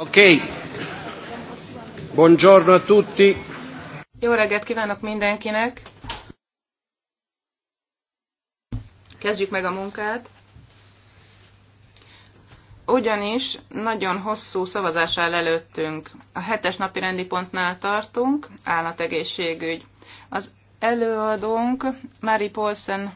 Ok. Buongiorno a tutti. Jó reggelt kívánok mindenkinek. Kezdjük meg a munkát. Ugyanis nagyon hosszú szavazás áll előttünk. A hetes napi rendi pontnál tartunk, állategészségügy. Az előadónk Mári Polsen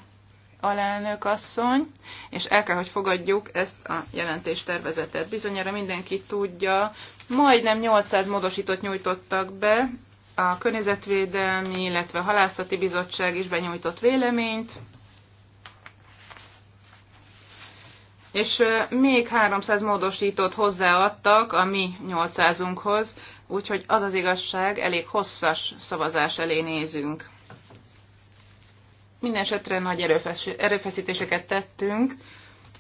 alelnök asszony, és el kell, hogy fogadjuk ezt a jelentéstervezetet. Bizonyára mindenki tudja, majdnem 800 módosított nyújtottak be, a Környezetvédelmi, illetve a Halászati Bizottság is benyújtott véleményt, és még 300 módosított hozzáadtak a mi 800-unkhoz, úgyhogy az az igazság, elég hosszas szavazás elé nézünk. Minden esetre nagy erőfeszítéseket tettünk,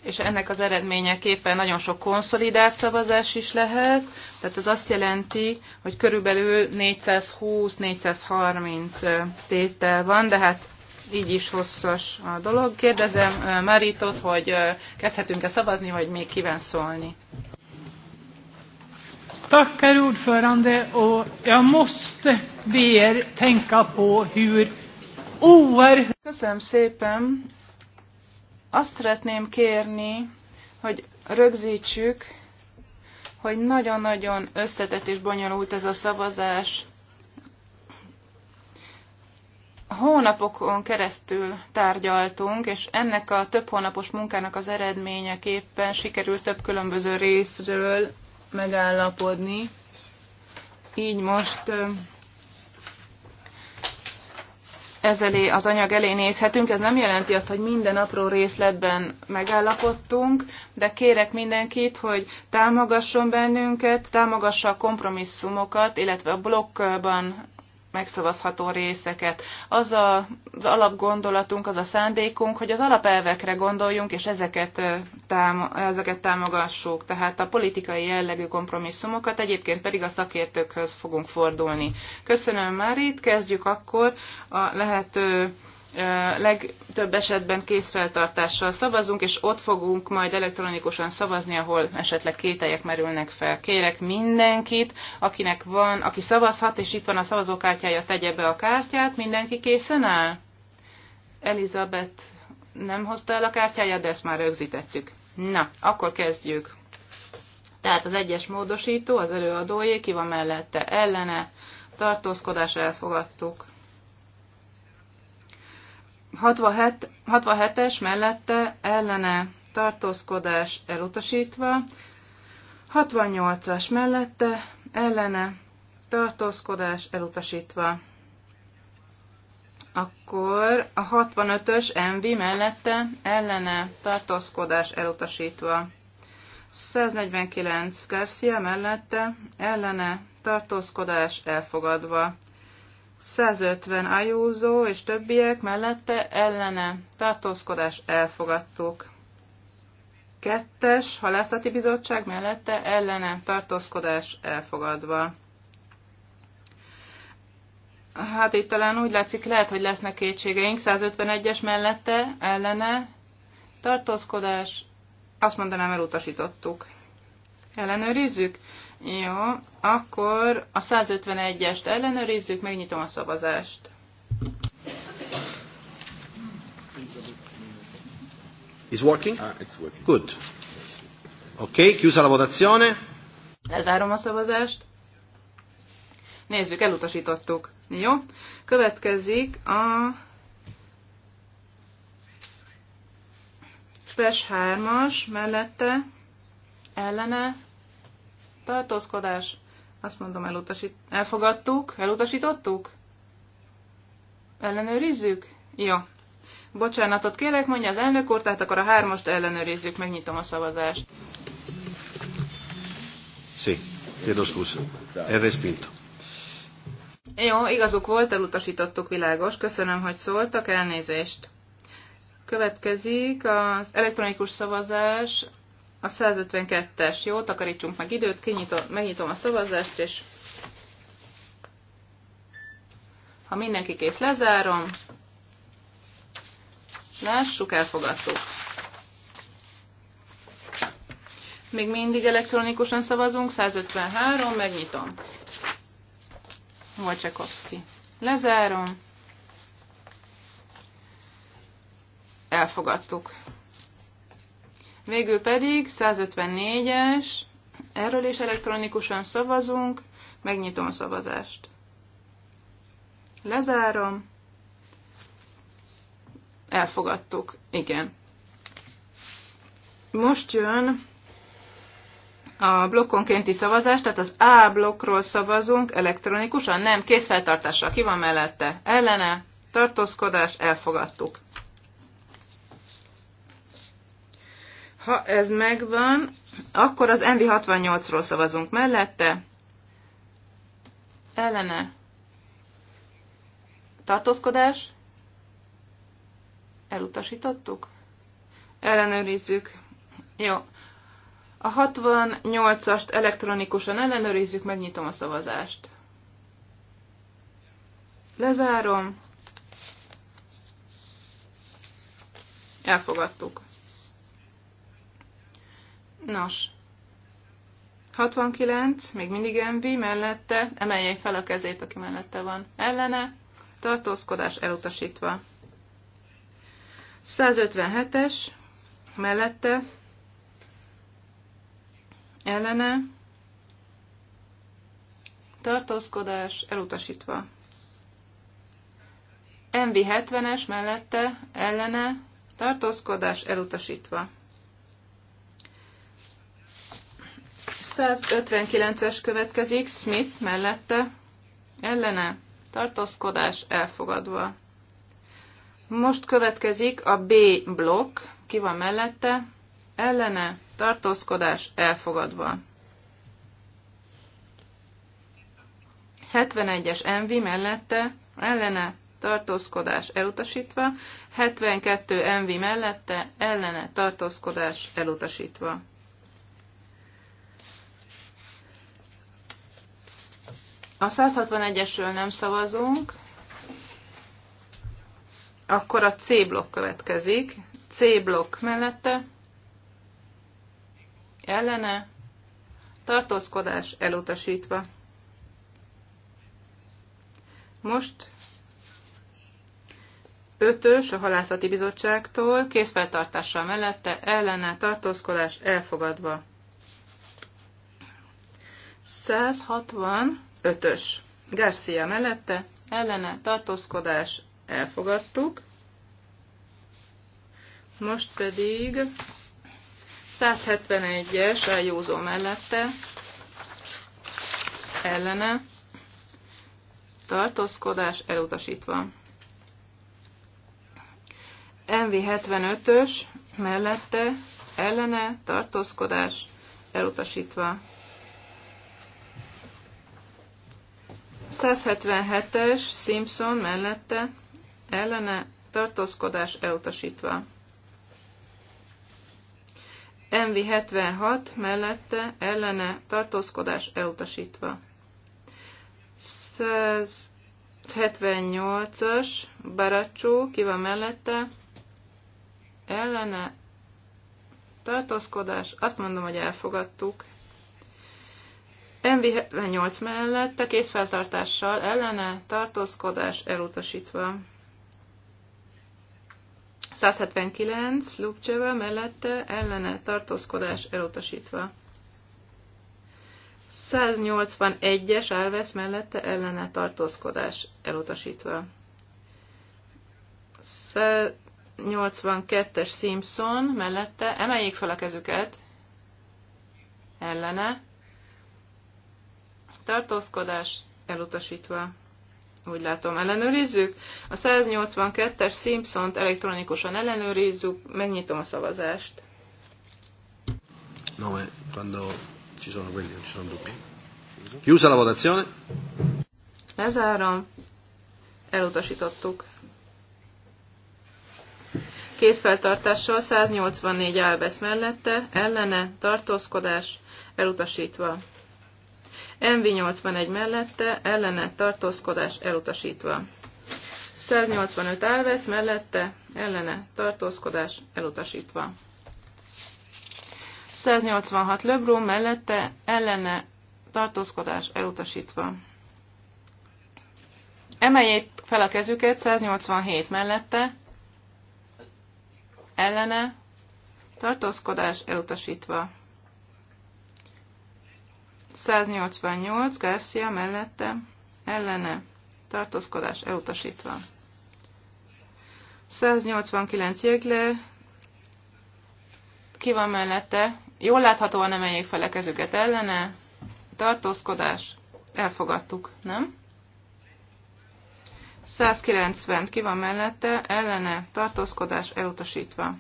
és ennek az eredményeképpen nagyon sok konszolidált szavazás is lehet, tehát ez azt jelenti, hogy körülbelül 420-430 tétel van, de hát így is hosszas a dolog. Kérdezem Maritot, hogy kezdhetünk-e szavazni, vagy még kíván szólni. Tackar ordförande och jag måste be er tänka på hur Úr! Köszönöm szépen. Azt szeretném kérni, hogy rögzítsük, hogy nagyon-nagyon összetett és bonyolult ez a szavazás. Hónapokon keresztül tárgyaltunk, és ennek a több hónapos munkának az eredményeképpen sikerült több különböző részről megállapodni. Így most ezelé, az anyag elé nézhetünk. Ez nem jelenti azt, hogy minden apró részletben megállapodtunk, de kérek mindenkit, hogy támogasson bennünket, támogassa a kompromisszumokat, illetve a blokkban megszavazható részeket. Az a, az alapgondolatunk, az a szándékunk, hogy az alapelvekre gondoljunk, és ezeket, tám, ezeket támogassuk, tehát a politikai jellegű kompromisszumokat, egyébként pedig a szakértőkhöz fogunk fordulni. Köszönöm már itt, kezdjük akkor a lehető legtöbb esetben készfeltartással szavazunk, és ott fogunk majd elektronikusan szavazni, ahol esetleg kételyek merülnek fel. Kérek mindenkit, akinek van, aki szavazhat, és itt van a szavazókártyája, tegye be a kártyát. Mindenki készen áll? Elizabeth nem hozta el a kártyáját, de ezt már rögzítettük. Na, akkor kezdjük. Tehát az egyes módosító, az előadójé, ki van mellette, ellene, tartózkodás elfogadtuk 67, 67-es mellette ellene tartózkodás elutasítva, 68-as mellette ellene tartózkodás elutasítva. Akkor a 65-ös envi mellette ellene tartózkodás elutasítva. 149 Garcia mellette ellene tartózkodás elfogadva. 150 Ajúzó és többiek mellette ellene tartózkodás elfogadtuk. Kettes halászati bizottság mellette ellene tartózkodás elfogadva. Hát itt talán úgy látszik, lehet, hogy lesznek kétségeink. 151-es mellette ellene tartózkodás. Azt mondanám, elutasítottuk. Ellenőrizzük. Jó, akkor a 151-est ellenőrizzük, megnyitom a szavazást. Is working? Ah, it's working. Good. Okay, chiusa la votazione. Lezárom a szavazást. Nézzük, elutasítottuk. Jó. Következik a Spes 3-as mellette ellene tartózkodás, azt mondom, elutasít... elfogadtuk, elutasítottuk? Ellenőrizzük? Jó. Bocsánatot kérek, mondja az elnök úr, tehát akkor a hármast ellenőrizzük, megnyitom a szavazást. Sí, pido scusa. È respinto. Jó, igazuk volt, elutasítottuk világos. Köszönöm, hogy szóltak, elnézést. Következik az elektronikus szavazás a 152-es, jó, takarítsunk meg időt, kinyitom, megnyitom a szavazást, és ha mindenki kész, lezárom. Lássuk, elfogadtuk. Még mindig elektronikusan szavazunk, 153, megnyitom. Wojciechowski. Lezárom. Elfogadtuk. Végül pedig 154-es, erről is elektronikusan szavazunk, megnyitom a szavazást. Lezárom. Elfogadtuk, igen. Most jön a blokkonkénti szavazás, tehát az A blokkról szavazunk elektronikusan, nem készfeltartással, ki van mellette, ellene, tartózkodás, elfogadtuk. Ha ez megvan, akkor az NV68-ról szavazunk mellette. Ellene. Tartózkodás? Elutasítottuk? Ellenőrizzük. Jó. A 68-ast elektronikusan ellenőrizzük, megnyitom a szavazást. Lezárom. Elfogadtuk. Nos, 69, még mindig envi, mellette, emelje fel a kezét, aki mellette van. Ellene, tartózkodás elutasítva. 157-es, mellette, ellene, tartózkodás elutasítva. Envi 70 es mellette, ellene, tartózkodás elutasítva. 159-es következik, Smith mellette, ellene, tartózkodás elfogadva. Most következik a B blokk, ki van mellette, ellene, tartózkodás elfogadva. 71-es Envi mellette, ellene, tartózkodás elutasítva, 72 Envi mellette, ellene, tartózkodás elutasítva. A 161-esről nem szavazunk, akkor a C blokk következik. C blokk mellette, ellene, tartózkodás elutasítva. Most 5-ös a halászati bizottságtól, készfeltartással mellette, ellene, tartózkodás elfogadva. 160 Ötös. Garcia mellette, ellene, tartózkodás, elfogadtuk. Most pedig 171-es eljúzó mellette, ellene, tartózkodás elutasítva. MV75-ös mellette, ellene, tartózkodás elutasítva. 177-es Simpson mellette ellene tartózkodás elutasítva. MV76 mellette ellene tartózkodás elutasítva. 178-as Baracsó, ki van mellette, ellene tartózkodás, azt mondom, hogy elfogadtuk. MV78 mellette készfeltartással ellene tartózkodás elutasítva. 179 Lubcseva mellette ellene tartózkodás elutasítva. 181-es Álvesz mellette ellene tartózkodás elutasítva. 182-es Simpson mellette emeljék fel a kezüket ellene tartózkodás elutasítva. Úgy látom, ellenőrizzük. A 182-es Simpsont elektronikusan ellenőrizzük, megnyitom a szavazást. No, eh, quando ci sono quelli ci sono dubbi. Chiusa la votazione. Lezárom. Elutasítottuk. Kézfeltartással 184 elvesz mellette, ellene, tartózkodás, elutasítva. MV81 mellette ellene tartózkodás elutasítva. 185 Alves mellette ellene tartózkodás elutasítva. 186 Lebrun mellette ellene tartózkodás elutasítva. Emeljék fel a kezüket 187 mellette, ellene, tartózkodás elutasítva. 188 Garcia mellette ellene tartózkodás elutasítva. 189 Jégle ki van mellette, jól láthatóan emeljék fel a kezüket ellene, tartózkodás, elfogadtuk, nem? 190 ki van mellette, ellene, tartózkodás elutasítva.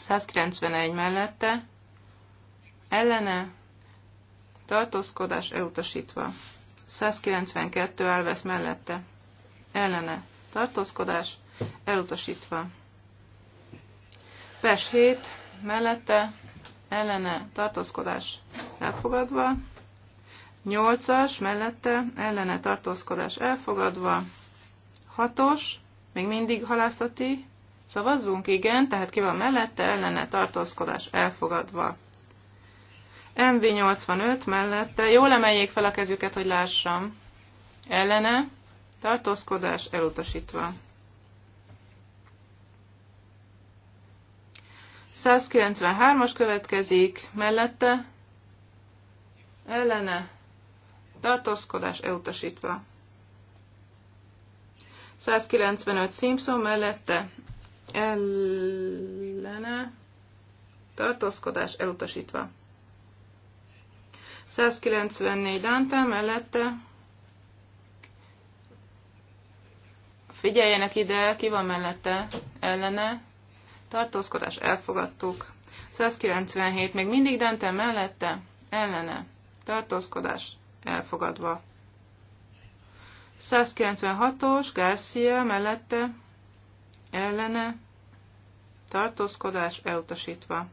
191 mellette, ellene, tartózkodás elutasítva. 192 elvesz mellette, ellene, tartózkodás elutasítva. Pes 7 mellette, ellene, tartózkodás elfogadva. 8-as mellette, ellene, tartózkodás elfogadva. 6-os, még mindig halászati, Szavazzunk, igen, tehát ki van mellette, ellene tartózkodás elfogadva. MV85 mellette, jól emeljék fel a kezüket, hogy lássam. Ellene, tartózkodás elutasítva. 193-as következik, mellette, ellene, tartózkodás elutasítva. 195 Simpson mellette, ellene, tartózkodás elutasítva. 194 Dante mellette. Figyeljenek ide, ki van mellette, ellene. Tartózkodás, elfogadtuk. 197, még mindig Dante mellette, ellene. Tartózkodás, elfogadva. 196-os, Garcia mellette, ellene, tartózkodás elutasítva.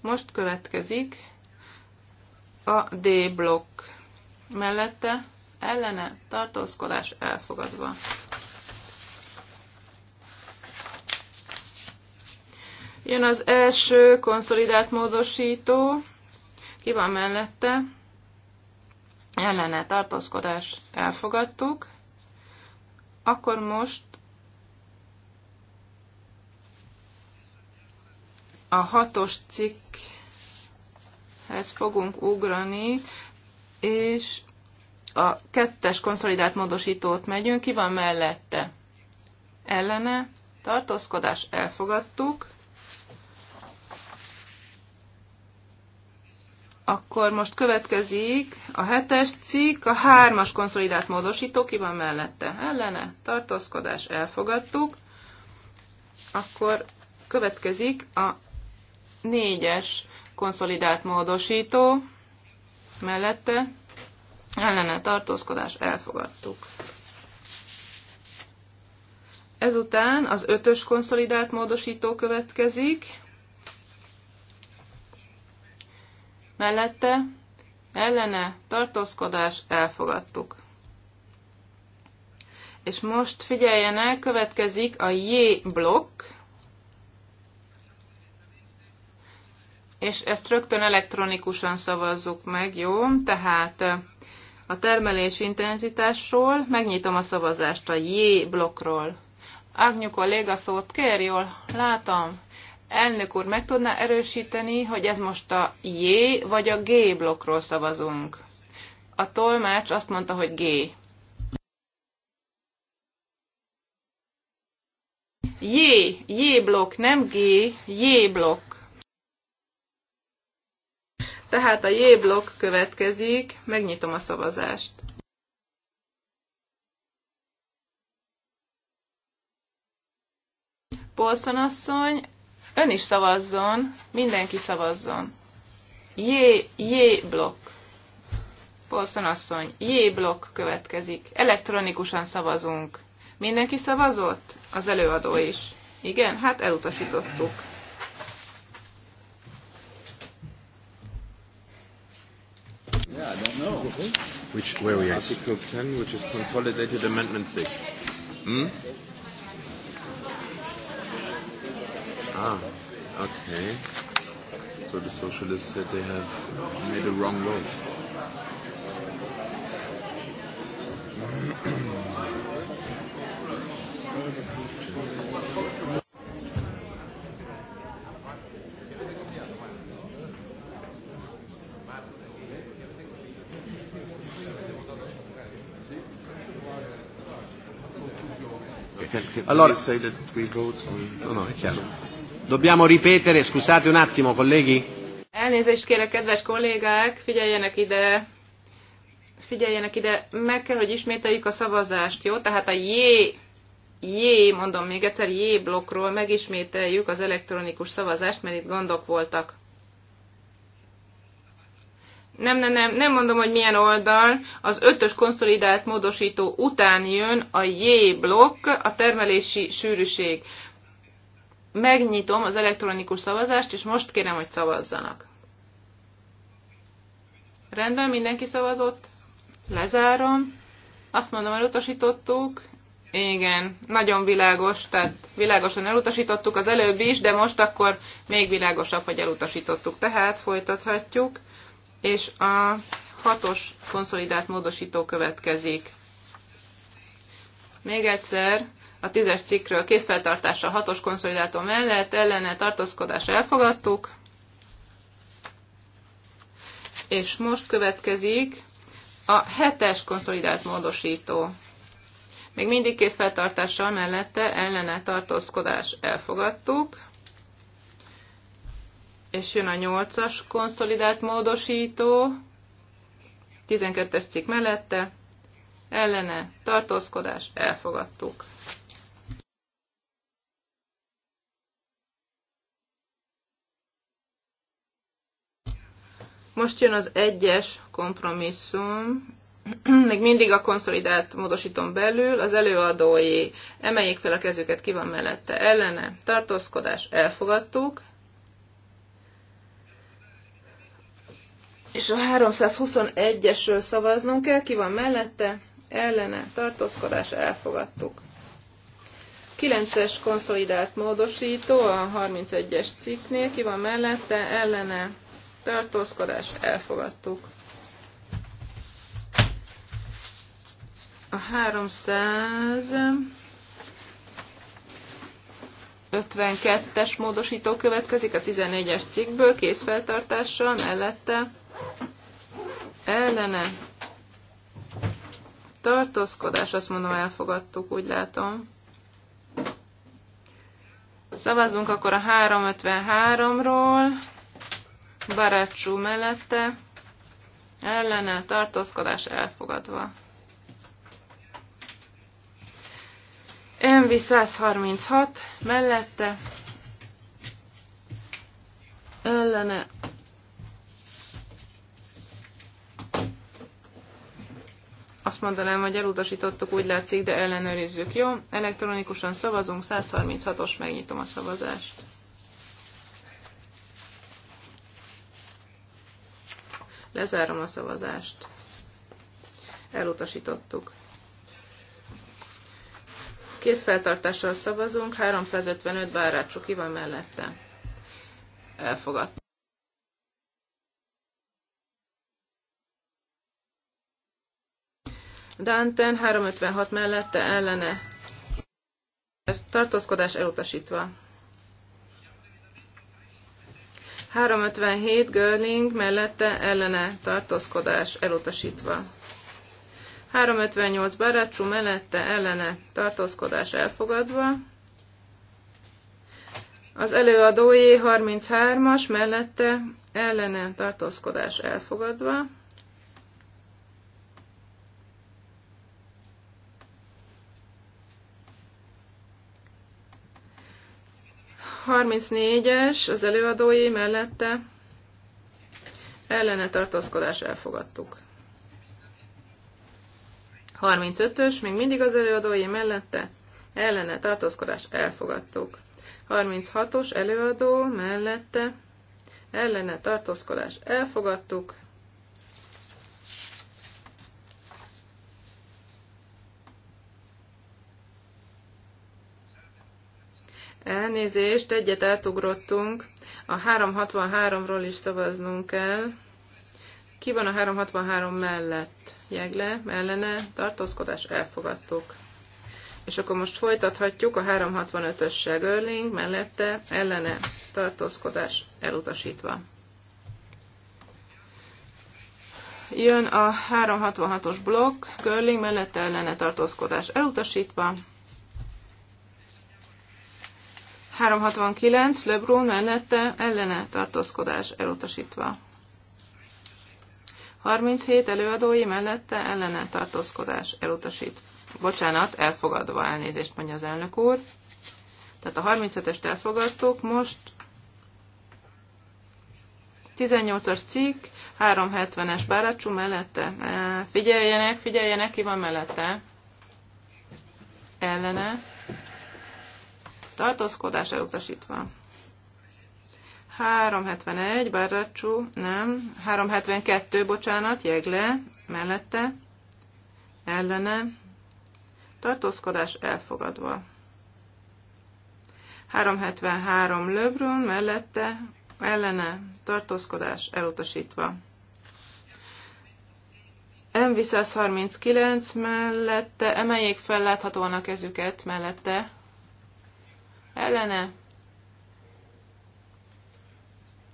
Most következik a D blokk mellette ellene tartózkodás elfogadva. Jön az első konszolidált módosító, ki van mellette, ellene tartózkodás elfogadtuk, akkor most a hatos cikk ez fogunk ugrani, és a kettes konszolidált módosítót megyünk, ki van mellette? Ellene, tartózkodás, elfogadtuk. Akkor most következik a hetes cikk, a hármas konszolidált módosító, ki van mellette? Ellene, tartózkodás, elfogadtuk. Akkor következik a négyes konszolidált módosító mellette ellene tartózkodás elfogadtuk. Ezután az ötös konszolidált módosító következik, mellette ellene tartózkodás elfogadtuk. És most figyeljenek, következik a J blokk, és ezt rögtön elektronikusan szavazzuk meg, jó? Tehát a termelés intenzitásról megnyitom a szavazást a J blokkról. Ágnyú kolléga szót kér, jól látom. Elnök úr, meg tudná erősíteni, hogy ez most a J vagy a G blokkról szavazunk? A tolmács azt mondta, hogy G. J, J blokk, nem G, J blokk. Tehát a J-blokk következik, megnyitom a szavazást. Polszon asszony, ön is szavazzon, mindenki szavazzon. J, J blokk. Polszon asszony, J blokk következik. Elektronikusan szavazunk. Mindenki szavazott? Az előadó is. Igen, hát elutasítottuk. No. Which, where we are? Article 10, which is consolidated amendment 6. Hmm? Ah, okay. So the socialists said they have made a wrong vote. Allora, Dobbiamo ripetere, scusate un attimo, colleghi. Elnézést kérek, kedves kollégák, figyeljenek ide, figyeljenek ide, meg kell, hogy ismételjük a szavazást, jó? Tehát a J, J, mondom még egyszer, J blokkról megismételjük az elektronikus szavazást, mert itt gondok voltak nem, nem, nem, nem mondom, hogy milyen oldal, az ötös konszolidált módosító után jön a J blokk, a termelési sűrűség. Megnyitom az elektronikus szavazást, és most kérem, hogy szavazzanak. Rendben, mindenki szavazott? Lezárom. Azt mondom, elutasítottuk. Igen, nagyon világos, tehát világosan elutasítottuk az előbb is, de most akkor még világosabb, hogy elutasítottuk. Tehát folytathatjuk és a hatos konszolidált módosító következik. Még egyszer, a tízes cikkről készfeltartása hatos konszolidáltó mellett, ellene tartózkodás elfogadtuk, és most következik a hetes konszolidált módosító. Még mindig készfeltartással mellette ellene tartózkodás elfogadtuk és jön a 8-as konszolidált módosító, 12-es cikk mellette, ellene, tartózkodás, elfogadtuk. Most jön az egyes kompromisszum, még mindig a konszolidált módosítom belül, az előadói emeljék fel a kezüket, ki van mellette, ellene, tartózkodás, elfogadtuk, és a 321-esről szavaznunk kell, ki van mellette, ellene, tartózkodás, elfogadtuk. 9-es konszolidált módosító a 31-es cikknél, ki van mellette, ellene, tartózkodás, elfogadtuk. A 300... 52-es módosító következik a 14-es cikkből, készfeltartással, mellette ellene tartózkodás, azt mondom, elfogadtuk, úgy látom. Szavazunk akkor a 353-ról, Barácsú mellette, ellene tartózkodás elfogadva. Envi 136 mellette ellene Azt mondanám, hogy elutasítottuk, úgy látszik, de ellenőrizzük. Jó, elektronikusan szavazunk, 136-os, megnyitom a szavazást. Lezárom a szavazást. Elutasítottuk. Készfeltartással szavazunk, 355 bárát ki van mellette. Elfogadtuk. Danten 356 mellette ellene tartózkodás elutasítva. 357 Görling mellette ellene tartózkodás elutasítva. 358 Barácsú mellette ellene tartózkodás elfogadva. Az előadói 33-as mellette ellene tartózkodás elfogadva. 34-es az előadói mellette ellene tartózkodás elfogadtuk. 35-ös még mindig az előadói mellette ellene tartózkodás elfogadtuk. 36-os előadó mellette ellene tartózkodás elfogadtuk. Elnézést, egyet átugrottunk. A 363-ról is szavaznunk kell. Ki van a 363 mellett? Jegle, ellene, tartózkodás, elfogadtuk. És akkor most folytathatjuk a 365-ös Görling mellette, ellene, tartózkodás, elutasítva. Jön a 366-os blokk, Görling mellette, ellene, tartózkodás, elutasítva. 369 LeBron mellette ellene tartózkodás elutasítva. 37 előadói mellette ellene tartózkodás elutasít. Bocsánat, elfogadva elnézést mondja az elnök úr. Tehát a 37-est elfogadtuk, most 18-as cikk, 370-es Báracsú mellette. Figyeljenek, figyeljenek, ki van mellette. Ellene tartózkodás elutasítva. 371, Barracsú, nem, 372, bocsánat, jegle, mellette, ellene, tartózkodás elfogadva. 373 Lebrun mellette ellene tartózkodás elutasítva. m 139 mellette emeljék fel láthatóan a kezüket mellette ellene.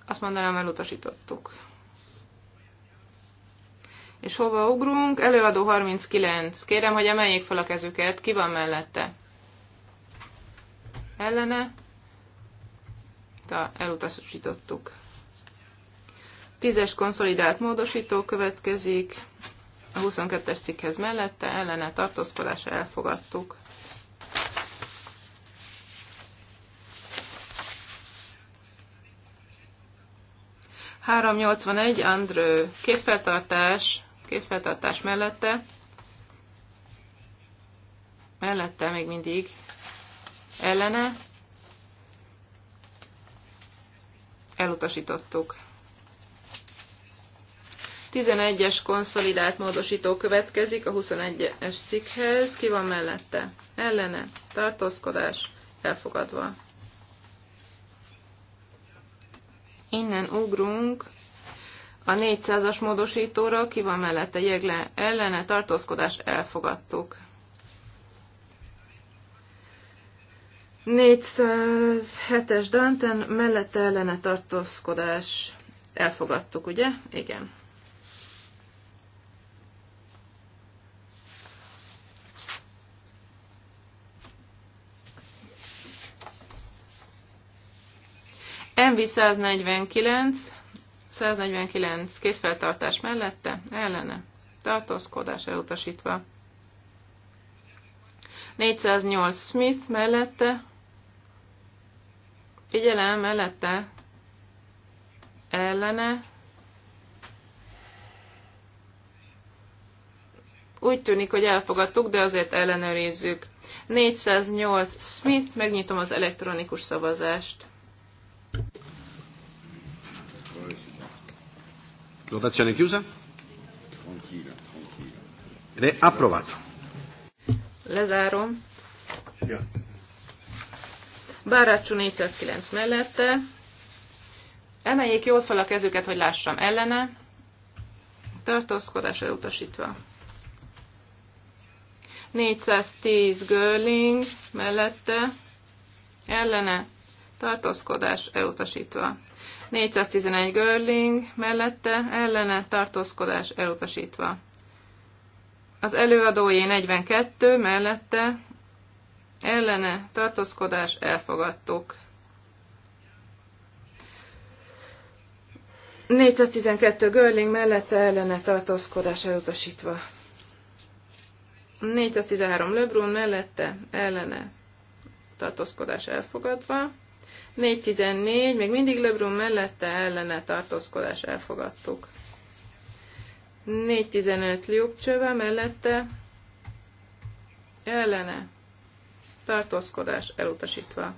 Azt mondanám, elutasítottuk. És hova ugrunk? Előadó 39. Kérem, hogy emeljék fel a kezüket. Ki van mellette? Ellene. Ta, elutasítottuk. Tízes konszolidált módosító következik. A 22-es cikkhez mellette ellene tartózkodás elfogadtuk. 381, Andrő, készfeltartás, készfeltartás mellette, mellette még mindig, ellene, elutasítottuk. 11-es konszolidált módosító következik a 21-es cikkhez. Ki van mellette? Ellene. Tartózkodás. Elfogadva. Innen ugrunk a 400-as módosítóra, ki van mellette jegle ellene, tartózkodás elfogadtuk. 407-es Danten mellette ellene tartózkodás elfogadtuk, ugye? Igen. NV 149, 149 készfeltartás mellette, ellene, tartózkodás elutasítva. 408 Smith mellette, figyelem mellette, ellene, úgy tűnik, hogy elfogadtuk, de azért ellenőrizzük. 408 Smith, megnyitom az elektronikus szavazást. Votazione chiusa? Tranquilla, tranquilla. Ed è approvato. Lezárom. Bárácsú 409 mellette. Emeljék jól fel a kezüket, hogy lássam ellene. Tartózkodás elutasítva. 410 Görling mellette. Ellene. Tartózkodás elutasítva. 411 Görling mellette ellene tartózkodás elutasítva. Az előadói 42 mellette ellene tartózkodás elfogadtuk. 412 Görling mellette ellene tartózkodás elutasítva. 413 Lebrun mellette ellene tartózkodás elfogadva. 414, még mindig Lebrun mellette ellene tartózkodás elfogadtuk. 415 Liuk csöve mellette ellene tartózkodás elutasítva.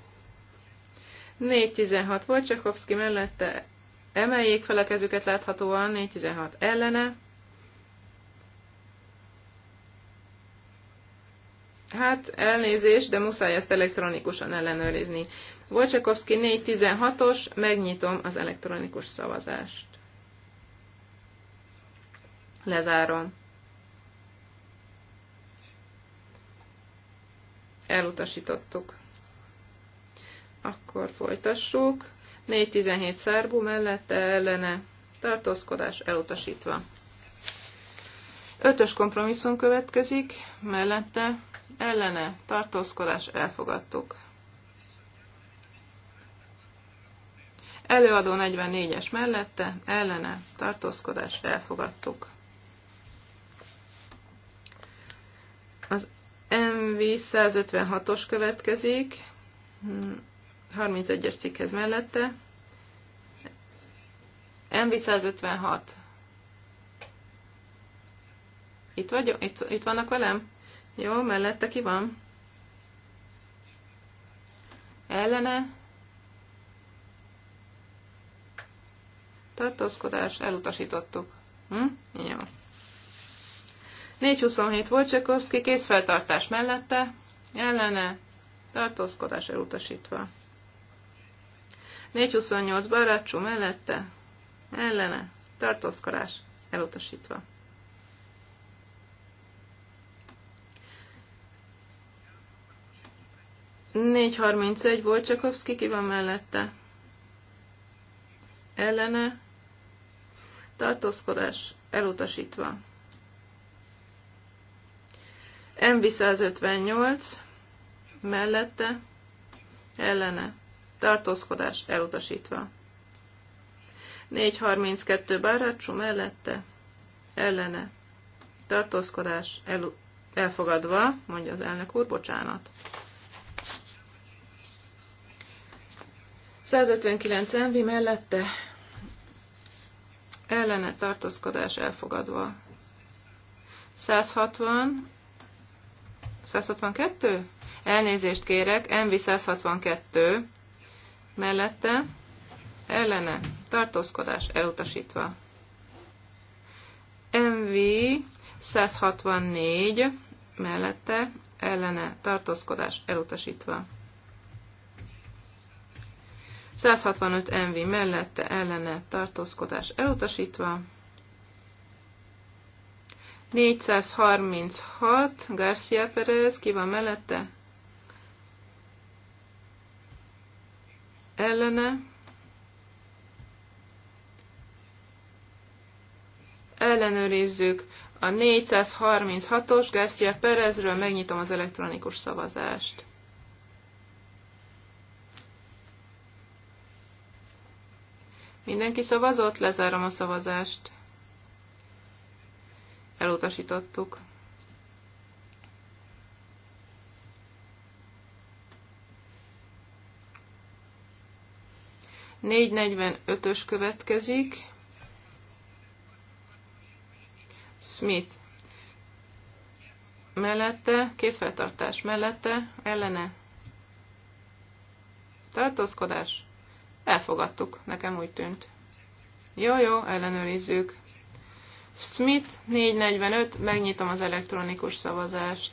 416 Wojciechowski mellette emeljék fel a kezüket láthatóan, 416 ellene. Hát elnézés, de muszáj ezt elektronikusan ellenőrizni. Volcsakovszki 416-os, megnyitom az elektronikus szavazást. Lezárom. Elutasítottuk. Akkor folytassuk. 417 szárbú mellette ellene tartózkodás elutasítva. Ötös kompromisszum következik, mellette ellene tartózkodás elfogadtuk. Előadó 44-es mellette, ellene, tartózkodás, elfogadtuk. Az MV 156-os következik, 31-es cikkhez mellette. MV 156. Itt vagy, Itt, itt vannak velem? Jó, mellette ki van? Ellene? tartózkodás, elutasítottuk. Hm? Jó. 427 Wojciechowski készfeltartás mellette, ellene, tartózkodás elutasítva. 428 Barácsú mellette, ellene, tartózkodás elutasítva. Négy harmincegy Wojciechowski ki van mellette? Ellene, tartózkodás elutasítva. MV 158 mellette ellene tartózkodás elutasítva. 432 Bárácsú mellette ellene tartózkodás el, elfogadva, mondja az elnök úr, bocsánat. 159 MV mellette ellene tartózkodás elfogadva. 160, 162? Elnézést kérek, MV 162 mellette ellene tartózkodás elutasítva. MV 164 mellette ellene tartózkodás elutasítva. 165 MV mellette ellene tartózkodás elutasítva. 436 Garcia Perez, ki van mellette? Ellene. Ellenőrizzük a 436-os Garcia Perezről, megnyitom az elektronikus szavazást. Mindenki szavazott, lezárom a szavazást. Elutasítottuk. Négy negyven ötös következik. Smith. Mellette, készfeltartás mellette, ellene. Tartózkodás. Elfogadtuk, nekem úgy tűnt. Jó, jó, ellenőrizzük. Smith 445, megnyitom az elektronikus szavazást.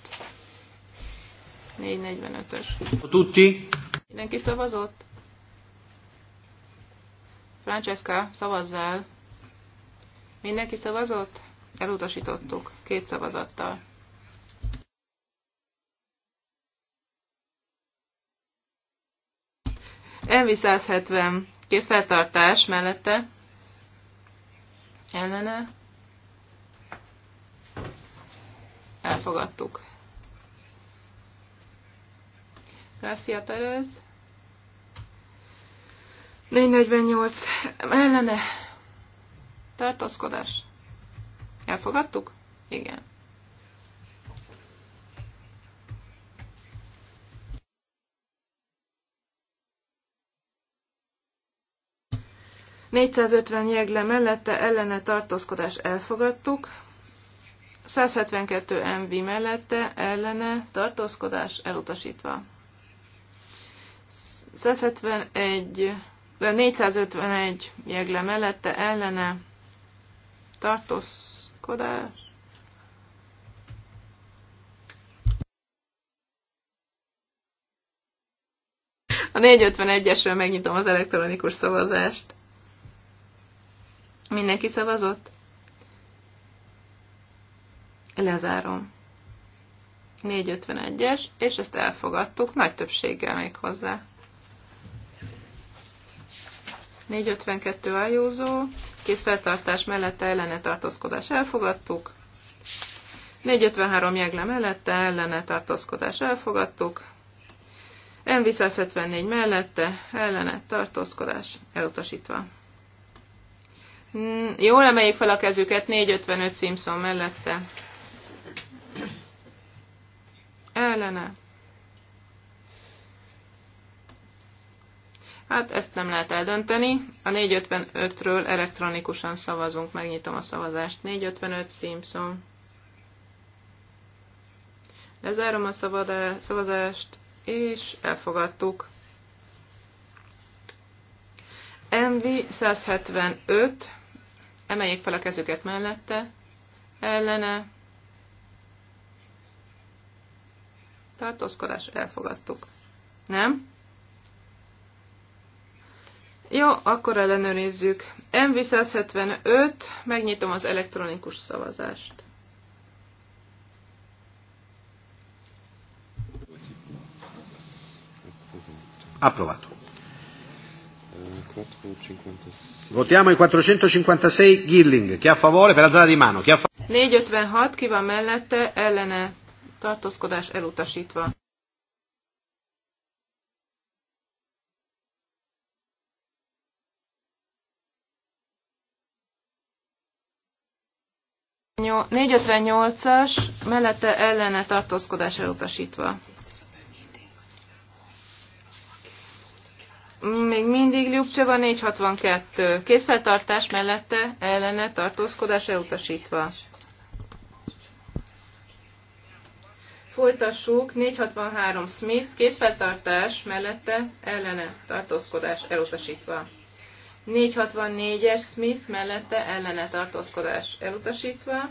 445-ös. Tutti. Mindenki szavazott? Francesca, szavazzál. Mindenki szavazott? Elutasítottuk, két szavazattal. Envi 170 készfeltartás mellette ellene elfogadtuk. Garcia Perez 448 ellene tartózkodás. Elfogadtuk? Igen. 450 jegle mellette ellene tartózkodás elfogadtuk, 172 MV mellette ellene tartózkodás elutasítva. 171, 451 jegle mellette ellene tartózkodás. A 451-esről megnyitom az elektronikus szavazást. Mindenki szavazott? Lezárom. 451-es, és ezt elfogadtuk, nagy többséggel még hozzá. 452 ajózó, kész feltartás mellette ellene tartózkodás elfogadtuk. 453 jegle mellette ellene tartózkodás elfogadtuk. MV 174 mellette ellene tartózkodás elutasítva. Hmm, jól emeljük fel a kezüket, 455 Simpson mellette. Ellene. Hát ezt nem lehet eldönteni. A 455-ről elektronikusan szavazunk. Megnyitom a szavazást. 455 Simpson. Lezárom a szavazást, és elfogadtuk. MV 175 emeljék fel a kezüket mellette, ellene, tartózkodás, elfogadtuk. Nem? Jó, akkor ellenőrizzük. MV175, megnyitom az elektronikus szavazást. Aprovato. Votiamo il 456 Gilling. Chi è a favore per alzare di mano? Chi è a favore? 456 chi van mellette ellene tartózkodás elutasítva. Jó, 458-as mellette ellene tartózkodás elutasítva. még mindig Ljubcseva 462. Készfeltartás mellette ellene tartózkodás elutasítva. Folytassuk 463 Smith. Készfeltartás mellette ellene tartózkodás elutasítva. 464-es Smith mellette ellene tartózkodás elutasítva.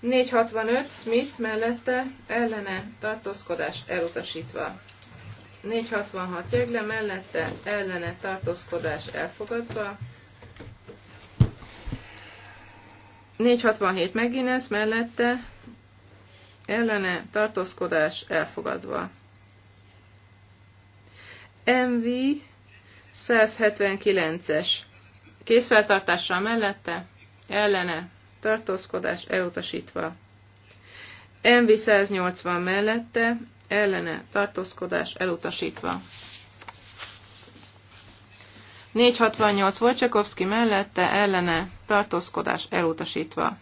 465 Smith mellette ellene tartózkodás elutasítva. 466 jegle mellette ellene tartózkodás elfogadva. 467 megint mellette ellene tartózkodás elfogadva. MV 179-es készfeltartással mellette ellene tartózkodás elutasítva. MV 180 mellette ellene tartózkodás elutasítva. 468 Wojciechowski mellette ellene tartózkodás elutasítva.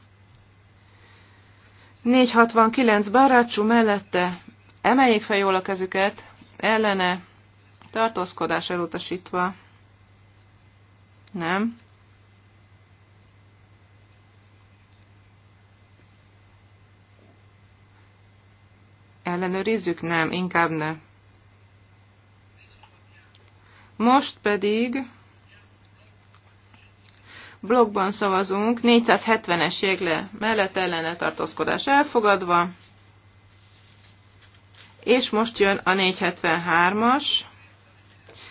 469 Barácsú mellette emeljék fel jól a kezüket, ellene tartózkodás elutasítva. Nem. ellenőrizzük? Nem, inkább ne. Most pedig blogban szavazunk, 470-es jegle mellett ellene tartózkodás elfogadva, és most jön a 473-as.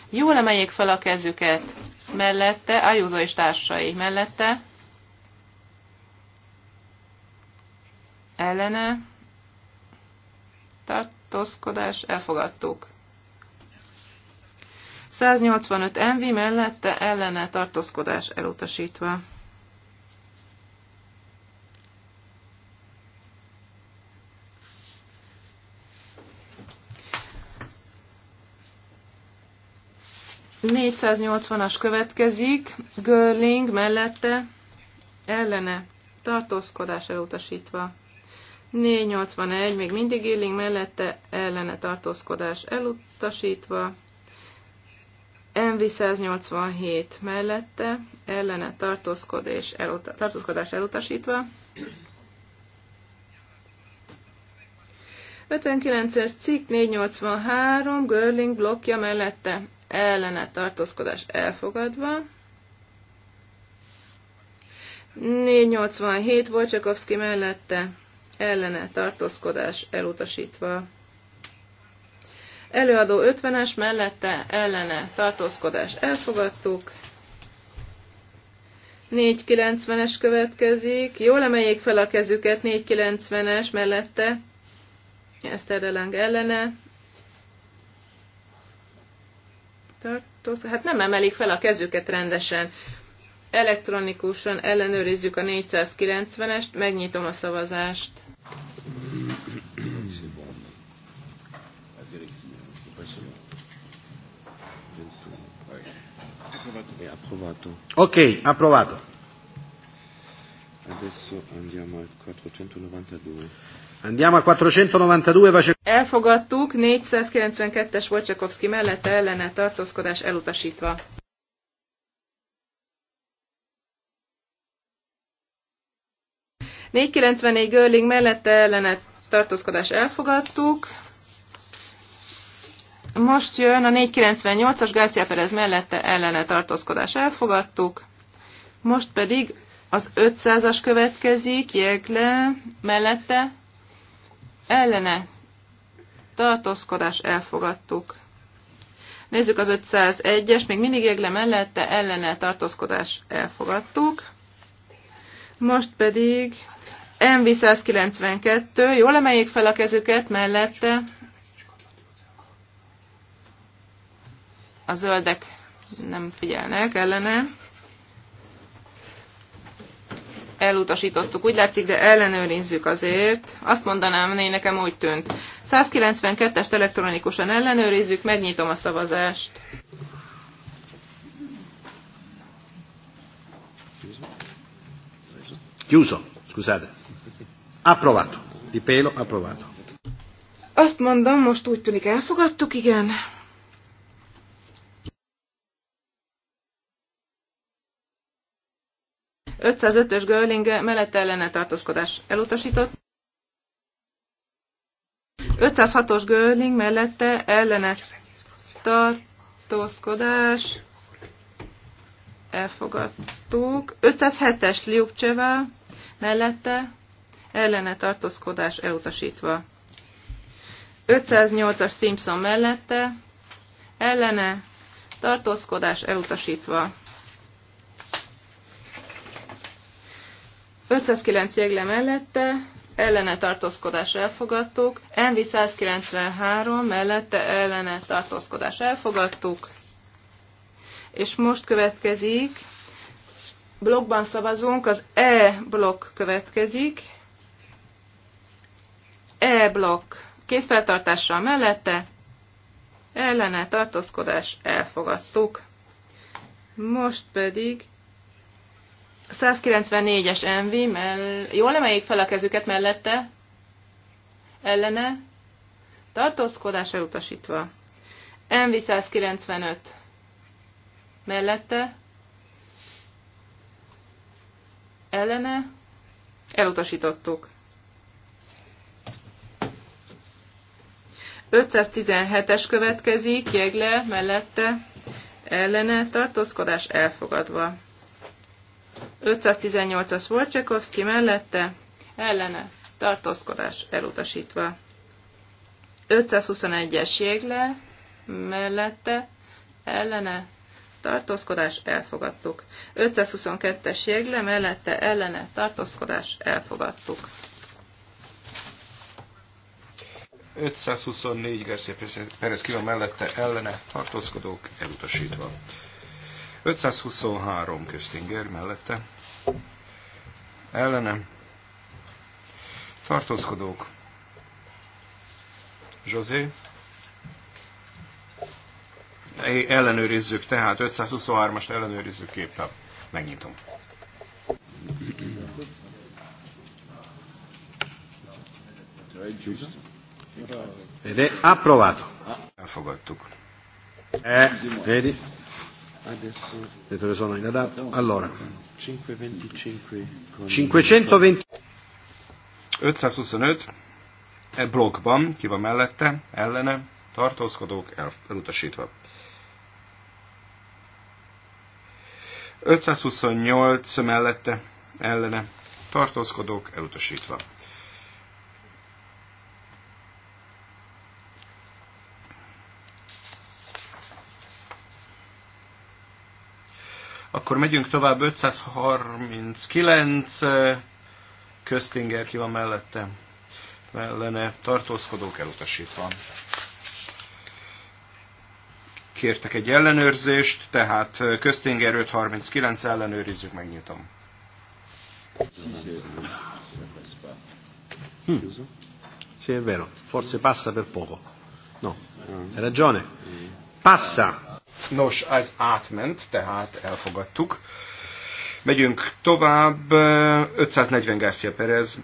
Jól emeljék fel a kezüket mellette, Ajúzó és társai mellette, ellene, tartózkodás elfogadtuk. 185 envi mellette ellene tartózkodás elutasítva. as következik, Görling mellette ellene tartózkodás elutasítva. 481, még mindig éling mellette ellene tartózkodás elutasítva. MV 187 mellette ellene tartózkodás, eluta, tartózkodás elutasítva. 59-es cikk 483, Görling blokkja mellette ellene tartózkodás elfogadva. 487, Wojciechowski mellette ellene tartózkodás elutasítva. Előadó 50-es mellette ellene tartózkodás elfogadtuk. 490-es következik. Jól emeljék fel a kezüket 490-es mellette. Ezt errelang ellene. Tartóz... Hát nem emelik fel a kezüket rendesen. Elektronikusan ellenőrizzük a 490-est, megnyitom a szavazást. è approvato. Ok, approvato. Adesso andiamo al 492. Andiamo a 492. Vace... Elfogadtuk, 492-es Wojciechowski mellette ellene tartózkodás elutasítva. Négy Görling mellette ellene tartózkodás elfogadtuk. Most jön a 498-as Garcia Perez mellette ellene tartózkodás elfogadtuk, most pedig az 500-as következik, jegle mellette ellene tartózkodás elfogadtuk. Nézzük az 501-es, még mindig jegle mellette ellene tartózkodás elfogadtuk. Most pedig MV192, jól emeljék fel a kezüket mellette, a zöldek nem figyelnek ellene. Elutasítottuk, úgy látszik, de ellenőrizzük azért. Azt mondanám, né, nekem úgy tűnt. 192-est elektronikusan ellenőrizzük, megnyitom a szavazást. Chiuso, scusate. Approvato. Di pelo, approvato. Azt mondom, most úgy tűnik elfogadtuk, igen. 505-ös Görling mellette ellene tartózkodás elutasított. 506-os Görling mellette ellene tartózkodás elfogadtuk. 507-es Liukcseva mellette ellene tartózkodás elutasítva. 508-as Simpson mellette ellene tartózkodás elutasítva. 509 jegle mellette ellene tartózkodás elfogadtuk, MV 193 mellette ellene tartózkodás elfogadtuk, és most következik, blokkban szavazunk, az E blokk következik, E blokk készfeltartással mellette, ellene tartózkodás elfogadtuk. Most pedig 194-es Envy, mell... jól emeljék fel a kezüket mellette, ellene, tartózkodás elutasítva. Envy 195 mellette, ellene, elutasítottuk. 517-es következik, jegle mellette, ellene, tartózkodás elfogadva. 518-as Volcsekovszki mellette, ellene, tartózkodás elutasítva. 521-es Jégle mellette, ellene, tartózkodás elfogadtuk. 522-es Jégle mellette, ellene, tartózkodás elfogadtuk. 524 Garcia Perez ki mellette, ellene, tartózkodók elutasítva. 523 Köztinger mellette, ellenem tartózkodók. José. Ellenőrizzük, tehát 523-ast ellenőrizzük képtel. Megnyitom. Ed approvato. Elfogadtuk. Eh, vedi? Adesso... Vedo sono adatto Allora. 525. 525 e blokkban, ki van mellette, ellene, tartózkodók el, elutasítva. 528 mellette, ellene, tartózkodók elutasítva. Akkor megyünk tovább, 539, eh, Köztinger ki van mellette, ellene tartózkodók elutasítva. Kértek egy ellenőrzést, tehát eh, Köztinger 539 ellenőrizzük, megnyitom. Hmm. Sì, è vero, forse passa per poco. No, hai ragione. Passa. Nos, ez átment, tehát elfogadtuk. Megyünk tovább, 540 Garcia Perez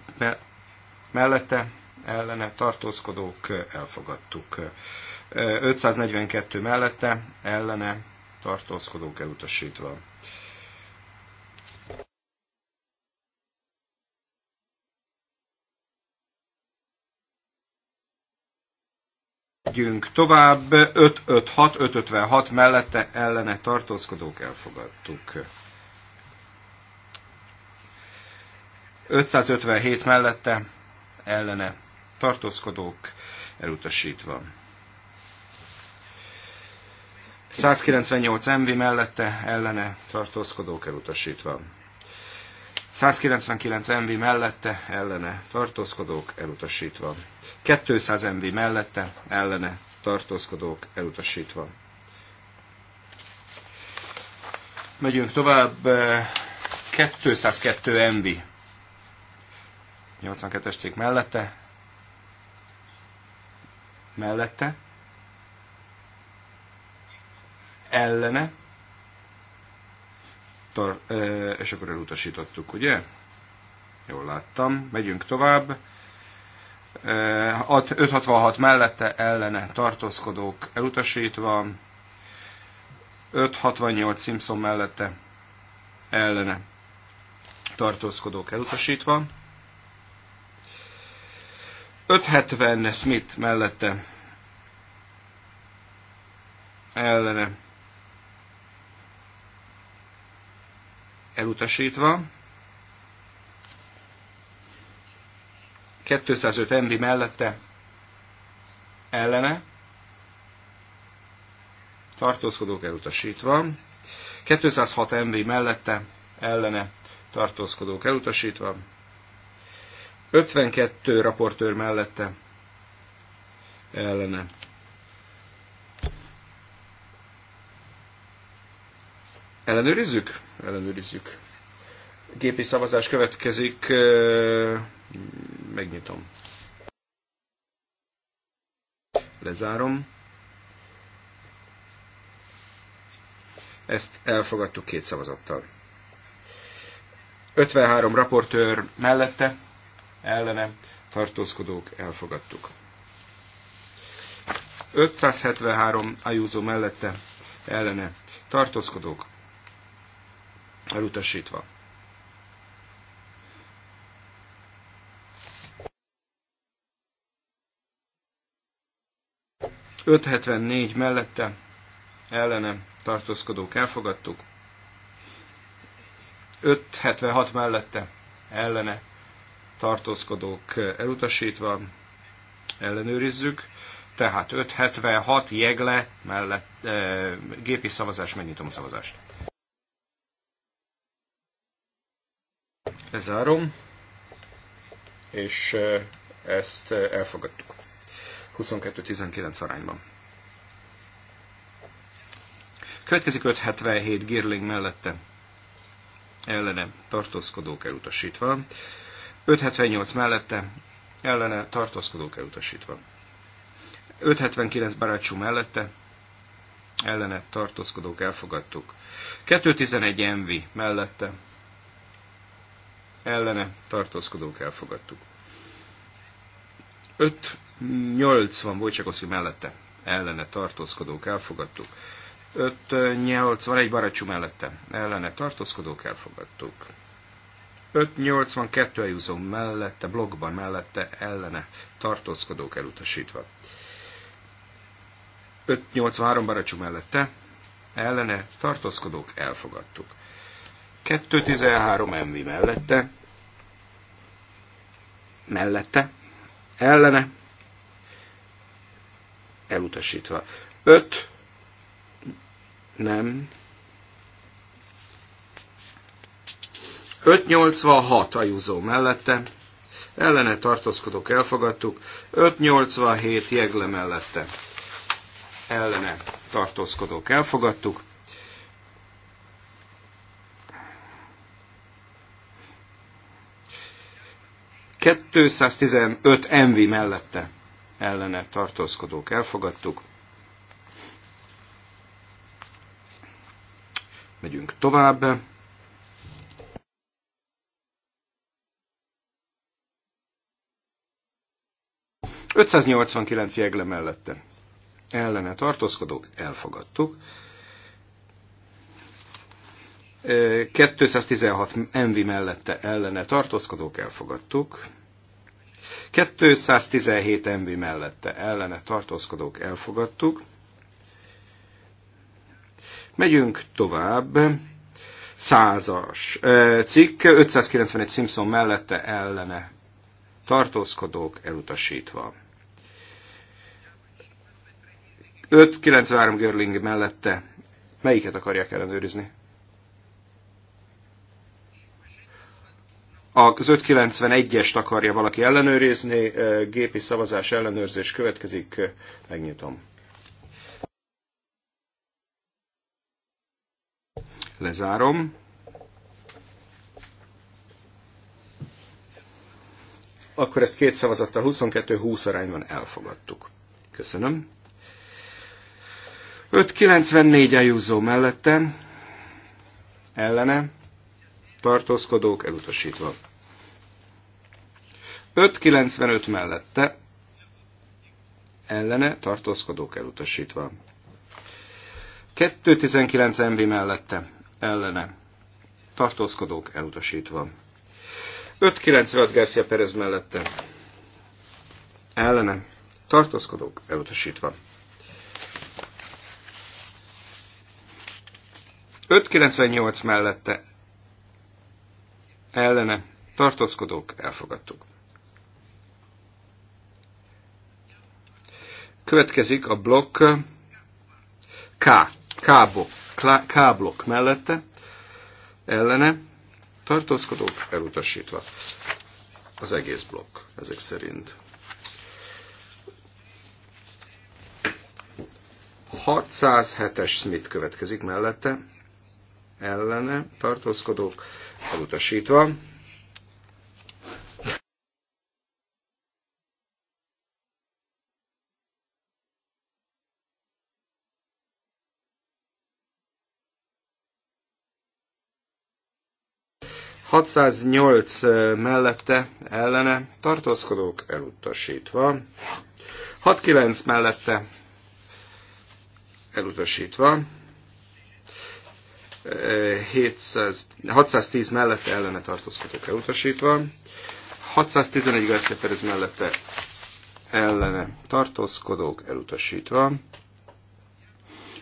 mellette, ellene tartózkodók, elfogadtuk. 542 mellette, ellene tartózkodók elutasítva. Megyünk tovább, 556, 556 mellette ellene tartózkodók elfogadtuk. 557 mellette ellene tartózkodók elutasítva. 198 MV mellette ellene tartózkodók elutasítva. 199 MV mellette ellene tartózkodók elutasítva. 200 MV mellette, ellene tartózkodók elutasítva. Megyünk tovább, 202 MV. 82-es cikk mellette. Mellette. Ellene. Tar, eh, és akkor elutasítottuk, ugye? Jól láttam. Megyünk tovább. 566 mellette ellene tartózkodók elutasítva, 568 Simpson mellette ellene tartózkodók elutasítva, 570 Smith mellette ellene elutasítva, 205 envi mellette ellene, tartózkodók elutasítva, 206 MV mellette ellene tartózkodók elutasítva, 52 raportőr mellette ellene. Ellenőrizzük? Ellenőrizzük. Gépi szavazás következik. Megnyitom. Lezárom. Ezt elfogadtuk két szavazattal. 53 raportőr mellette, ellene tartózkodók elfogadtuk. 573 Ajúzó mellette, ellene tartózkodók elutasítva. 574 mellette ellenem tartózkodók elfogadtuk. 576 mellette ellene tartózkodók elutasítva ellenőrizzük. Tehát 576 jegle mellett e, gépi szavazás, megnyitom a szavazást. Lezárom, és eh, ezt eh, elfogadtuk. 22-19 arányban. Következik 577 Girling mellette ellene tartózkodók elutasítva, 578 mellette ellene tartózkodók elutasítva, 579 Barácsú mellette ellene tartózkodók elfogadtuk, 211 Envi mellette ellene tartózkodók elfogadtuk. 580 volt csak az, hogy mellette ellene tartózkodók elfogadtuk. 5 egy Baracsú mellette ellene tartózkodók elfogadtuk. 582 eljúzó mellette, blogban mellette ellene tartózkodók elutasítva. 583 83 Baracsú mellette ellene tartózkodók elfogadtuk. 213 MV mellette mellette ellene, elutasítva. 5, nem, 586 ajúzó mellette, ellene tartózkodók elfogadtuk, 587 jegle mellette, ellene tartózkodók elfogadtuk, 215 envi mellette ellene tartózkodók elfogadtuk. Megyünk tovább. ...589 jegle mellette ellene tartózkodók elfogadtuk. 216 envi mellette ellene tartózkodók elfogadtuk. 217 MV mellette ellene tartózkodók elfogadtuk. Megyünk tovább. Százas cikk, 591 Simpson mellette ellene tartózkodók elutasítva. 593 Görling mellette melyiket akarják ellenőrizni? az 591-est akarja valaki ellenőrizni, gépi szavazás ellenőrzés következik, megnyitom. Lezárom. Akkor ezt két szavazattal 22-20 arányban elfogadtuk. Köszönöm. 594 eljúzó mellette, ellene, tartózkodók elutasítva. 595 mellette ellene tartózkodók elutasítva. 219 MV mellette ellene tartózkodók elutasítva. 596 Garcia Perez mellette ellene tartózkodók elutasítva. 598 mellette ellene tartózkodók elfogadtuk. Következik a blokk K, K-blokk, K-blokk mellette, ellene, tartózkodók elutasítva. Az egész blokk ezek szerint. 607-es Smith következik mellette, ellene tartózkodók elutasítva. 608 mellette ellene tartózkodók elutasítva. 69 mellette elutasítva. 700, 610 mellette ellene tartózkodók elutasítva. 611 Garcia mellette ellene tartózkodók elutasítva.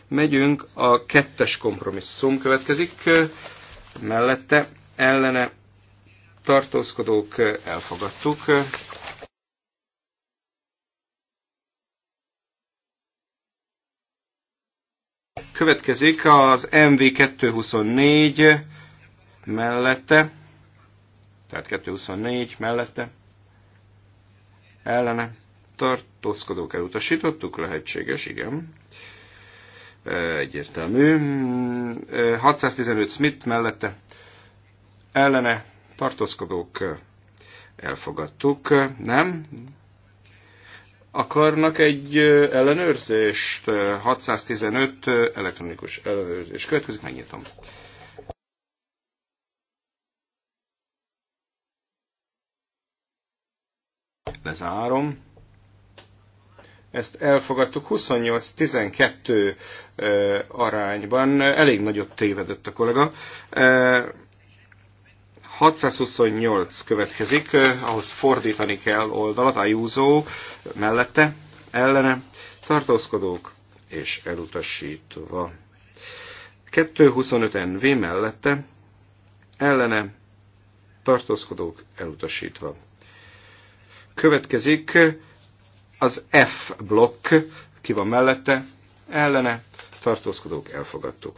Megyünk, a kettes kompromisszum következik, mellette ellene tartózkodók elfogadtuk. Következik az MV224 mellette, tehát 224 mellette, ellene tartózkodók elutasítottuk, lehetséges, igen. Egyértelmű. 615 Smith mellette ellene tartózkodók elfogadtuk, nem? Akarnak egy ellenőrzést? 615 elektronikus ellenőrzés következik, megnyitom. Lezárom. Ezt elfogadtuk 28-12 arányban. Elég nagyot tévedett a kollega. 628 következik, ahhoz fordítani kell oldalat, Ayuso mellette, ellene, tartózkodók és elutasítva. 225 NV mellette, ellene, tartózkodók elutasítva. Következik az F blokk, ki van mellette, ellene, tartózkodók elfogadtuk.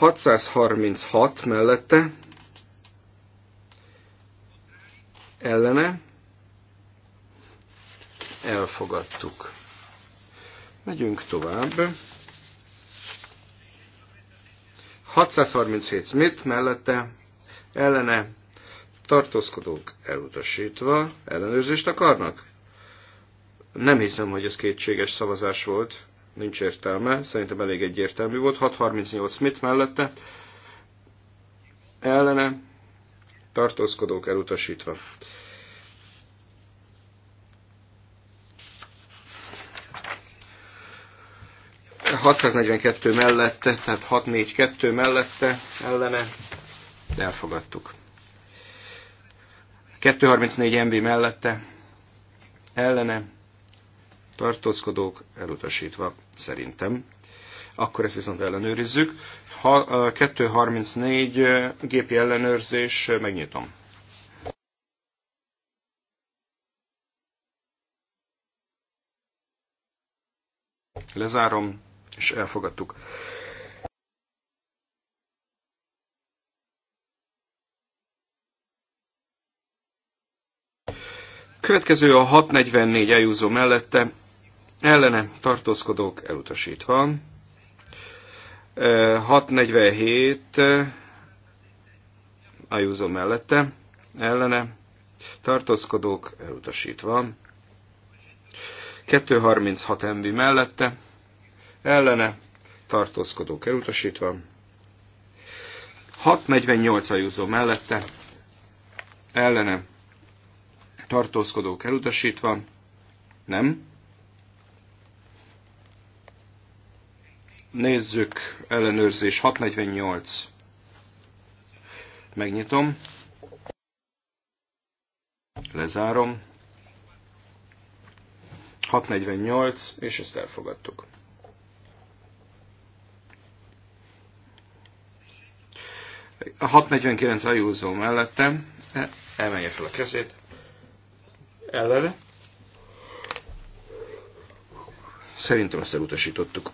636 mellette ellene elfogadtuk. Megyünk tovább. 637 Smith mellette ellene tartózkodók elutasítva ellenőrzést akarnak? Nem hiszem, hogy ez kétséges szavazás volt nincs értelme, szerintem elég egyértelmű volt. 638 Smith mellette, ellene, tartózkodók elutasítva. A 642 mellette, tehát 642 mellette, ellene, elfogadtuk. 234 MB mellette, ellene, tartózkodók elutasítva szerintem. Akkor ezt viszont ellenőrizzük. Ha, 234 gépi ellenőrzés, megnyitom. Lezárom, és elfogadtuk. Következő a 644 eljúzó mellette ellene tartózkodók elutasítva. 647 Ajúzó mellette, ellene tartózkodók elutasítva. 236 envi mellette, ellene tartózkodók elutasítva. 648 ajúzó mellette, ellene tartózkodók elutasítva. Nem. Nézzük, ellenőrzés 648. Megnyitom. Lezárom. 648, és ezt elfogadtuk. A 649 Ajúzó mellettem, emelje fel a kezét, ellene. Szerintem ezt elutasítottuk.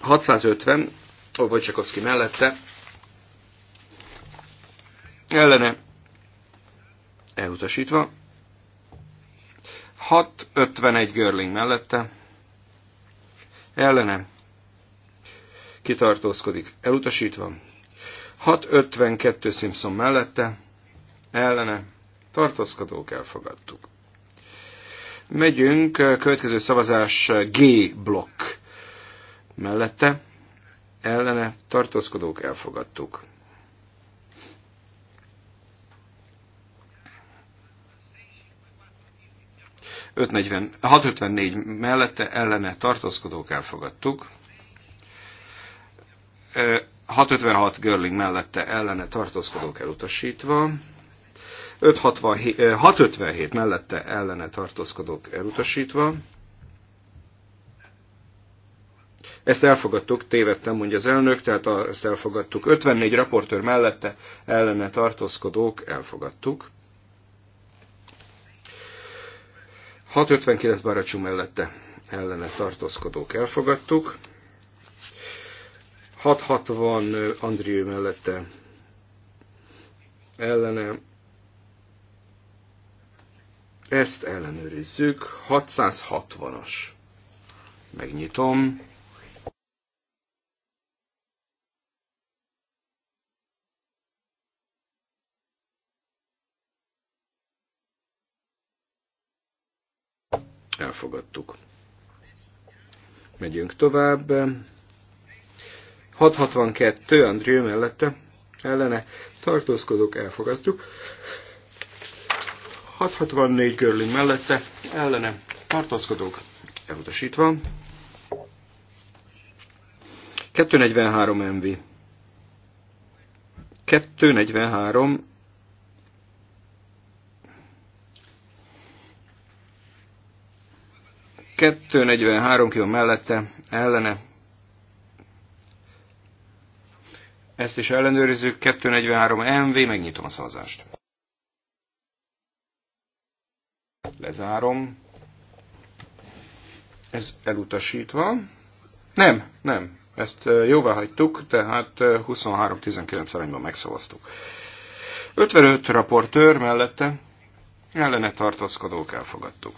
650, vagy ki mellette, ellene elutasítva, 651 Görling mellette, ellene kitartózkodik elutasítva, 652 Simpson mellette, ellene tartózkodók elfogadtuk. Megyünk, következő szavazás G blokk mellette, ellene tartózkodók elfogadtuk. .654, 654 mellette ellene tartózkodók elfogadtuk. 656 Görling mellette ellene tartózkodók elutasítva. 567, 657 mellette ellene tartózkodók elutasítva. Ezt elfogadtuk, tévedtem, mondja az elnök, tehát ezt elfogadtuk. 54 raportőr mellette ellene tartózkodók, elfogadtuk. 659 Baracsú mellette ellene tartózkodók, elfogadtuk. 660 Andriő mellette ellene ezt ellenőrizzük. 660-as. Megnyitom. elfogadtuk. Megyünk tovább. 662 Andrő mellette ellene tartózkodók elfogadtuk. 664 Görling mellette ellene tartózkodók elutasítva. 243 MV. 243 243 kiló mellette ellene. Ezt is ellenőrizzük. 243 MV, megnyitom a szavazást. Lezárom. Ez elutasítva. Nem, nem. Ezt jóvá hagytuk, tehát 23-19 arányban megszavaztuk. 55 raportőr mellette ellene tartózkodók elfogadtuk.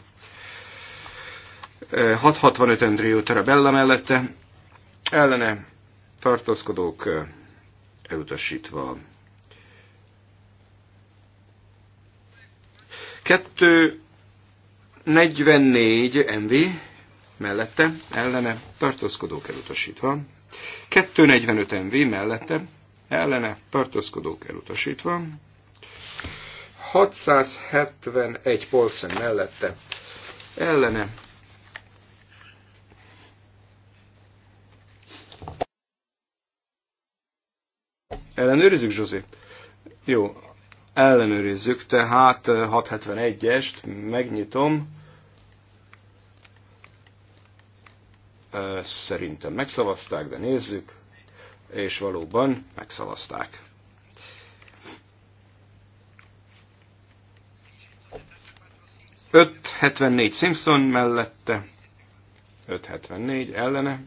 665 Andrew Tarabella mellette, ellene tartózkodók elutasítva. 244 MV mellette, ellene tartózkodók elutasítva. 245 MV mellette, ellene tartózkodók elutasítva. 671 Polsen mellette, ellene Ellenőrizzük, Zsuzsi? Jó, ellenőrizzük, tehát 671-est eh, megnyitom. Eh, szerintem megszavazták, de nézzük. És valóban megszavazták. Öt 74 Simpson mellette, 574 ellene,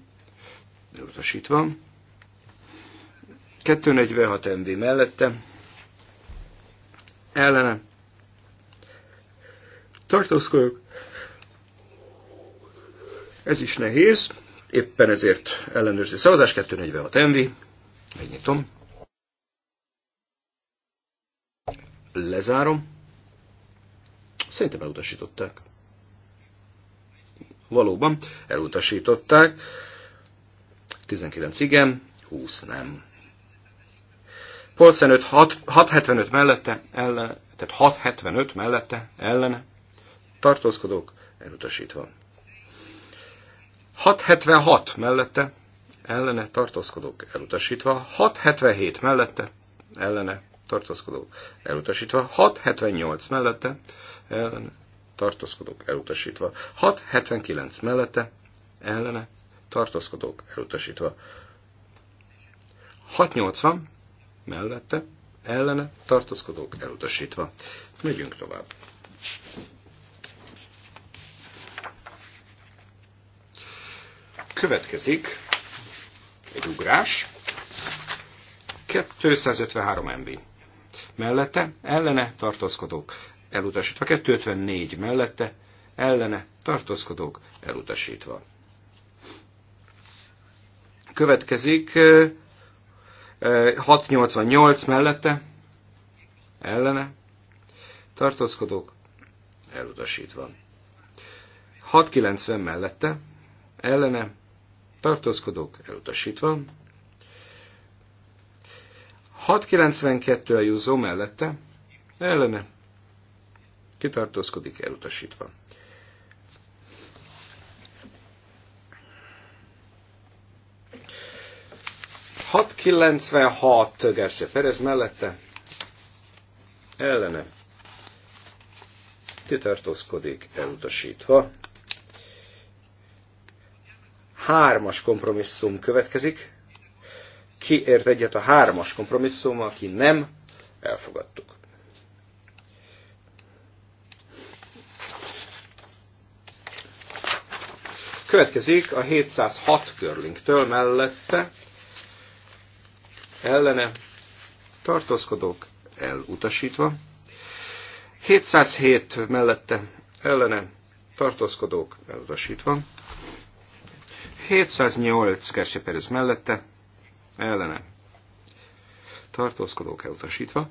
elutasítva. 246 MV mellette ellene tartózkodok. Ez is nehéz, éppen ezért ellenőrző szavazás 246 MV. Megnyitom. Lezárom. Szerintem elutasították. Valóban, elutasították. 19 igen, 20 nem. Polszen 5, 6, 675 mellette, ellen, tehát 675 mellette, ellene, tartózkodók elutasítva. 676 mellette, ellene tartózkodók elutasítva, 677 mellette, ellene tartózkodók elutasítva, 678 mellette, ellene tartózkodók elutasítva, 679 mellette, ellene tartózkodók elutasítva, 680 mellette, ellene, tartózkodók elutasítva. Megyünk tovább. Következik egy ugrás, 253 MB. Mellette, ellene, tartózkodók elutasítva. 254 mellette, ellene, tartózkodók elutasítva. Következik 688 mellette, ellene, tartózkodók, elutasítva. 690 mellette, ellene, tartózkodók, elutasítva. 692 a Júzó mellette, ellene, kitartózkodik, elutasítva. 96 Gerse Perez mellette ellene titartózkodik, elutasítva. Hármas kompromisszum következik. Ki ért egyet a hármas kompromisszummal, ki nem, elfogadtuk. Következik a 706 körlingtől mellette ellene tartózkodók elutasítva, 707 mellette ellene tartózkodók elutasítva, 708 Kersi Perez mellette ellene tartózkodók elutasítva,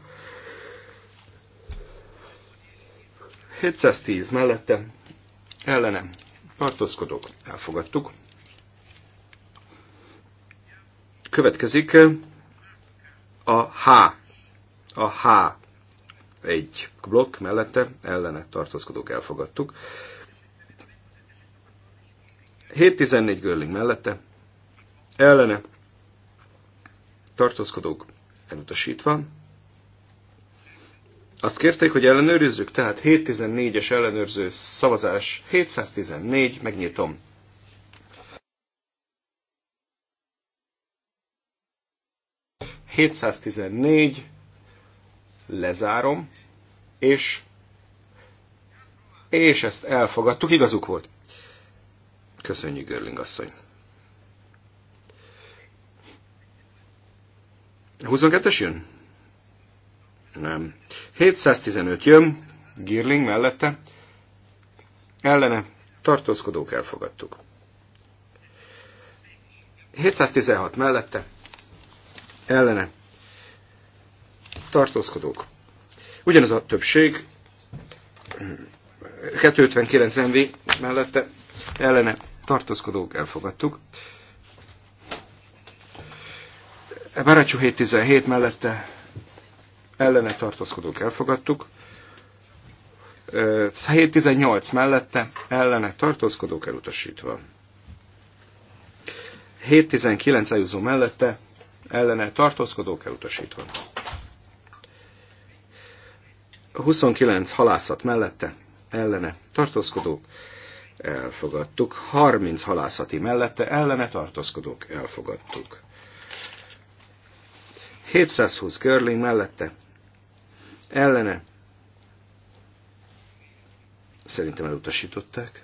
710 mellette ellene tartózkodók elfogadtuk. Következik a H. A H. Egy blokk mellette ellene tartózkodók elfogadtuk. 714 Görling mellette ellene tartózkodók elutasítva. Azt kérték, hogy ellenőrizzük, tehát 714-es ellenőrző szavazás 714, megnyitom. 714, lezárom, és, és ezt elfogadtuk, igazuk volt. Köszönjük, Görling asszony. 22-es jön? Nem. 715 jön, Girling mellette. Ellene tartózkodók elfogadtuk. 716 mellette ellene tartózkodók. Ugyanaz a többség, 259 MV mellette ellene tartózkodók elfogadtuk. Baracsú 717 mellette ellene tartózkodók elfogadtuk. 718 mellette ellene tartózkodók elutasítva. 719 eljúzó mellette ellene tartózkodók elutasítva. 29 halászat mellette, ellene tartózkodók elfogadtuk. 30 halászati mellette, ellene tartózkodók elfogadtuk. 720 Görling mellette, ellene szerintem elutasították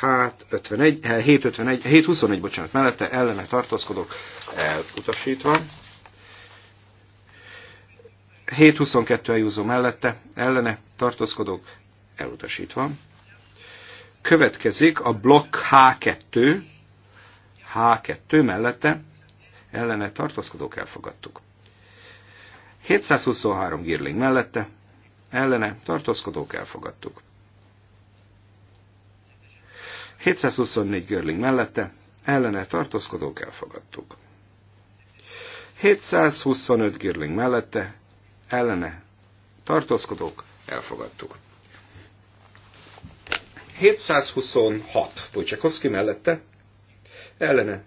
hát 51, 751, 721, bocsánat, mellette ellene tartózkodok, elutasítva. 722 eljúzó mellette ellene tartózkodok, elutasítva. Következik a blokk H2, H2 mellette ellene tartózkodók elfogadtuk. 723 Girling mellette ellene tartózkodók elfogadtuk. 724 Görling mellette, ellene tartózkodók elfogadtuk. 725 Görling mellette, ellene tartózkodók elfogadtuk. 726 Wojciechowski mellette, ellene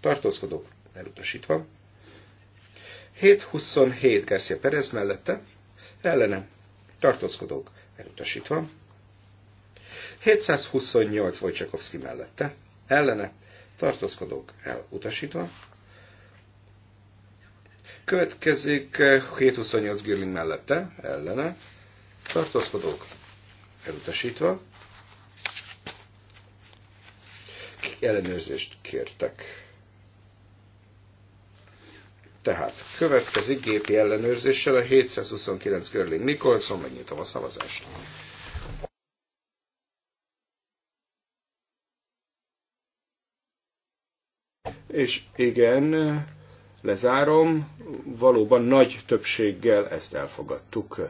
tartózkodók elutasítva. 727 Garcia Perez mellette, ellene tartózkodók elutasítva. 728 Vojcsakovszki mellette, ellene, tartózkodók elutasítva. Következik 728 eh, Girling mellette, ellene, tartózkodók elutasítva. Ellenőrzést kértek. Tehát következik gépi ellenőrzéssel a 729 Görling Nikolson, megnyitom a szavazást. és igen, lezárom, valóban nagy többséggel ezt elfogadtuk.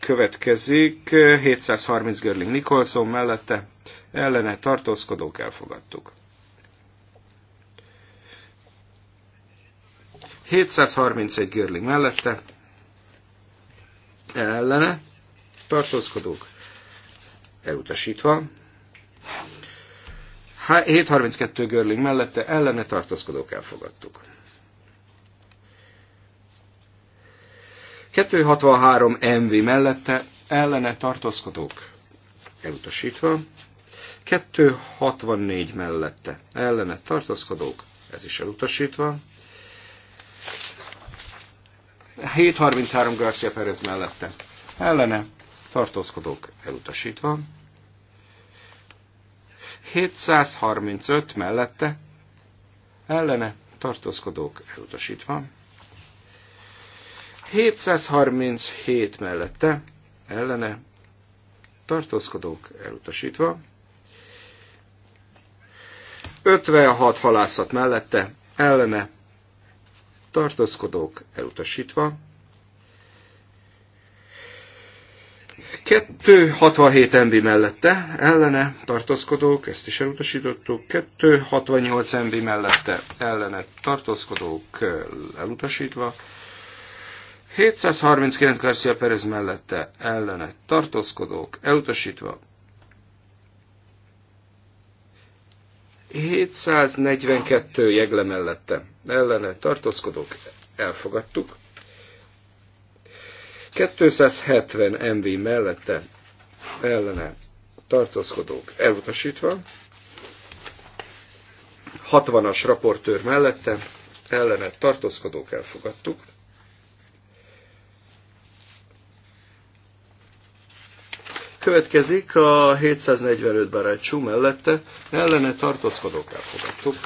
Következik 730 eh, Görling Nicholson mellette, ellene tartózkodók elfogadtuk. 731 Görling mellette, ellene tartózkodók elutasítva, 732 Görling mellette ellene tartózkodók elfogadtuk. 263 MV mellette ellene tartózkodók elutasítva. 264 mellette ellene tartózkodók, ez is elutasítva. 733 Garcia Perez mellette ellene tartózkodók elutasítva. 735 mellette ellene tartózkodók elutasítva. 737 mellette ellene tartózkodók elutasítva. 56 halászat mellette ellene tartózkodók elutasítva. 267 MB mellette, ellene tartózkodók, ezt is elutasítottuk, 268 MB mellette, ellene tartózkodók elutasítva, 739 Garcia Perez mellette, ellene tartózkodók elutasítva, 742 jegle mellette, ellene tartózkodók elfogadtuk, 270 MV mellette ellene tartózkodók elutasítva, 60-as raportőr mellette ellene tartózkodók elfogadtuk, Következik a 745 barátsú mellette, ellene tartózkodók elfogadtuk.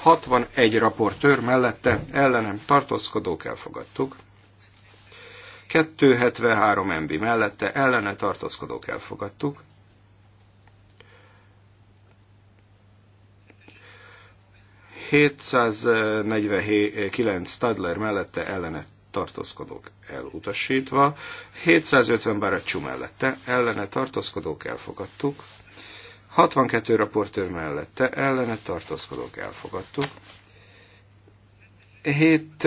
61 raportőr mellette, ellenem tartózkodók elfogadtuk. 273 MB mellette ellene tartózkodók elfogadtuk. ...749 Stadler mellette ellene tartózkodók elutasítva, 750 Baracsú mellette ellene tartózkodók elfogadtuk, 62 raportőr mellette ellene tartózkodók elfogadtuk, 7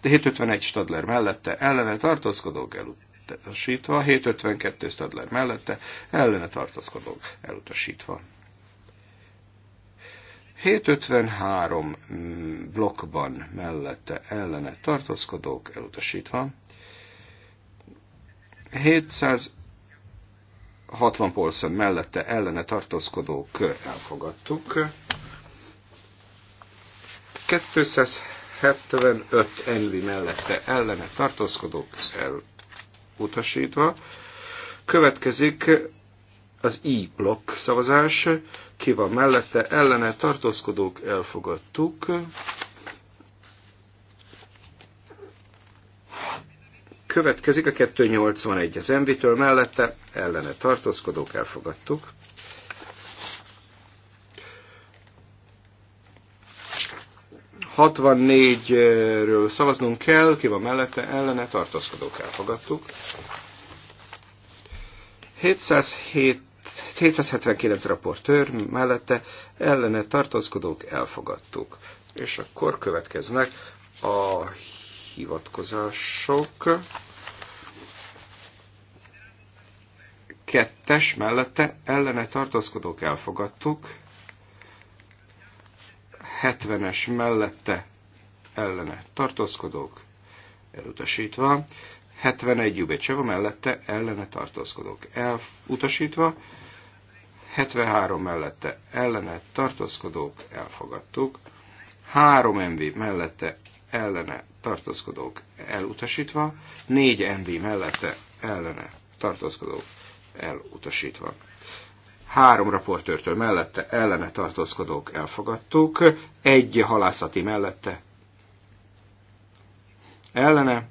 751 Stadler mellette ellene tartózkodók elutasítva, 752 Stadler mellette ellene tartózkodók elutasítva. 753 mm, blokkban mellette ellene tartózkodók elutasítva, 760 polszon mellette ellene tartózkodók elfogadtuk, 75 envi mellette ellene tartózkodók elutasítva. Következik az I blokk szavazás, ki van mellette, ellene tartózkodók elfogadtuk. Következik a 281 az envitől mellette, ellene tartózkodók elfogadtuk. 64-ről szavaznunk kell, ki van mellette, ellene, tartózkodók elfogadtuk. 707, 779 raportőr mellette, ellene, tartózkodók elfogadtuk. És akkor következnek a hivatkozások. Kettes mellette, ellene, tartózkodók elfogadtuk. 70-es mellette ellene tartózkodók elutasítva, 71 Jubecseva mellette ellene tartózkodók elutasítva, 73 mellette ellene tartózkodók elfogadtuk, 3 MV mellette ellene tartózkodók elutasítva, 4 MV mellette ellene tartózkodók elutasítva. Három raportőrtől mellette ellene tartózkodók elfogadtuk, egy halászati mellette ellene.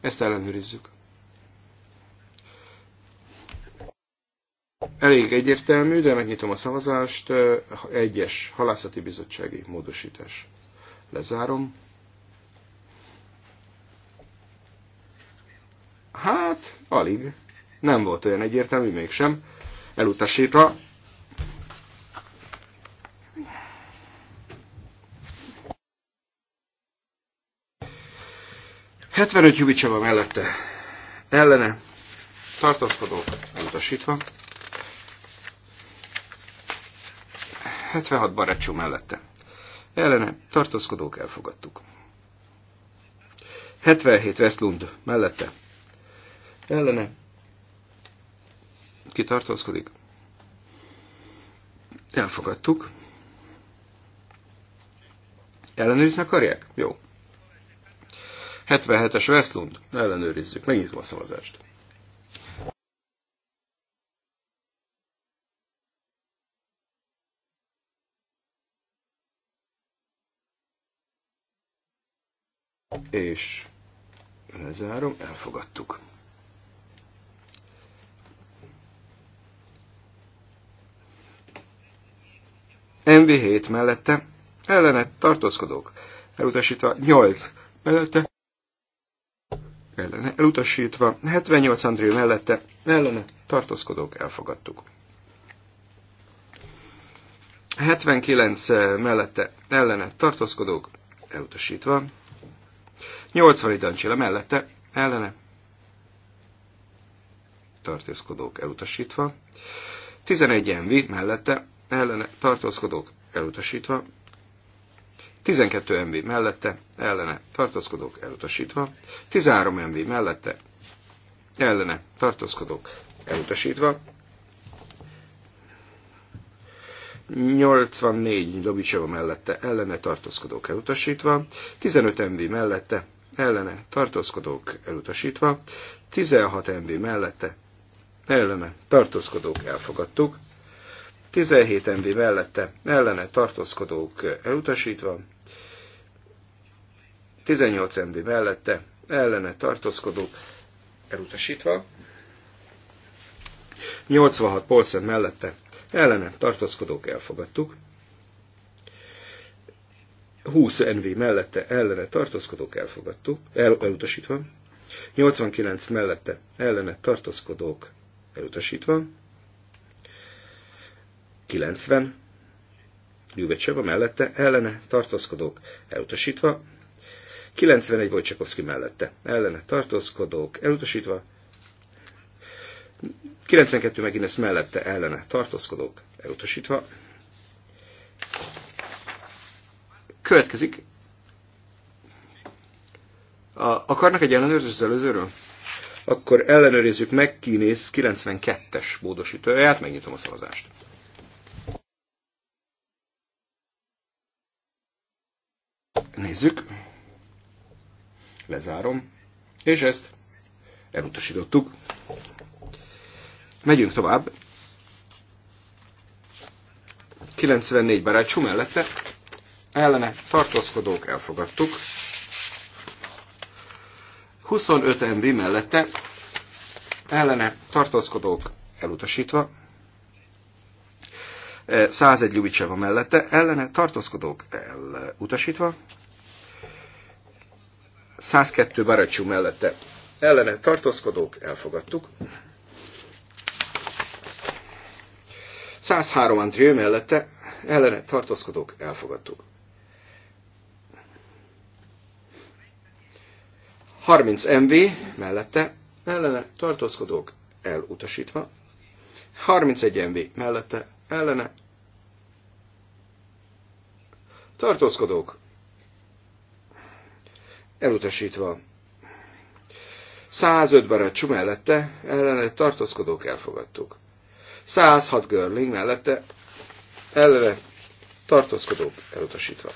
Ezt ellenőrizzük. Elég egyértelmű, de megnyitom a szavazást. Egyes halászati bizottsági módosítás. Lezárom. Hát, alig. Nem volt olyan egyértelmű, mégsem. Elutasítva. Hetvenöt Jubicseva mellette. Ellene. Tartózkodó. Elutasítva. 76 Barácsó mellette. Ellene tartózkodók elfogadtuk. 77 Westlund mellette. Ellene ki tartózkodik. Elfogadtuk. Ellenőrizni akarják? Jó. 77-es Westlund. Ellenőrizzük. Megnyitom a szavazást. És lezárom, elfogadtuk. mv 7 mellette, ellene tartózkodók, elutasítva 8 mellette, ellene elutasítva, 78 Andrő mellette, ellene tartózkodók, elfogadtuk. 79 eh, mellette, ellene tartózkodók, elutasítva, 80 Dancsila mellette, ellene tartózkodók, elutasítva, 11 MV mellette, ellene tartózkodók elutasítva, 12 MV mellette, ellene tartózkodók elutasítva, 13 MV mellette, ellene tartózkodók elutasítva, 84 Dobicseva mellette, ellene tartózkodók elutasítva, 15 MV mellette, ellene tartózkodók elutasítva, 16 MV mellette, ellene tartózkodók elfogadtuk, 17 MB mellette ellene tartózkodók elutasítva, 18 MB mellette ellene tartózkodók elutasítva, 86 polszem mellette ellene tartózkodók elfogadtuk, 20 NV mellette ellene tartózkodók elfogadtuk, el, elutasítva, 89 mellette ellene tartózkodók elutasítva, 90, Júvecseva mellette, ellene tartózkodók elutasítva, 91 Wojciechowski mellette, ellene tartózkodók elutasítva, 92 megint ezt mellette, ellene tartózkodók elutasítva. Következik. A, akarnak egy ellenőrzést az előzőről? Akkor ellenőrizzük meg kinéz 92-es módosítóját, megnyitom a szavazást. Nézzük. Lezárom. És ezt elutasítottuk. Megyünk tovább. 94 barátsú mellette ellene tartózkodók elfogadtuk. 25 MB mellette ellene tartózkodók elutasítva. 101 eh, Ljubicseva mellette ellene tartózkodók elutasítva. 102 Baracsú mellette ellene tartózkodók, elfogadtuk. 103 Andrió mellette ellene tartózkodók, elfogadtuk. 30 MV mellette ellene tartózkodók, elutasítva. 31 MV mellette ellene tartózkodók, elutasítva. 105 Baracsú mellette, ellene tartózkodók elfogadtuk. 106 Görling mellette, ellene tartózkodók elutasítva.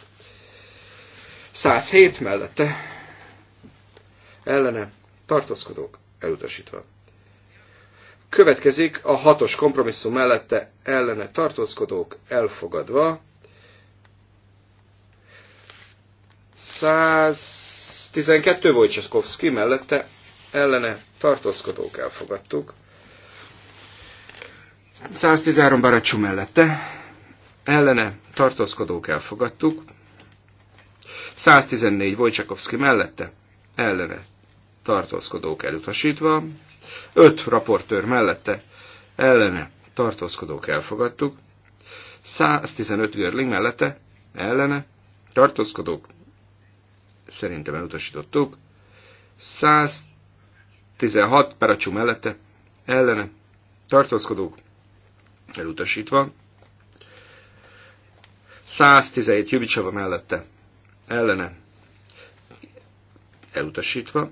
107 mellette, ellene tartózkodók elutasítva. Következik a hatos kompromisszum mellette ellene tartózkodók elfogadva. 100 12 Wojciechowski mellette ellene tartózkodók elfogadtuk. 113 Baracsú mellette ellene tartózkodók elfogadtuk. 114 Wojciechowski mellette ellene tartózkodók elutasítva. 5 raportőr mellette ellene tartózkodók elfogadtuk. 115 Görling mellette ellene tartózkodók szerintem elutasítottuk. 116 peracsú mellette, ellene, tartózkodók, elutasítva. 117 Jubicsava mellette, ellene, elutasítva.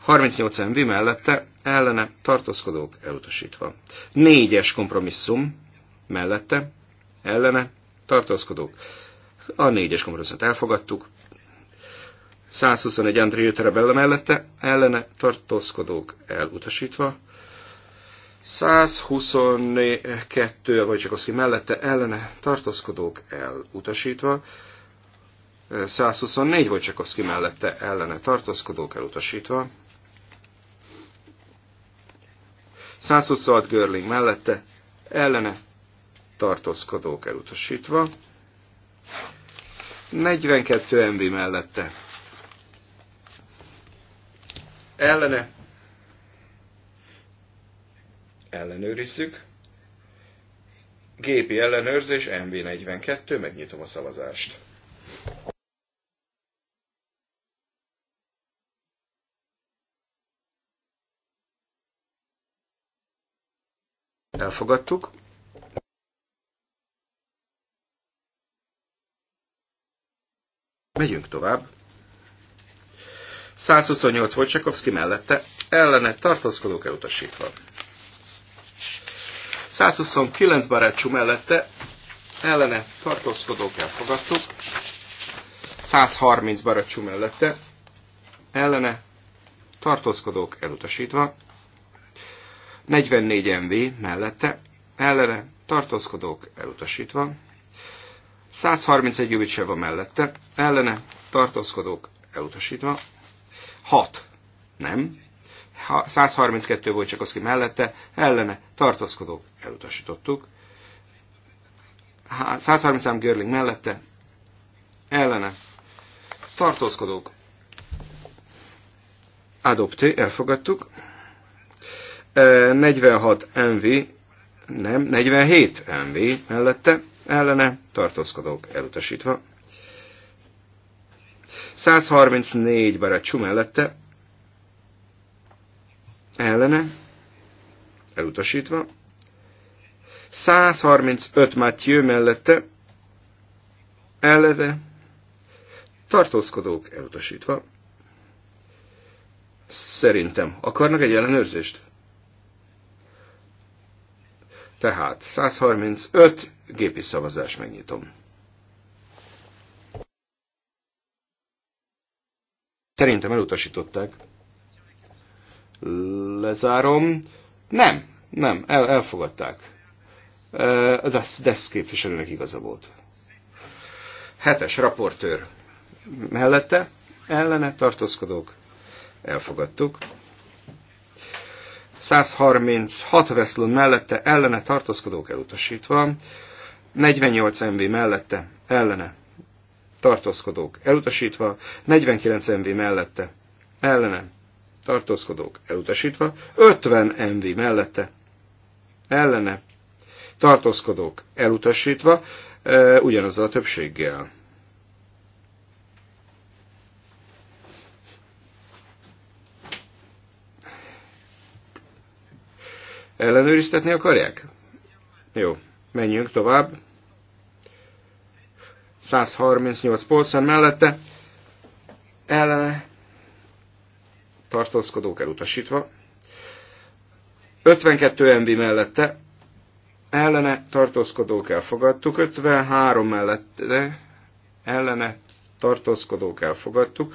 38 MV mellette, ellene, tartózkodók, elutasítva. 4-es kompromisszum mellette, ellene, tartózkodók, a négyes kompromisszumot elfogadtuk. 121 André Jöttere mellette, ellene tartózkodók elutasítva. 122 Vojcsakovszki mellette ellene tartózkodók elutasítva, 124 Vojcsakovszki mellette ellene tartózkodók elutasítva, 126 Görling mellette ellene tartózkodók elutasítva, 42 MV mellette. Ellene. Ellenőrizzük. Gépi ellenőrzés MV42, megnyitom a szavazást. Elfogadtuk. Megyünk tovább. 128 volt Csakovszki mellette, ellene tartózkodók elutasítva. 129 Barácsú mellette, ellene tartózkodók elfogadtuk. 130 Barácsú mellette, ellene tartózkodók elutasítva. 44 MV mellette, ellene tartózkodók elutasítva. 131 van mellette, ellene tartózkodók elutasítva. 6. Nem. 132 volt csak az, ki mellette, ellene tartózkodók elutasítottuk. 133 Görling mellette, ellene tartózkodók adopté, elfogadtuk. 46 MV, nem, 47 MV mellette, ellene tartózkodók elutasítva. 134 Baracsú mellette ellene elutasítva. 135 Mathieu mellette ellene tartózkodók elutasítva. Szerintem akarnak egy ellenőrzést? Tehát 135 gépi szavazás megnyitom. Szerintem elutasították. Lezárom. Nem, nem, el, elfogadták. De ez képviselőnek igaza volt. Hetes raportőr. Mellette ellene tartózkodók. Elfogadtuk. 136 Veszlun mellette ellene tartózkodók elutasítva, 48 MV mellette ellene tartózkodók elutasítva, 49 MV mellette ellene tartózkodók elutasítva, 50 MV mellette ellene tartózkodók elutasítva, eh, ugyanazzal a többséggel. Ellenőriztetni akarják? Jó, menjünk tovább. 138 polszán mellette. Ellene tartózkodók elutasítva. 52 MV mellette. Ellene tartózkodók elfogadtuk. 53 mellette. Ellene tartózkodók elfogadtuk.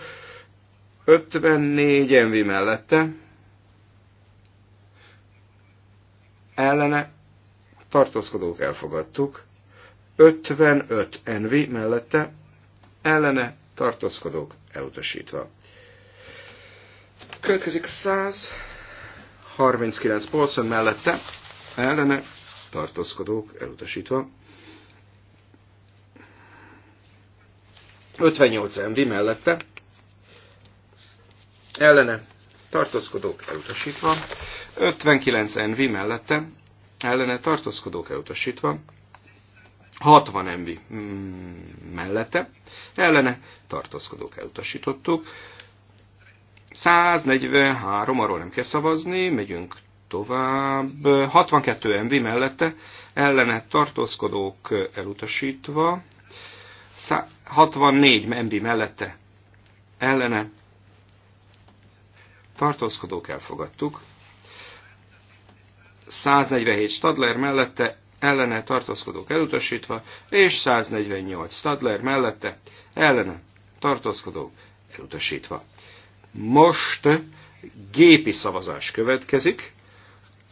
54 MV mellette ellene tartózkodók elfogadtuk, 55 NV mellette ellene tartózkodók elutasítva. Következik 139 polszön mellette ellene tartózkodók elutasítva. 58 MV mellette ellene tartózkodók elutasítva, 59 NV mellette, ellene tartózkodók elutasítva, 60 NV mm, mellette, ellene tartózkodók elutasítottuk, 143, arról nem kell szavazni, megyünk tovább, 62 MV mellette, ellene tartózkodók elutasítva, 64 MV mellette, ellene tartózkodók elfogadtuk. 147 Stadler mellette ellene tartózkodók elutasítva, és 148 Stadler mellette ellene tartózkodók elutasítva. Most gépi szavazás következik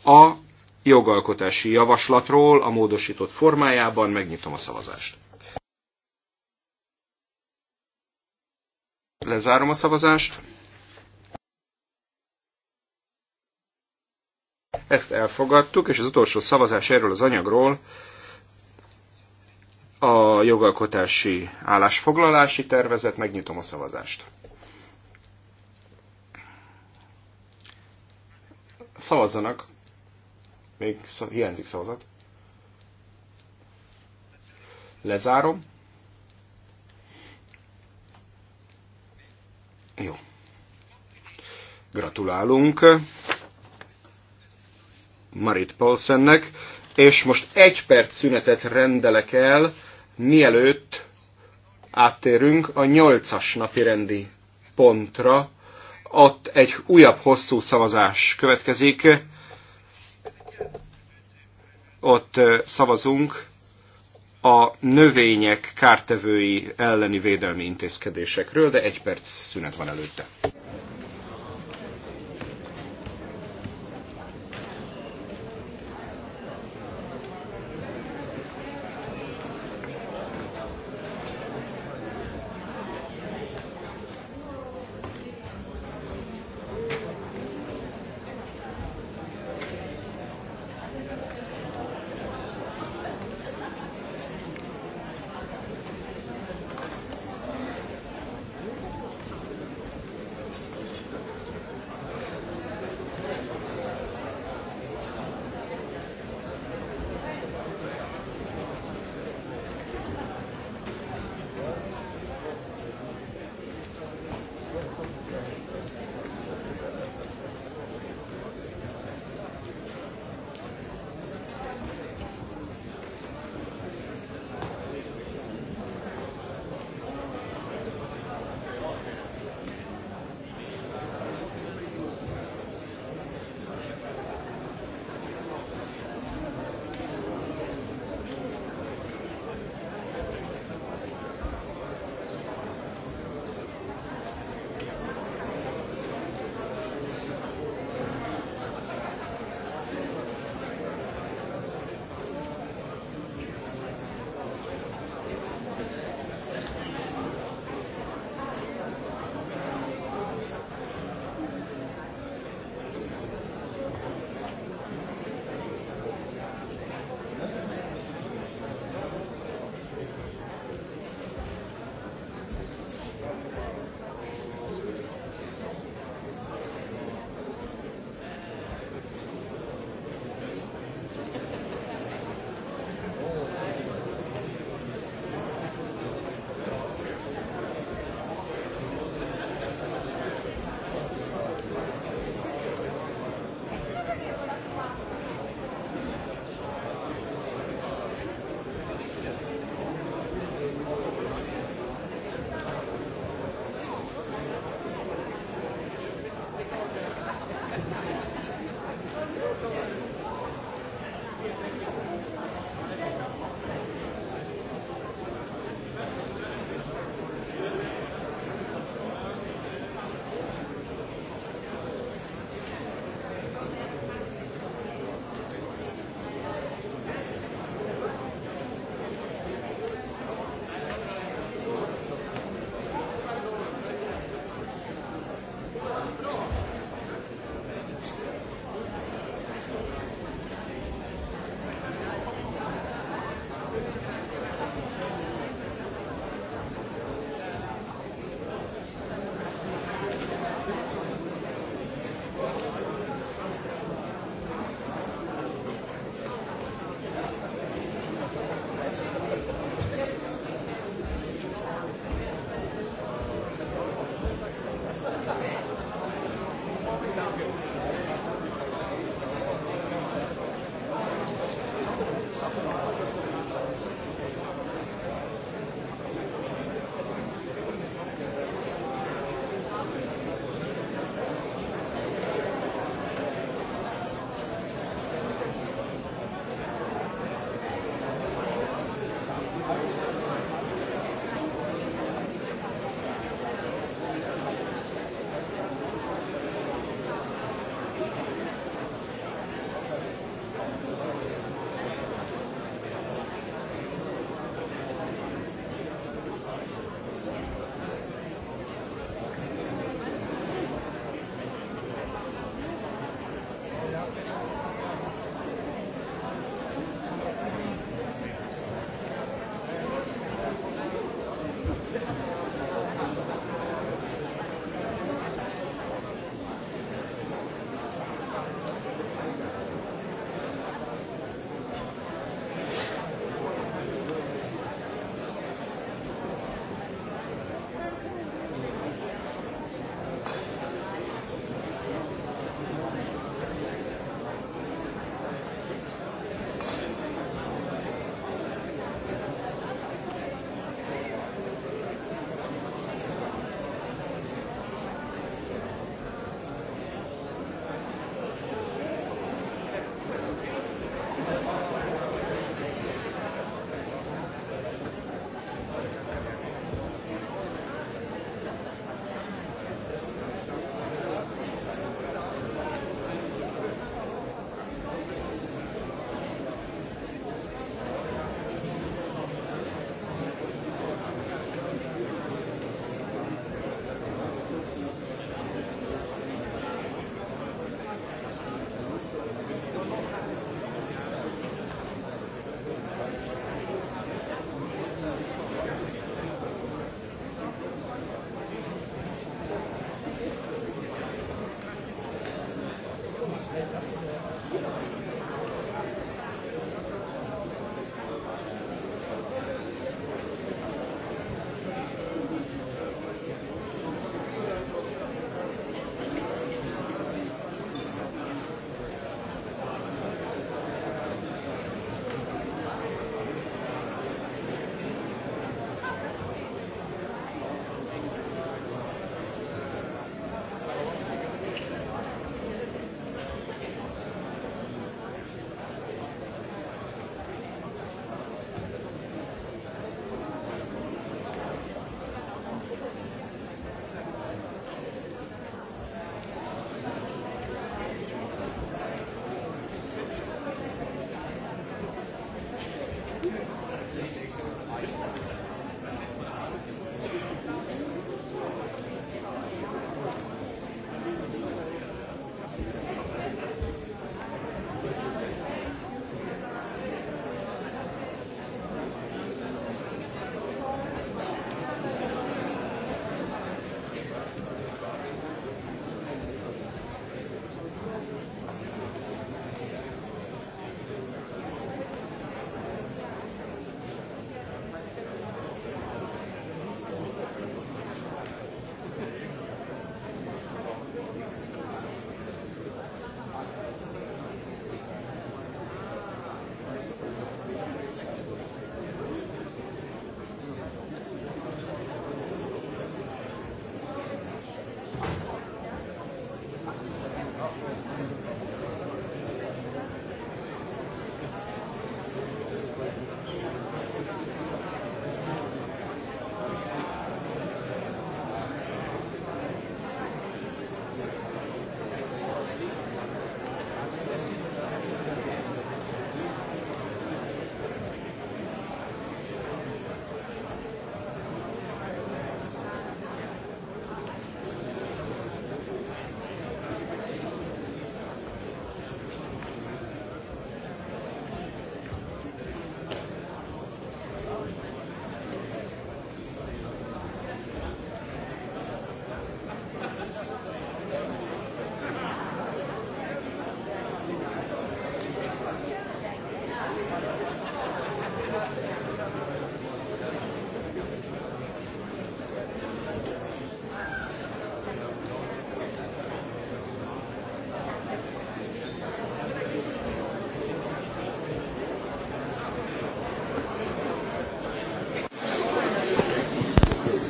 a jogalkotási javaslatról a módosított formájában. Megnyitom a szavazást. Lezárom a szavazást. Ezt elfogadtuk, és az utolsó szavazás erről az anyagról a jogalkotási állásfoglalási tervezet, megnyitom a szavazást. Szavazzanak, még hiányzik szavazat. Lezárom. Jó. Gratulálunk. Marit Paulsennek, és most egy perc szünetet rendelek el, mielőtt áttérünk a nyolcas napi rendi pontra. Ott egy újabb hosszú szavazás következik. Ott szavazunk a növények kártevői elleni védelmi intézkedésekről, de egy perc szünet van előtte.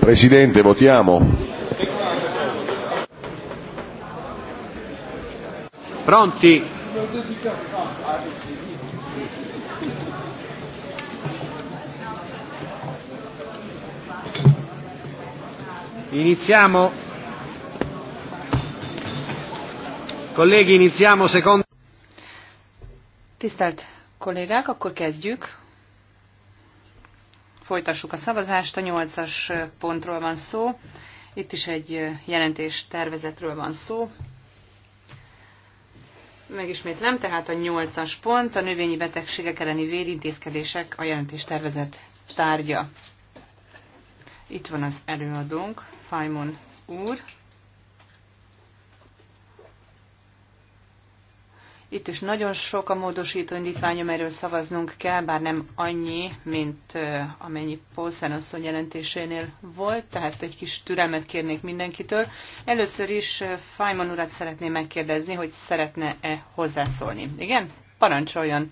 Presidente, votiamo. Pronti? Iniziamo. Colleghi, iniziamo secondo. Tisztelt kollégák, akkor kezdjük folytassuk a szavazást. A nyolcas pontról van szó. Itt is egy jelentés tervezetről van szó. Megismétlem, tehát a nyolcas pont, a növényi betegségek elleni védintézkedések a jelentés tervezet tárgya. Itt van az előadónk, Fajmon úr. Itt is nagyon sok a módosító indítvány, amelyről szavaznunk kell, bár nem annyi, mint amennyi Paulsen asszony jelentésénél volt, tehát egy kis türelmet kérnék mindenkitől. Először is Fájman urat szeretném megkérdezni, hogy szeretne-e hozzászólni. Igen? Parancsoljon!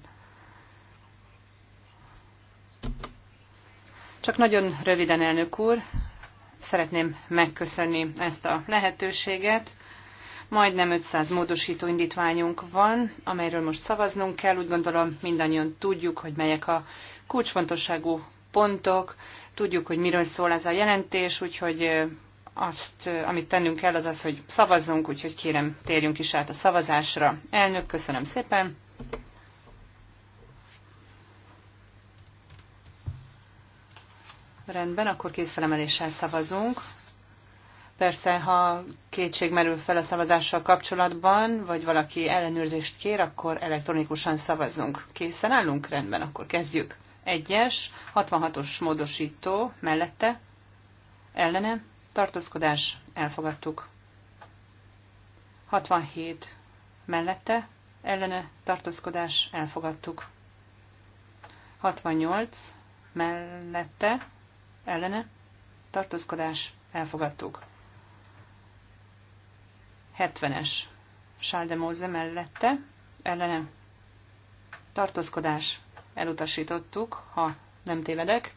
Csak nagyon röviden, elnök úr, szeretném megköszönni ezt a lehetőséget Majdnem 500 módosító indítványunk van, amelyről most szavaznunk kell. Úgy gondolom mindannyian tudjuk, hogy melyek a kulcsfontosságú pontok, tudjuk, hogy miről szól ez a jelentés, úgyhogy azt, amit tennünk kell, az az, hogy szavazzunk, úgyhogy kérem, térjünk is át a szavazásra. Elnök, köszönöm szépen! Rendben, akkor kézfelemeléssel szavazunk. Persze, ha kétség merül fel a szavazással kapcsolatban, vagy valaki ellenőrzést kér, akkor elektronikusan szavazzunk. Készen állunk? Rendben, akkor kezdjük. Egyes, 66-os módosító, mellette, ellene, tartózkodás, elfogadtuk. 67, mellette, ellene, tartózkodás, elfogadtuk. 68, mellette, ellene, tartózkodás, elfogadtuk. 70-es Sáldemóze mellette, ellene tartózkodás elutasítottuk, ha nem tévedek.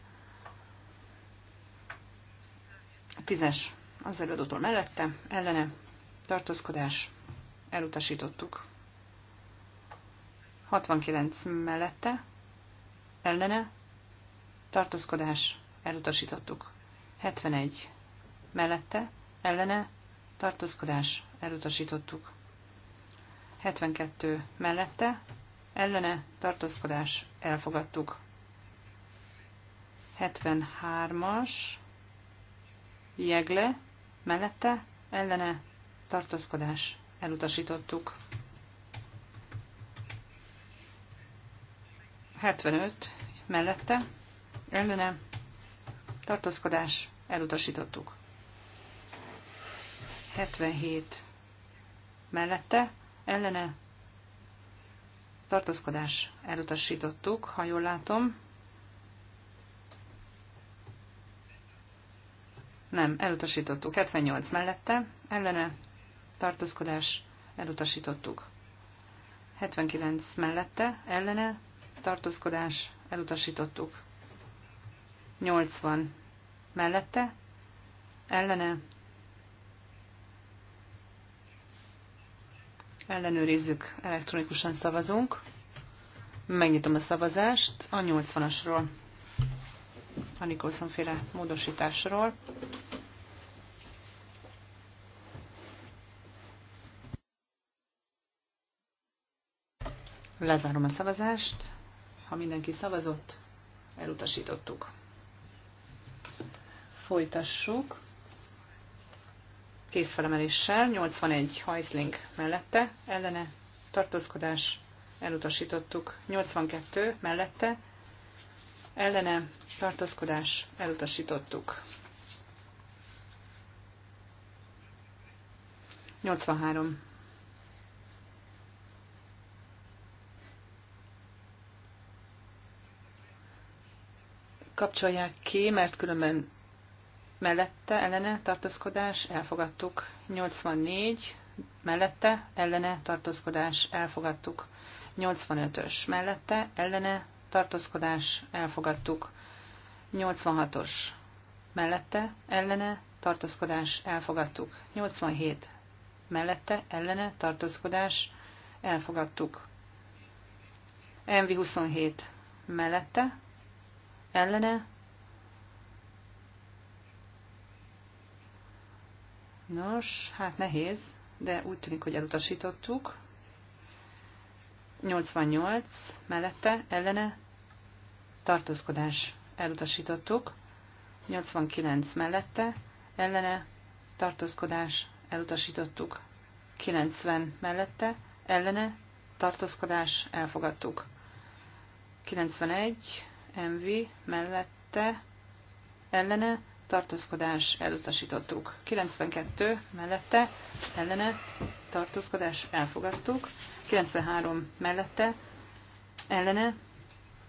10-es az előadótól mellette, ellene tartózkodás elutasítottuk. 69 mellette, ellene tartózkodás elutasítottuk. 71 mellette, ellene tartózkodás elutasítottuk. 72 mellette, ellene tartózkodás elfogadtuk. 73-as jegle mellette, ellene tartózkodás elutasítottuk. 75 mellette, ellene tartózkodás elutasítottuk. 77 mellette ellene tartózkodás elutasítottuk, ha jól látom. Nem, elutasítottuk. 78 mellette ellene tartózkodás elutasítottuk. 79 mellette ellene tartózkodás elutasítottuk. 80 mellette ellene Ellenőrizzük, elektronikusan szavazunk. Megnyitom a szavazást a 80-asról, a Nikolson féle módosításról. Lezárom a szavazást. Ha mindenki szavazott, elutasítottuk. Folytassuk kézfelemeléssel, 81 hajszling mellette, ellene tartózkodás elutasítottuk, 82 mellette, ellene tartózkodás elutasítottuk. 83. Kapcsolják ki, mert különben mellette, ellene, tartózkodás, elfogadtuk. 84 mellette, ellene, tartózkodás, elfogadtuk. 85-ös mellette, ellene, tartózkodás, elfogadtuk. 86-os mellette, ellene, tartózkodás, elfogadtuk. 87 mellette, ellene, tartózkodás, elfogadtuk. MV27 mellette, ellene, Nos, hát nehéz, de úgy tűnik, hogy elutasítottuk. 88 mellette, ellene, tartózkodás elutasítottuk. 89 mellette, ellene, tartózkodás elutasítottuk. 90 mellette, ellene, tartózkodás elfogadtuk. 91 MV mellette, ellene, tartózkodás elutasítottuk. 92 mellette ellene tartózkodás elfogadtuk. 93 mellette ellene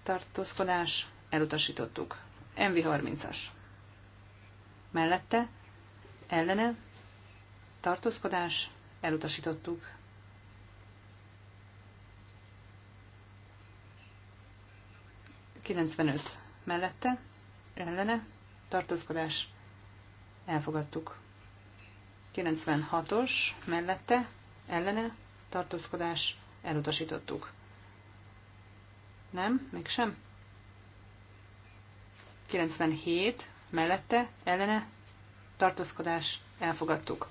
tartózkodás elutasítottuk. MV30-as mellette ellene tartózkodás elutasítottuk. Kilencvenöt mellette, ellene, tartózkodás, elfogadtuk. 96-os, mellette, ellene, tartózkodás, elutasítottuk. Nem? Mégsem? 97, mellette, ellene, tartózkodás, elfogadtuk.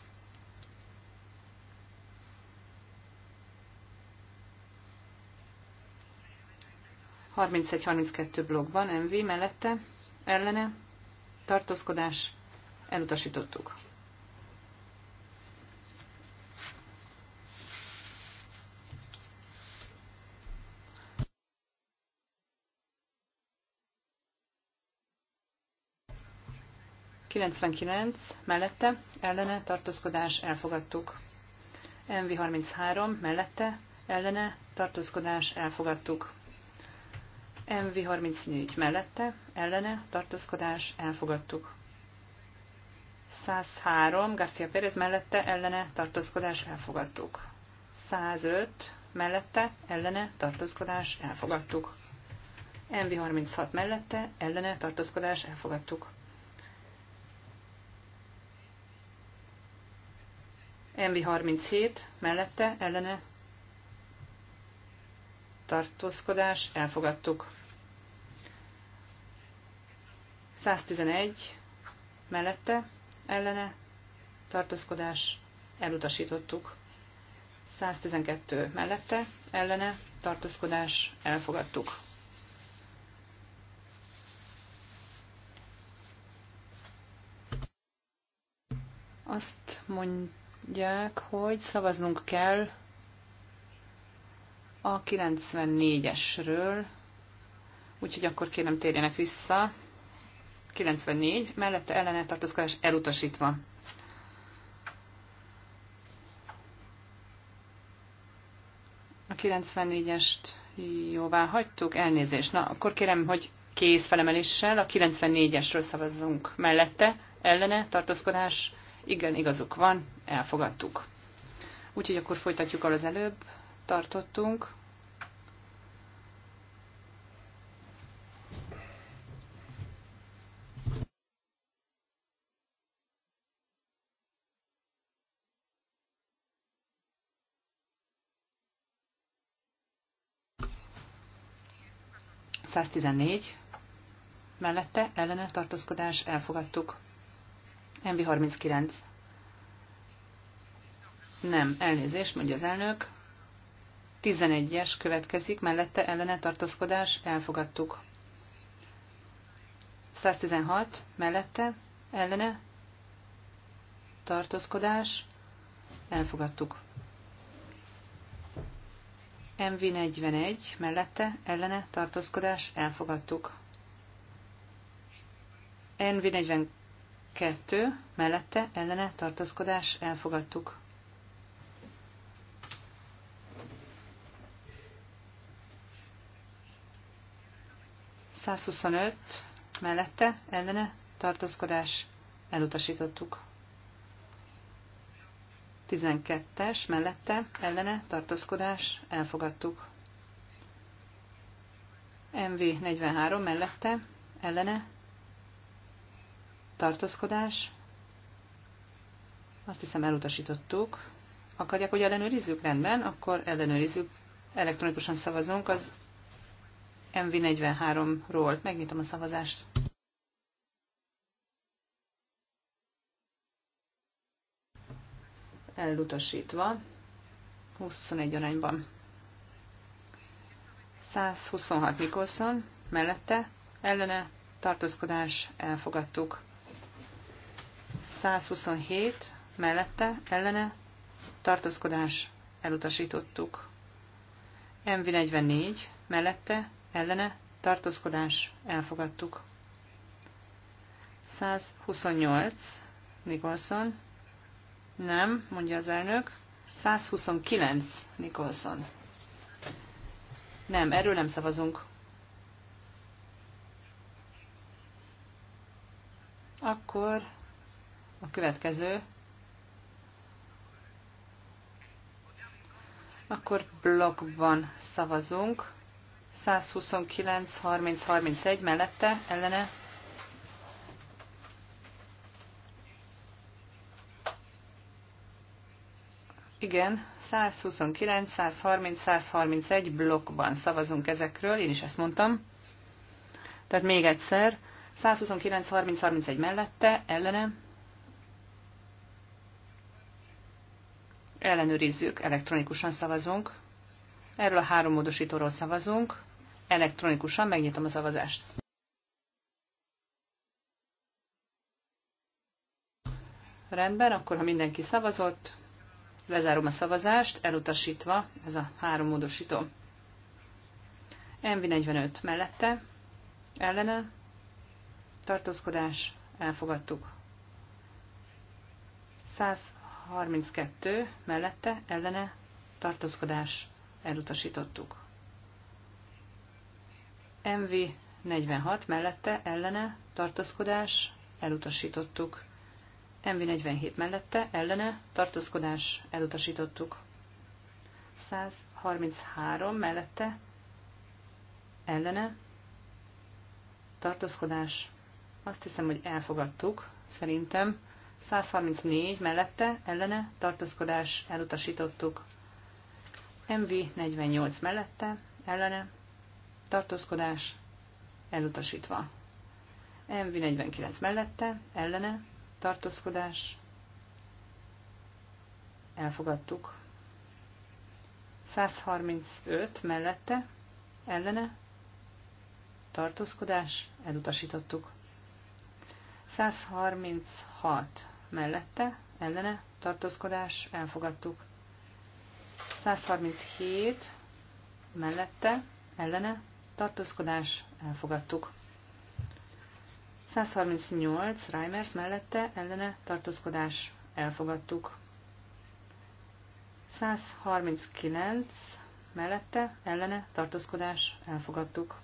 Harmincegy-harminckettő blokkban, MV mellette, ellene, tartózkodás, elutasítottuk. Kilencvenkilenc mellette, ellene, tartózkodás, elfogadtuk. MV33 mellette, ellene, tartózkodás, elfogadtuk. MV34 mellette, ellene, tartózkodás, elfogadtuk. 103, Garcia Pérez mellette, ellene, tartózkodás, elfogadtuk. 105 mellette, ellene, tartózkodás, elfogadtuk. MV36 mellette, ellene, tartózkodás, elfogadtuk. MV37 mellette, ellene, tartózkodás, elfogadtuk. 111 mellette, ellene, tartózkodás, elutasítottuk. 112 mellette, ellene, tartózkodás, elfogadtuk. Azt mondják, hogy szavaznunk kell a 94-esről, úgyhogy akkor kérem térjenek vissza. 94, mellette ellene tartózkodás elutasítva. A 94-est jóvá hagytuk, elnézést. Na, akkor kérem, hogy kész felemeléssel a 94-esről szavazzunk mellette, ellene tartózkodás, igen, igazuk van, elfogadtuk. Úgyhogy akkor folytatjuk al az előbb, tartottunk. Száztizennégy. Mellette ellene tartózkodás elfogadtuk. MB39. Nem, elnézést, mondja az elnök. 11-es következik, mellette ellene tartózkodás, elfogadtuk. 116 mellette ellene tartózkodás, elfogadtuk. MV41 mellette ellene tartózkodás, elfogadtuk. NV42 mellette ellene tartózkodás, elfogadtuk. 125 mellette ellene tartózkodás elutasítottuk. 12-es mellette ellene tartózkodás elfogadtuk. MV 43 mellette ellene tartózkodás azt hiszem elutasítottuk. Akarják, hogy ellenőrizzük? Rendben, akkor ellenőrizzük. Elektronikusan szavazunk az MV43-ról. Megnyitom a szavazást. Elutasítva. 20-21 arányban. 126 Nikolson, mellette, ellene, tartózkodás, elfogadtuk. 127, mellette, ellene, tartózkodás, elutasítottuk. MV44, mellette, ellene tartózkodás elfogadtuk. 128 Nicholson. Nem, mondja az elnök. 129 Nicholson. Nem, erről nem szavazunk. Akkor a következő. Akkor blokkban szavazunk 129, 30, 31 mellette, ellene. Igen, 129, 130, 131 blokkban szavazunk ezekről, én is ezt mondtam. Tehát még egyszer, 129, 30, 31 mellette, ellene. Ellenőrizzük, elektronikusan szavazunk. Erről a három módosítóról szavazunk elektronikusan, megnyitom a szavazást. Rendben, akkor ha mindenki szavazott, lezárom a szavazást, elutasítva ez a három módosító. MV45 mellette, ellene, tartózkodás, elfogadtuk. 132 mellette, ellene, tartózkodás, elutasítottuk. MV 46 mellette ellene tartózkodás elutasítottuk. MV 47 mellette ellene tartózkodás elutasítottuk. 133 mellette ellene tartózkodás. Azt hiszem, hogy elfogadtuk, szerintem. 134 mellette ellene tartózkodás elutasítottuk. MV 48 mellette ellene tartózkodás elutasítva. MV 49 mellette, ellene, tartózkodás, elfogadtuk. 135 mellette, ellene, tartózkodás, elutasítottuk. 136 mellette, ellene, tartózkodás, elfogadtuk. 137 mellette, ellene, tartózkodás, elfogadtuk. 138 Reimers mellette ellene tartózkodás, elfogadtuk. 139 mellette ellene tartózkodás, elfogadtuk.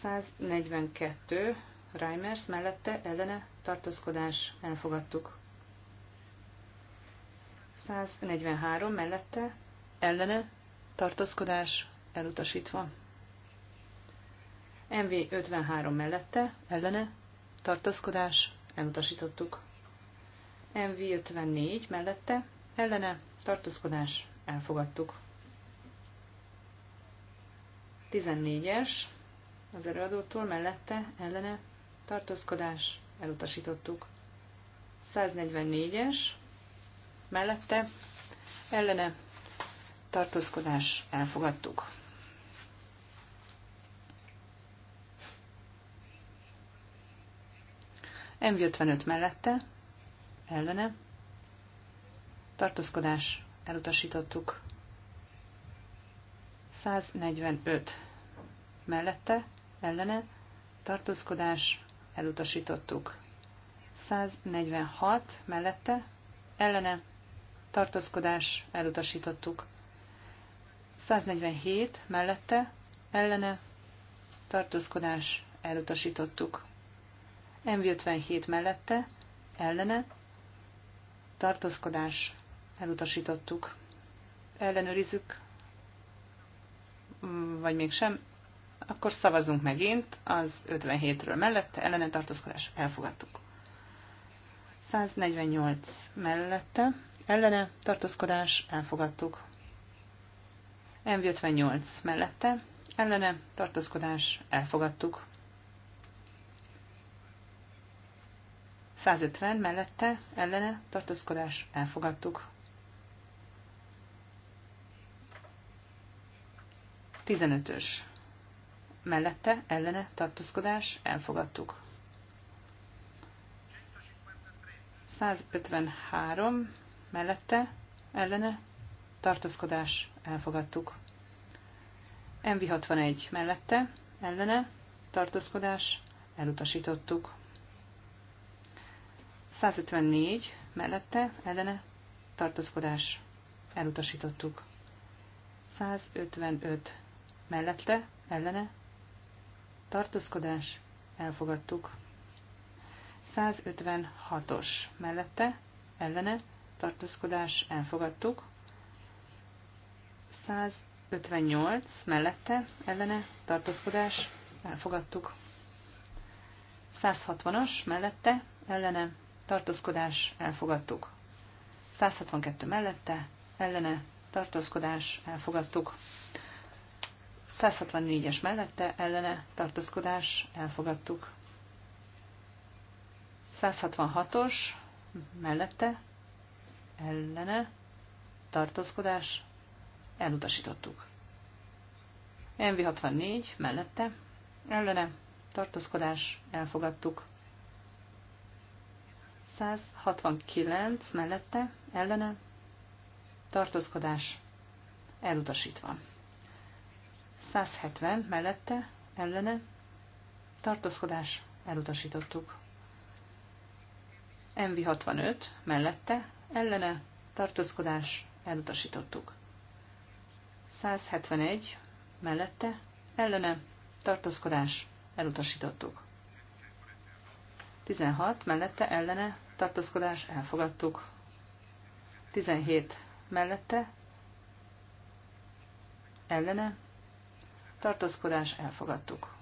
142 Reimers mellette ellene tartózkodás, elfogadtuk. 143 mellette ellene tartózkodás, elutasítva. MV53 mellette, ellene, tartózkodás, elutasítottuk. MV54 mellette, ellene, tartózkodás, elfogadtuk. 14-es, az előadótól mellette, ellene, tartózkodás, elutasítottuk. 144-es, mellette, ellene, tartózkodás, elfogadtuk. MV55 mellette, ellene, tartózkodás, elutasítottuk. 145 mellette, ellene, tartózkodás, elutasítottuk. 146 mellette, ellene, tartózkodás, elutasítottuk. 147 mellette, ellene, tartózkodás, elutasítottuk. MV57 mellette, ellene, tartózkodás, elutasítottuk. Ellenőrizzük, mm, vagy mégsem, akkor szavazunk megint az 57-ről mellette, ellene tartózkodás, elfogadtuk. 148 mellette, ellene tartózkodás, elfogadtuk. MV58 mellette, ellene tartózkodás, elfogadtuk. 150 mellette ellene tartózkodás elfogadtuk. 15-ös mellette ellene tartózkodás elfogadtuk. 153 mellette ellene tartózkodás elfogadtuk. MV61 mellette ellene tartózkodás elutasítottuk. 154 mellette ellene tartózkodás elutasítottuk. 155 mellette ellene tartózkodás elfogadtuk. 156-os mellette ellene tartózkodás elfogadtuk. 158 mellette ellene tartózkodás elfogadtuk. 160-as mellette ellene tartózkodás, elfogadtuk. 162 mellette, ellene, tartózkodás, elfogadtuk. 164-es mellette, ellene, tartózkodás, elfogadtuk. 166-os mellette, ellene, tartózkodás, elutasítottuk. MV64 mellette, ellene, tartózkodás, elfogadtuk. 169 mellette ellene tartózkodás elutasítva. 170 mellette ellene tartózkodás elutasítottuk. MV65 mellette ellene tartózkodás elutasítottuk. 171 mellette ellene tartózkodás elutasítottuk. 16 mellette ellene tartózkodás, elfogadtuk. 17 mellette, ellene, tartózkodás, elfogadtuk.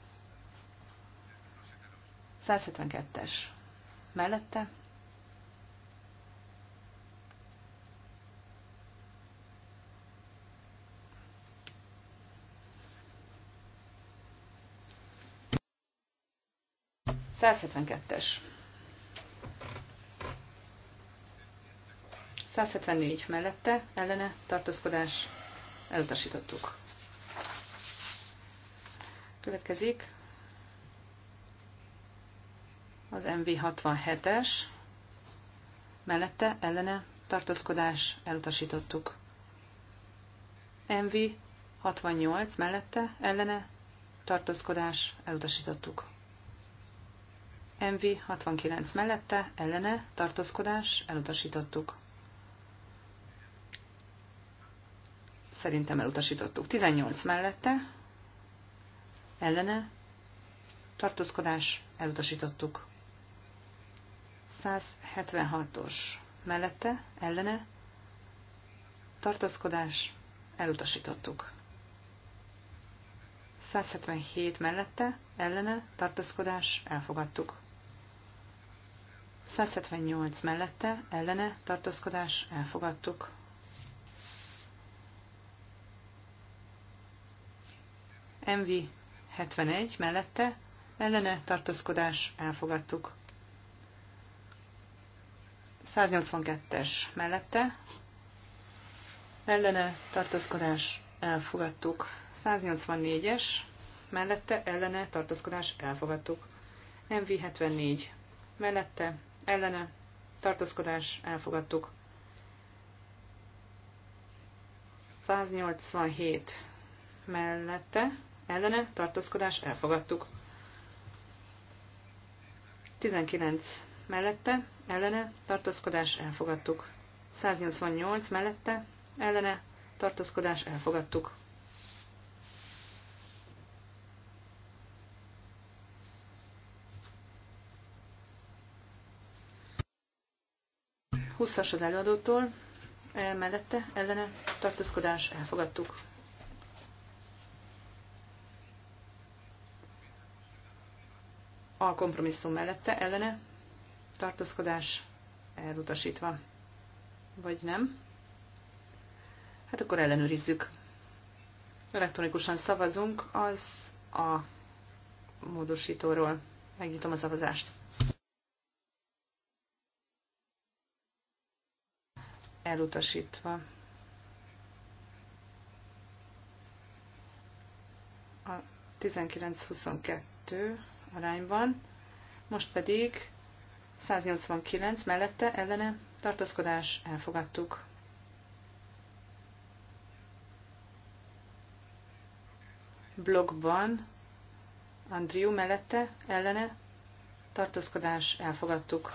172-es mellette, Felszetvenkettes. 174 mellette, ellene, tartózkodás, elutasítottuk. Következik az MV67-es, mellette, ellene, tartózkodás, elutasítottuk. MV68 mellette, ellene, tartózkodás, elutasítottuk. MV69 mellette, ellene, tartózkodás, elutasítottuk. Szerintem elutasítottuk. 18 mellette, ellene, tartózkodás, elutasítottuk. 176-os mellette, ellene, tartózkodás, elutasítottuk. 177 mellette, ellene, tartózkodás, elfogadtuk. 178 mellette, ellene, tartózkodás, elfogadtuk. MV 71 mellette ellene tartózkodás elfogadtuk. 182-es mellette ellene tartózkodás elfogadtuk. 184-es mellette ellene tartózkodás elfogadtuk. MV 74 mellette ellene tartózkodás elfogadtuk. 187 mellette ellene tartózkodás elfogadtuk. 19 mellette ellene tartózkodás elfogadtuk. 188 mellette ellene tartózkodás elfogadtuk. 20-as az előadótól, eh, mellette ellene tartózkodás elfogadtuk. A kompromisszum mellette ellene tartózkodás elutasítva. Vagy nem? Hát akkor ellenőrizzük. Elektronikusan szavazunk az a módosítóról. Megnyitom a szavazást. Elutasítva. A 1922 arányban. Most pedig 189 mellette ellene tartózkodás elfogadtuk. Blogban Andriu mellette ellene tartózkodás elfogadtuk.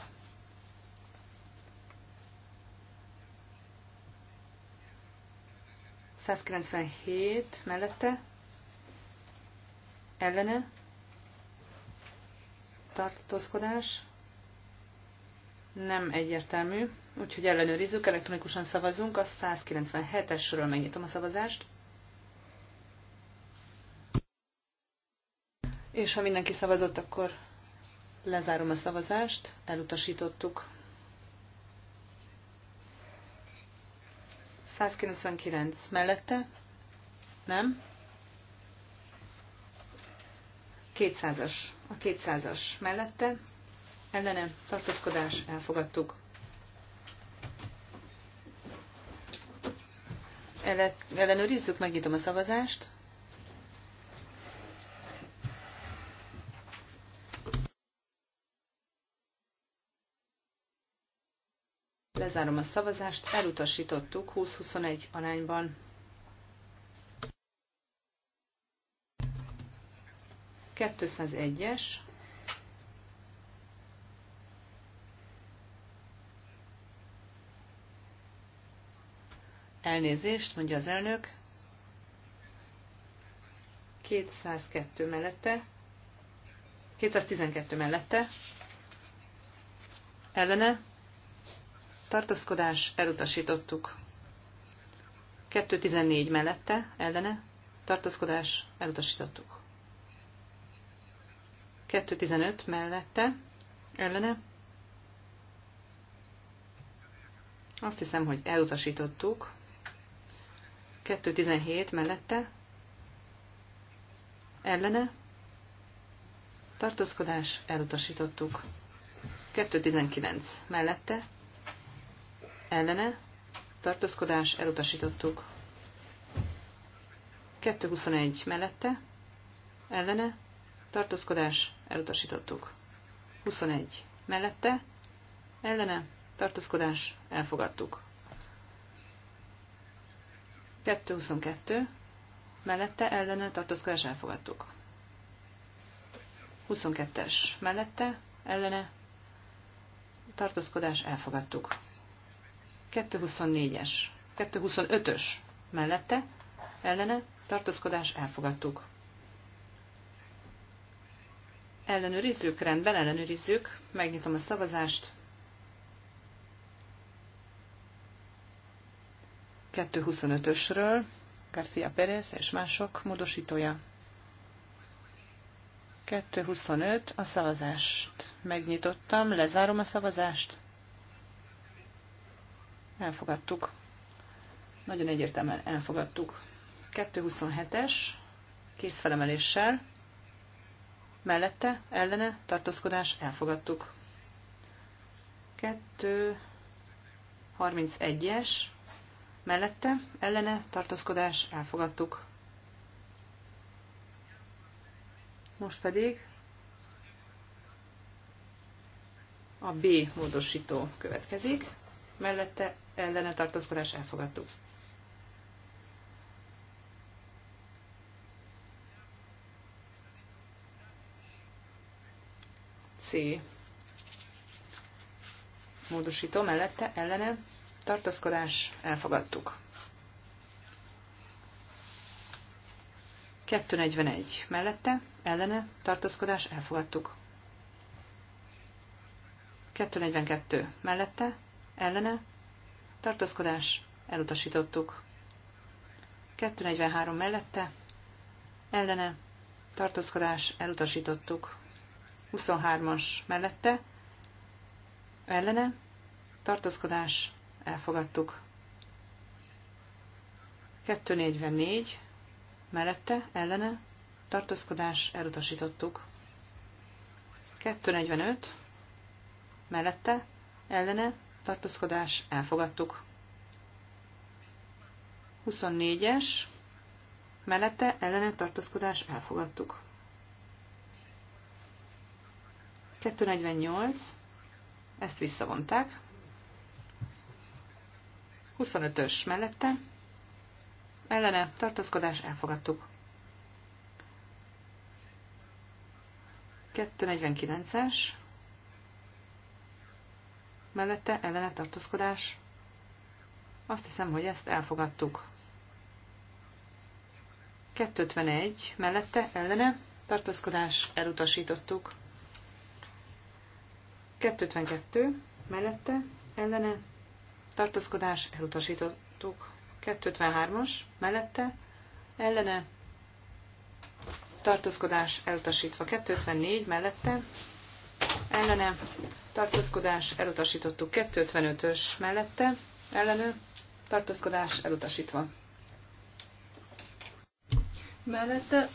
Százkilencvenhét mellette ellene tartózkodás nem egyértelmű, úgyhogy ellenőrizzük, elektronikusan szavazunk, a 197-es sorról megnyitom a szavazást. És ha mindenki szavazott, akkor lezárom a szavazást, elutasítottuk. 199 mellette, nem? 200-as, a 200-as mellette, ellene tartózkodás elfogadtuk. ellenőrizzük, megnyitom a szavazást. Lezárom a szavazást, elutasítottuk 20-21 arányban. 201-es, Elnézést, mondja az elnök. 202 mellette. 212 mellette. Ellene. Tartózkodás elutasítottuk. 214 mellette. Ellene. Tartózkodás elutasítottuk. 2.15 mellette, ellene. Azt hiszem, hogy elutasítottuk. 2.17 mellette, ellene. Tartózkodás, elutasítottuk. 2.19 mellette, ellene. Tartózkodás, elutasítottuk. 2.21 mellette, ellene tartózkodás, elutasítottuk. 21 mellette, ellene, tartózkodás, elfogadtuk. 222 mellette, ellene, tartózkodás, elfogadtuk. 22-es mellette, ellene, tartózkodás, elfogadtuk. 224-es, 225-ös mellette, ellene, tartózkodás, elfogadtuk. Ellenőrizzük, rendben, ellenőrizzük. Megnyitom a szavazást. 225-ösről, Garcia Perez és mások módosítója. 225, a szavazást megnyitottam, lezárom a szavazást. Elfogadtuk. Nagyon egyértelműen elfogadtuk. 227-es, készfelemeléssel mellette, ellene, tartózkodás, elfogadtuk. 2, 31-es, mellette, ellene, tartózkodás, elfogadtuk. Most pedig a B módosító következik, mellette, ellene, tartózkodás, elfogadtuk. C módosító mellette ellene tartózkodás elfogadtuk. 241 mellette ellene tartózkodás elfogadtuk. 242 mellette ellene tartózkodás elutasítottuk. 243 mellette ellene tartózkodás elutasítottuk. 23-as mellette, ellene, tartózkodás, elfogadtuk. 244 mellette, ellene, tartózkodás, elutasítottuk. 245 mellette, ellene, tartózkodás, elfogadtuk. 24-es, mellette ellene tartózkodás elfogadtuk. 248, ezt visszavonták. 25-ös mellette, ellene tartózkodás elfogadtuk. 249-es, mellette ellene tartózkodás. Azt hiszem, hogy ezt elfogadtuk. 251, mellette ellene tartózkodás elutasítottuk. 252 mellette ellene tartózkodás elutasítottuk. 253-as mellette ellene tartózkodás elutasítva. 254 mellette ellene tartózkodás elutasítottuk. 255-ös mellette ellenő tartózkodás elutasítva. Mellette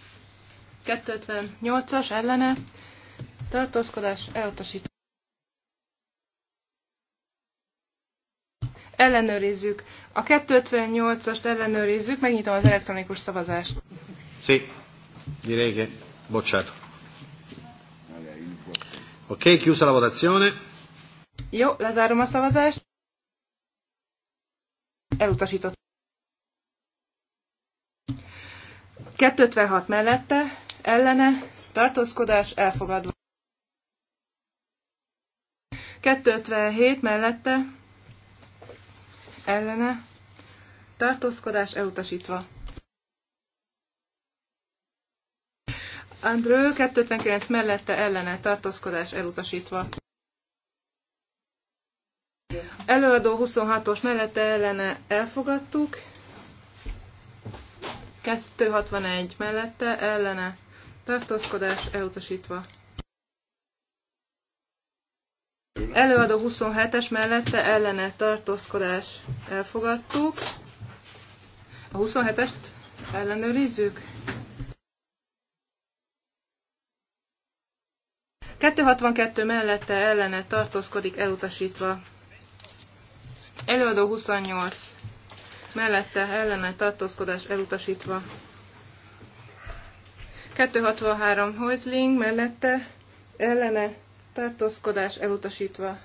258-as ellene tartózkodás elutasítva. ellenőrizzük. A 258-ast ellenőrizzük, megnyitom az elektronikus szavazást. Sí, direi che bocciato. Ok, chiusa la votazione. Jó, lezárom a szavazást. Elutasított. 256 mellette, ellene, tartózkodás elfogadva. 257 mellette, ellene, tartózkodás elutasítva. Andrő 259 mellette ellene, tartózkodás elutasítva. Előadó 26-os mellette ellene elfogadtuk. 261 mellette ellene, tartózkodás elutasítva. Előadó 27-es mellette ellene tartózkodás elfogadtuk. A 27-est ellenőrizzük. 262 mellette ellene tartózkodik elutasítva. Előadó 28 mellette ellene tartózkodás elutasítva. 263 Hoisling mellette ellene tartózkodás elutasítva.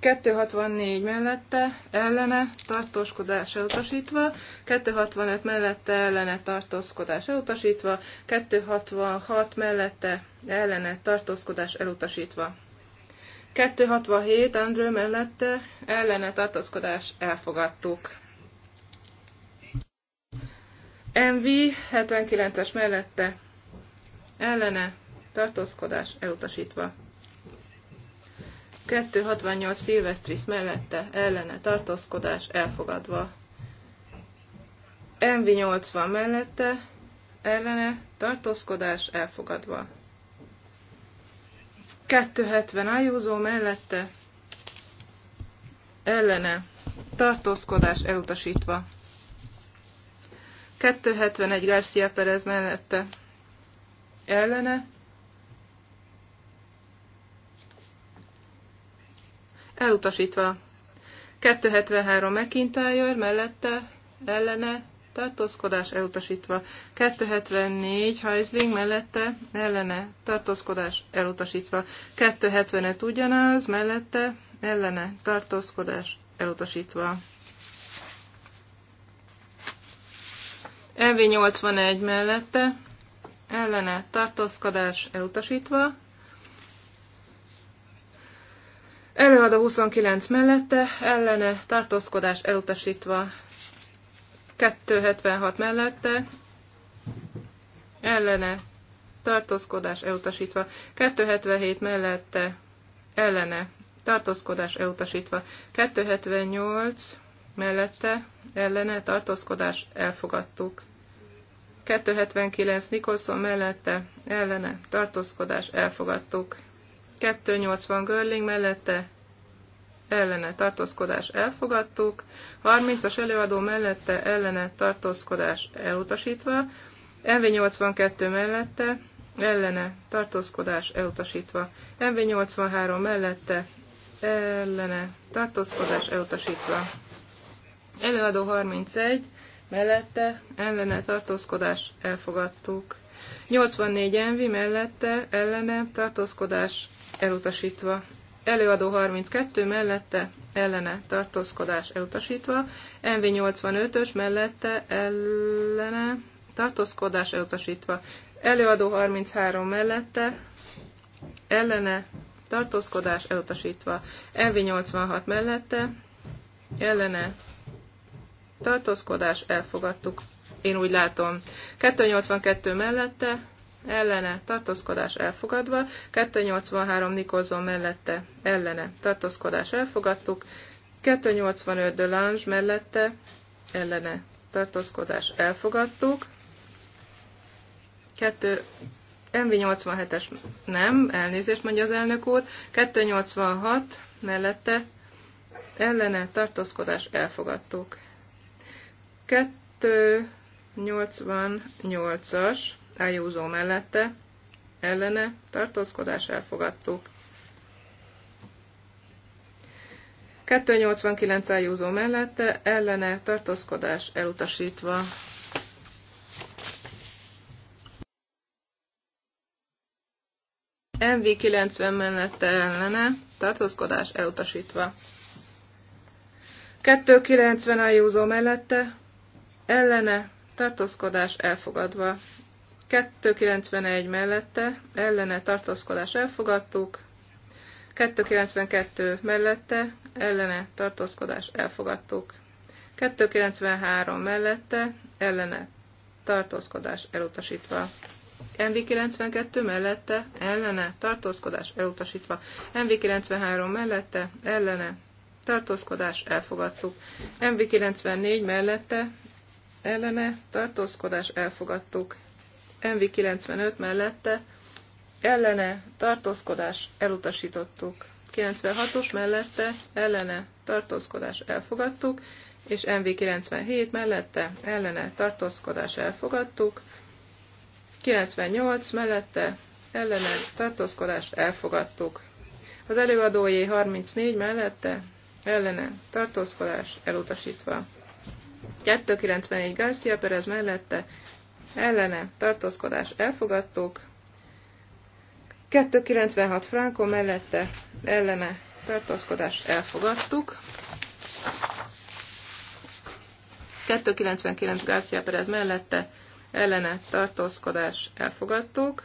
264 mellette ellene tartózkodás elutasítva, 265 mellette ellene tartózkodás elutasítva, 266 mellette ellene tartózkodás elutasítva. 267 Andrő mellette ellene tartózkodás elfogadtuk. MV 79-es mellette ellene tartózkodás elutasítva. 268 Szilvesztris mellette ellene tartózkodás elfogadva. MV80 mellette ellene tartózkodás elfogadva. 270 ájózó mellette ellene tartózkodás elutasítva. 271 Garcia Perez mellette ellene Elutasítva. 273 McIntyre mellette ellene tartózkodás elutasítva. 274 Heisling mellette ellene tartózkodás elutasítva. 275 ugyanaz mellette ellene tartózkodás elutasítva. MV81 mellette ellene tartózkodás elutasítva. Előadó 29 mellette, ellene tartózkodás elutasítva 276 mellette, ellene tartózkodás elutasítva 277 mellette, ellene tartózkodás elutasítva 278 mellette, ellene tartózkodás elfogadtuk 279 Nikolson mellette, ellene tartózkodás elfogadtuk 280 Görling mellette ellene tartózkodás elfogadtuk, 30-as előadó mellette ellene tartózkodás elutasítva, MV82 mellette ellene tartózkodás elutasítva, MV83 mellette ellene tartózkodás elutasítva. Előadó 31 mellette ellene tartózkodás elfogadtuk. 84 envi mellette ellene tartózkodás elutasítva. Előadó 32 mellette ellene tartózkodás elutasítva, MV85-ös mellette ellene tartózkodás elutasítva. Előadó 33 mellette ellene tartózkodás elutasítva. MV86 mellette ellene tartózkodás elfogadtuk. Én úgy látom. 282 mellette ellene, tartózkodás elfogadva, 283 Nikolzon mellette, ellene, tartózkodás elfogadtuk, 285 Delange mellette, ellene, tartózkodás elfogadtuk, 2 MV87-es nem, elnézést mondja az elnök úr, 286 mellette, ellene, tartózkodás elfogadtuk. 288-as Ájózó mellette, ellene, tartózkodás elfogadtuk. 289 ájúzó mellette, ellene, tartózkodás elutasítva. MV90 mellette ellene, tartózkodás elutasítva. 290 ájúzó mellette, ellene, tartózkodás elfogadva. 291 mellette ellene tartózkodás elfogadtuk, 292 mellette ellene tartózkodás elfogadtuk, 293 mellette ellene tartózkodás elutasítva. MV92 mellette, ellene, tartózkodás elutasítva. MV93 mellette, ellene, tartózkodás elfogadtuk. MV94 mellette, ellene, tartózkodás elfogadtuk. MV95 mellette ellene tartózkodás elutasítottuk. 96-os mellette ellene tartózkodás elfogadtuk, és MV97 mellette ellene tartózkodás elfogadtuk, 98 mellette ellene tartózkodás elfogadtuk. Az előadójé 34 mellette ellene tartózkodás elutasítva. 294 Garcia Perez mellette ellene tartózkodás elfogadtuk, 296 frankó mellette ellene tartózkodás elfogadtuk, 299 García Perez mellette ellene tartózkodás elfogadtuk,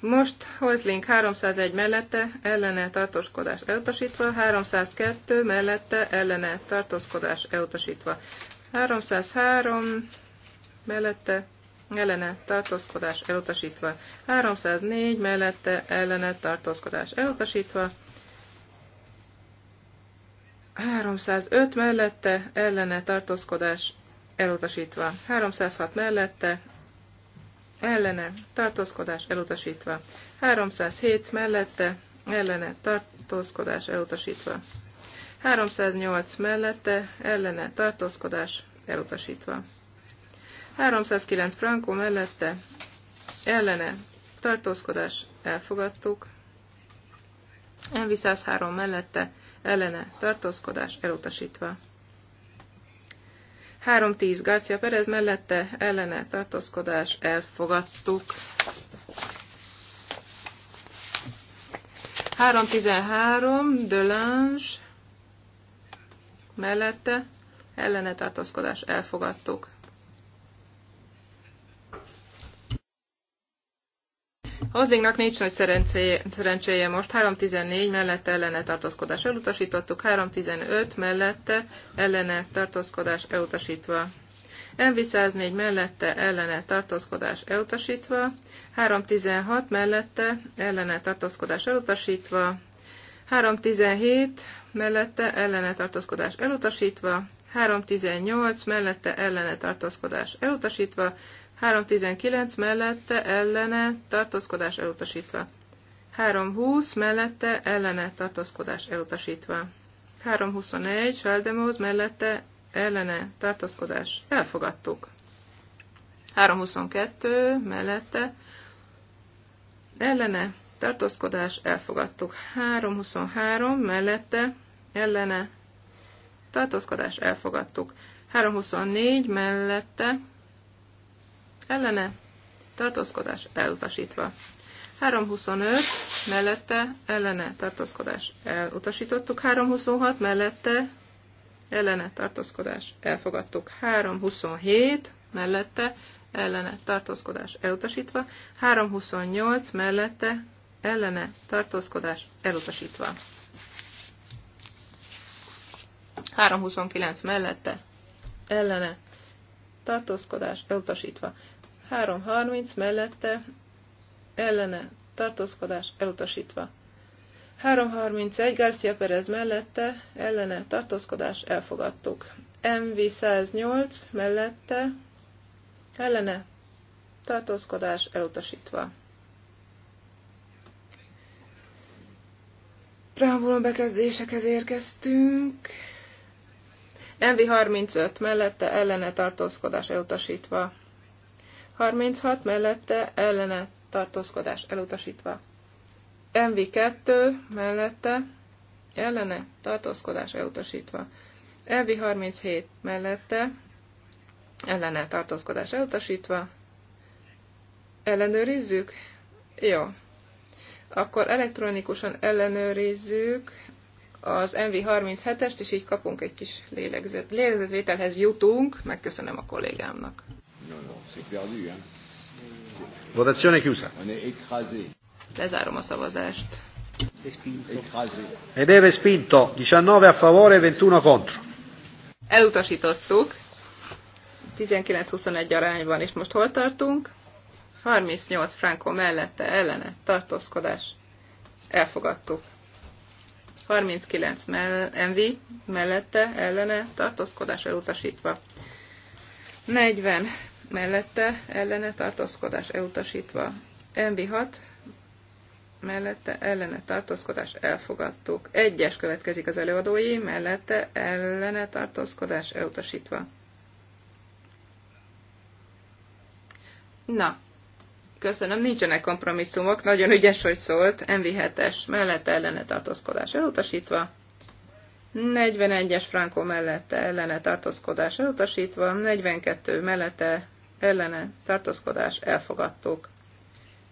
Most Hozlink 301 mellette ellene tartózkodás elutasítva, 302 mellette ellene tartózkodás elutasítva, 303 mellette ellene tartózkodás elutasítva. 304 mellette ellene tartózkodás elutasítva. 305 mellette ellene tartózkodás elutasítva. 306 mellette ellene tartózkodás elutasítva. 307 mellette ellene tartózkodás elutasítva. 308 mellette, ellene tartózkodás elutasítva. 309 frankó mellette, ellene tartózkodás elfogadtuk. Envi 103 mellette, ellene tartózkodás elutasítva. 310 Garcia Perez mellette, ellene tartózkodás elfogadtuk. 313 Delange mellette, ellene tartózkodás elfogadtuk. Hozzinknak nincs nagy szerencséje, szerencséje most. 3.14 mellette ellene tartózkodás elutasítottuk, 3.15 mellette ellene tartózkodás elutasítva. MV104 mellette ellene tartózkodás elutasítva, 316 mellette ellene tartózkodás elutasítva, 317 mellette ellene tartózkodás elutasítva, 318 mellette ellene tartózkodás elutasítva, 319 mellette ellene tartózkodás elutasítva, 320 mellette ellene tartózkodás elutasítva, 321 Saldemóz mellette ellene tartózkodás elfogadtuk, 322 mellette ellene tartózkodás, elfogadtuk. 323 mellette, ellene, tartózkodás, elfogadtuk. 324 mellette, ellene, tartózkodás, elutasítva. 325 mellette, ellene, tartózkodás, elutasítottuk. 326 mellette, ellene, tartózkodás, elfogadtuk. 327 mellette, ellene tartózkodás elutasítva, 328 mellette ellene tartózkodás elutasítva. 329 mellette ellene tartózkodás elutasítva. 330 mellette ellene tartózkodás elutasítva. 331 Garcia Perez mellette ellene tartózkodás elfogadtuk. MV 108 mellette ellene tartózkodás elutasítva. Preambulum bekezdésekhez érkeztünk. MV35 mellette ellene tartózkodás elutasítva. 36 mellette ellene tartózkodás elutasítva. MV2 mellette ellene tartózkodás elutasítva. MV37 mellette ellene tartózkodás elutasítva. Ellenőrizzük? Jó akkor elektronikusan ellenőrizzük az MV37-est, és így kapunk egy kis lélegzet. lélegzetvételhez jutunk. Megköszönöm a kollégámnak. Votazione chiusa. Lezárom a szavazást. Ed è respinto 19 a favore, 21 contro. Elutasítottuk. 19-21 arányban, és most hol tartunk? 38 frankó mellette ellene tartózkodás elfogadtuk. 39 mell- envi mellette ellene tartózkodás elutasítva. 40 mellette ellene tartózkodás elutasítva. Envi 6 mellette ellene tartózkodás elfogadtuk. Egyes következik az előadói, mellette ellene tartózkodás elutasítva. Na, Köszönöm, nincsenek kompromisszumok, nagyon ügyes, hogy szólt, MV7-es, mellette ellene tartózkodás elutasítva, 41-es frankó mellette ellene tartózkodás elutasítva, 42 mellette ellene tartózkodás elfogadtuk.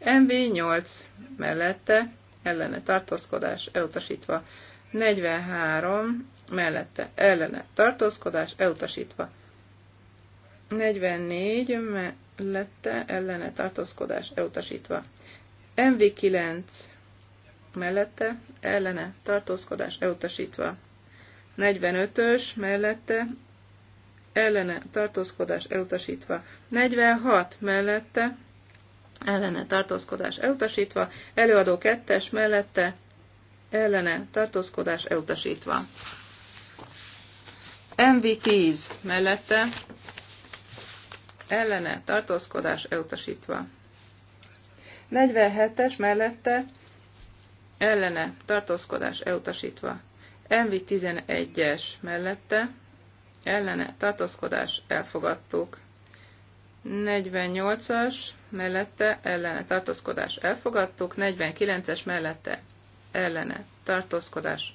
MV8 mellette ellene tartózkodás elutasítva, 43 mellette ellene tartózkodás elutasítva, 44 lette ellene tartózkodás elutasítva. MV9 mellette ellene tartózkodás elutasítva. 45-ös mellette ellene tartózkodás elutasítva. 46 mellette ellene tartózkodás elutasítva. Előadó 2-es mellette ellene tartózkodás elutasítva. MV10 mellette ellene tartózkodás elutasítva. 47-es mellette ellene tartózkodás elutasítva. Envi 11-es mellette ellene tartózkodás elfogadtuk. 48-as mellette ellene tartózkodás elfogadtuk, 49-es mellette ellene tartózkodás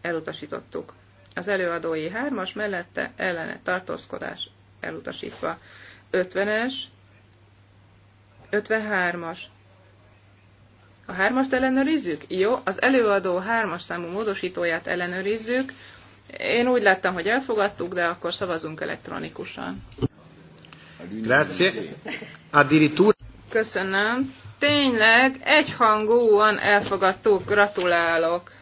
elutasítottuk. Az előadói 3-as mellette ellene tartózkodás elutasítva. 50-es, 53-as. A hármast ellenőrizzük? Jó, az előadó hármas számú módosítóját ellenőrizzük. Én úgy láttam, hogy elfogadtuk, de akkor szavazunk elektronikusan. Grazie. Addirittura. Köszönöm. Tényleg egyhangúan elfogadtuk. Gratulálok.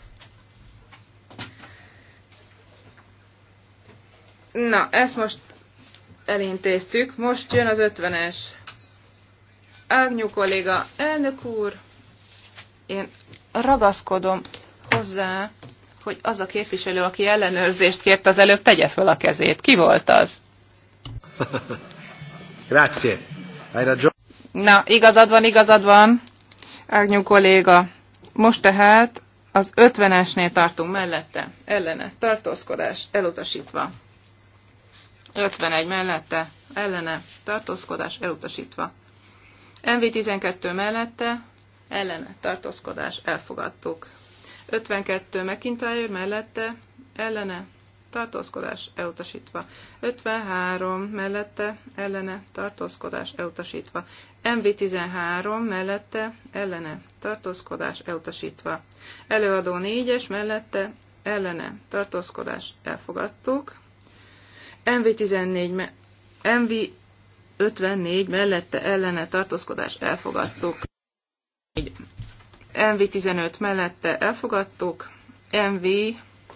Na, ezt most elintéztük. Most jön az ötvenes. Ágnyú kolléga, elnök úr, én ragaszkodom hozzá, hogy az a képviselő, aki ellenőrzést kért az előbb, tegye föl a kezét. Ki volt az? Grazie. Na, igazad van, igazad van, Ágnyú kolléga. Most tehát az ötvenesnél tartunk mellette, ellene, tartózkodás elutasítva. 51 mellette, ellene, tartózkodás elutasítva. MV12 mellette, ellene, tartózkodás elfogadtuk. 52 McIntyre mellette, ellene, tartózkodás elutasítva. 53 mellette, ellene, tartózkodás elutasítva. MV13 mellette, ellene, tartózkodás elutasítva. Előadó 4-es mellette, ellene, tartózkodás elfogadtuk. MV14, MV54 mellette ellene tartózkodás elfogadtuk. MV15 mellette elfogadtuk. MV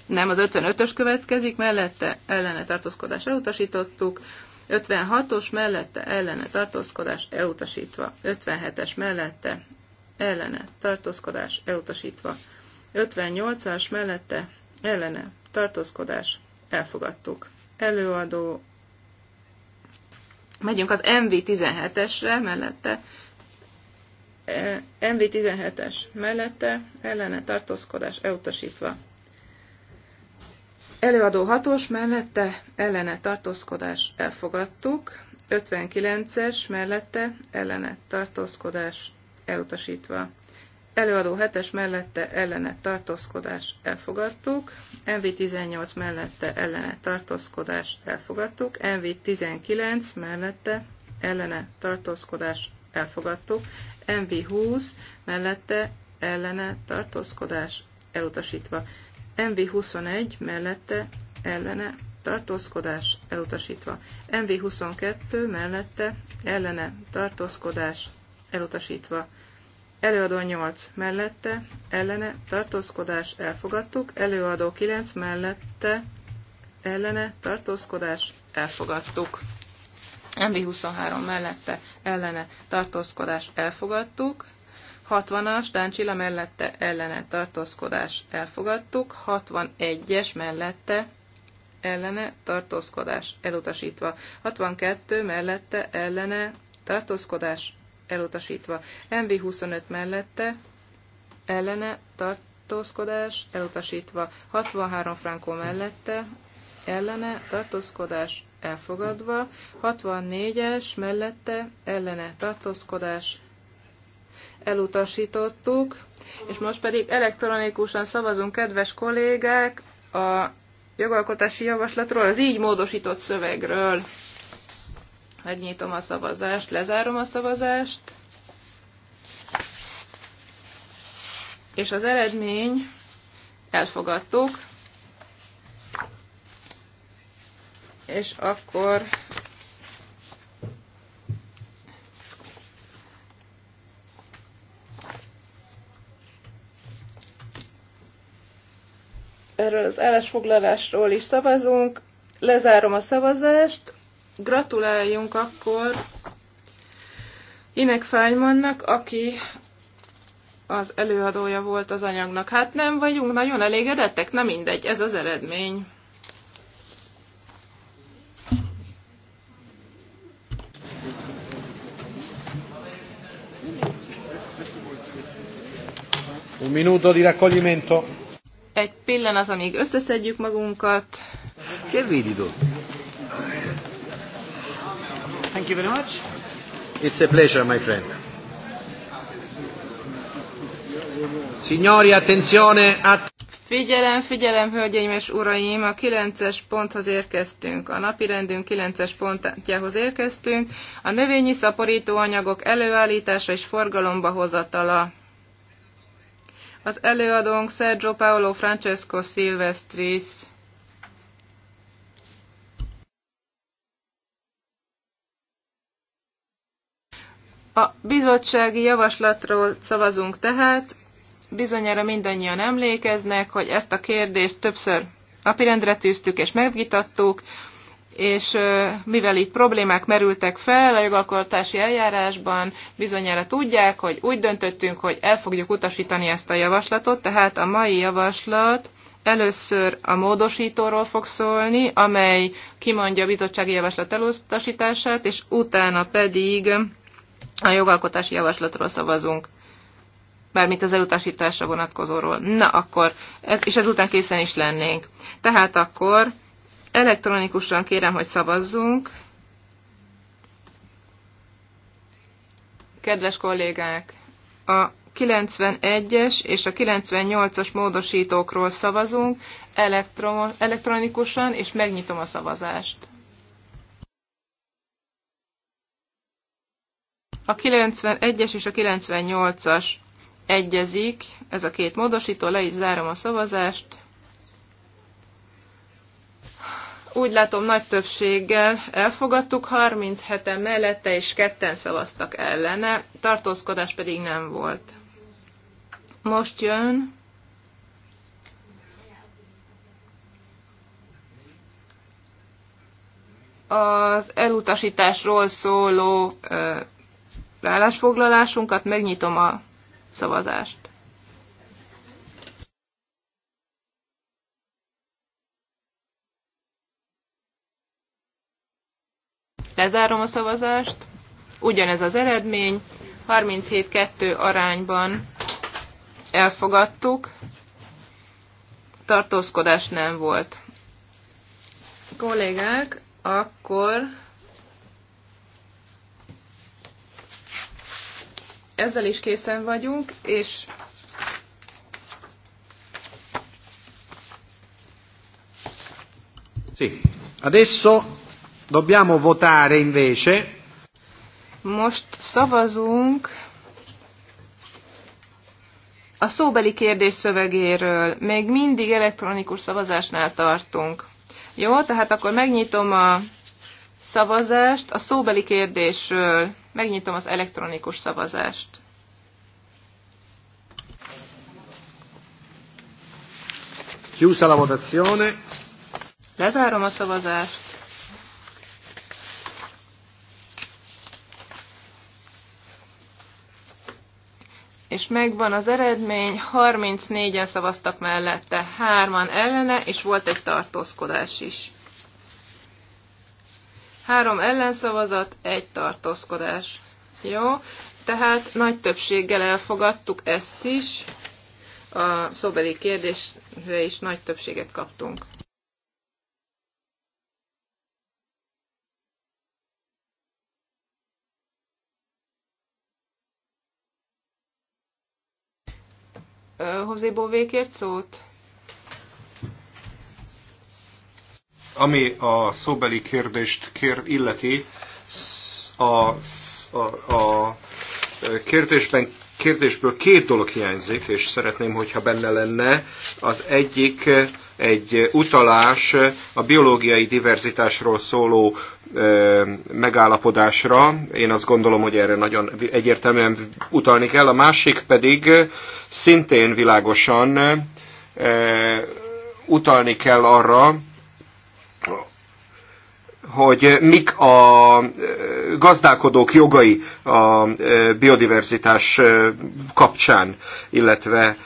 nem, az 55-ös következik, mellette ellene tartózkodás elutasítottuk. 56-os mellette ellene tartózkodás elutasítva, 57-es mellette ellene tartózkodás elutasítva, 58-as mellette ellene tartózkodás elfogadtuk előadó. Megyünk az MV17-esre mellette. E, MV17-es mellette ellene tartózkodás elutasítva. Előadó hatós mellette ellene tartózkodás elfogadtuk, 59-es mellette ellene tartózkodás elutasítva. Előadó 7-es mellette ellenet tartózkodás elfogadtuk, MV18 mellette ellenet tartózkodás elfogadtuk, MV19 mellette ellene tartózkodás elfogadtuk, MV20 mellette ellene tartózkodás elutasítva, MV21 mellette ellene tartózkodás elutasítva, MV22 mellette ellene tartózkodás elutasítva. Előadó 8 mellette, ellene, tartózkodás, elfogadtuk. Előadó 9 mellette, ellene, tartózkodás, elfogadtuk. MB23 mellette, ellene, tartózkodás, elfogadtuk. 60-as, Dáncsila mellette, ellene, tartózkodás, elfogadtuk. 61-es mellette, ellene, tartózkodás, elutasítva. 62 mellette, ellene, tartózkodás, elutasítva. MV25 mellette ellene tartózkodás elutasítva. 63 frankó mellette ellene tartózkodás elfogadva. 64-es mellette ellene tartózkodás elutasítottuk. És most pedig elektronikusan szavazunk, kedves kollégák, a jogalkotási javaslatról, az így módosított szövegről. Megnyitom a szavazást, lezárom a szavazást. És az eredmény elfogadtuk. És akkor erről az állásfoglalásról is szavazunk. Lezárom a szavazást, Gratuláljunk akkor Inek Fájmannak, aki az előadója volt az anyagnak. Hát nem vagyunk nagyon elégedettek, nem mindegy, ez az eredmény. Un minuto di raccoglimento. Egy pillanat, amíg összeszedjük magunkat. Che vidi Thank you very much. It's a pleasure, my friend. Signori, attenzione! Att figyelem, figyelem, hölgyeim és uraim! A 9-es ponthoz érkeztünk. A rendünk 9-es pontjához érkeztünk. A növényi szaporítóanyagok előállítása és forgalomba hozatala. Az előadónk Sergio Paolo Francesco Silvestris. A bizottsági javaslatról szavazunk tehát, bizonyára mindannyian emlékeznek, hogy ezt a kérdést többször napirendre tűztük és megvitattuk, és mivel itt problémák merültek fel a jogalkotási eljárásban, bizonyára tudják, hogy úgy döntöttünk, hogy el fogjuk utasítani ezt a javaslatot, tehát a mai javaslat először a módosítóról fog szólni, amely kimondja a bizottsági javaslat elutasítását, és utána pedig a jogalkotási javaslatról szavazunk, mármint az elutasításra vonatkozóról. Na akkor, ez, és ezután készen is lennénk. Tehát akkor elektronikusan kérem, hogy szavazzunk. Kedves kollégák, a 91-es és a 98-as módosítókról szavazunk elektronikusan, és megnyitom a szavazást. A 91-es és a 98-as egyezik, ez a két módosító, le is zárom a szavazást. Úgy látom, nagy többséggel elfogadtuk, 37-en mellette és ketten szavaztak ellene, tartózkodás pedig nem volt. Most jön az elutasításról szóló állásfoglalásunkat, megnyitom a szavazást. Lezárom a szavazást. Ugyanez az eredmény. 37-2 arányban elfogadtuk. Tartózkodás nem volt. Kollégák, akkor ezzel is készen vagyunk, és Sì. Adesso dobbiamo votare invece. Most szavazunk a szóbeli kérdés szövegéről. Még mindig elektronikus szavazásnál tartunk. Jó, tehát akkor megnyitom a szavazást a szóbeli kérdésről. Megnyitom az elektronikus szavazást. Chiusa la votazione. Lezárom a szavazást. és megvan az eredmény, 34-en szavaztak mellette, 3-an ellene, és volt egy tartózkodás is. Három ellenszavazat, egy tartózkodás. Jó, tehát nagy többséggel elfogadtuk ezt is. A szóbeli kérdésre is nagy többséget kaptunk. Hozé Bové szót? Ami a szóbeli kérdést kér, illeti, a, a, a kérdésben kérdésből két dolog hiányzik, és szeretném, hogyha benne lenne. Az egyik egy utalás a biológiai diverzitásról szóló megállapodásra. Én azt gondolom, hogy erre nagyon egyértelműen utalni kell. A másik pedig szintén világosan utalni kell arra, Oh hogy mik a gazdálkodók jogai a biodiverzitás kapcsán, illetve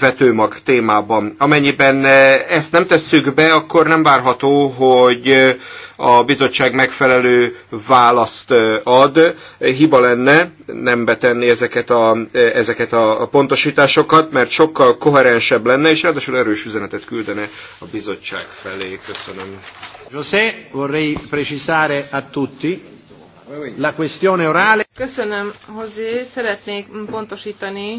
vetőmag témában. Amennyiben ezt nem tesszük be, akkor nem várható, hogy a bizottság megfelelő választ ad. Hiba lenne nem betenni ezeket a, ezeket a pontosításokat, mert sokkal koherensebb lenne, és ráadásul erős üzenetet küldene a bizottság felé. Köszönöm. Köszönöm, José. Szeretnék pontosítani.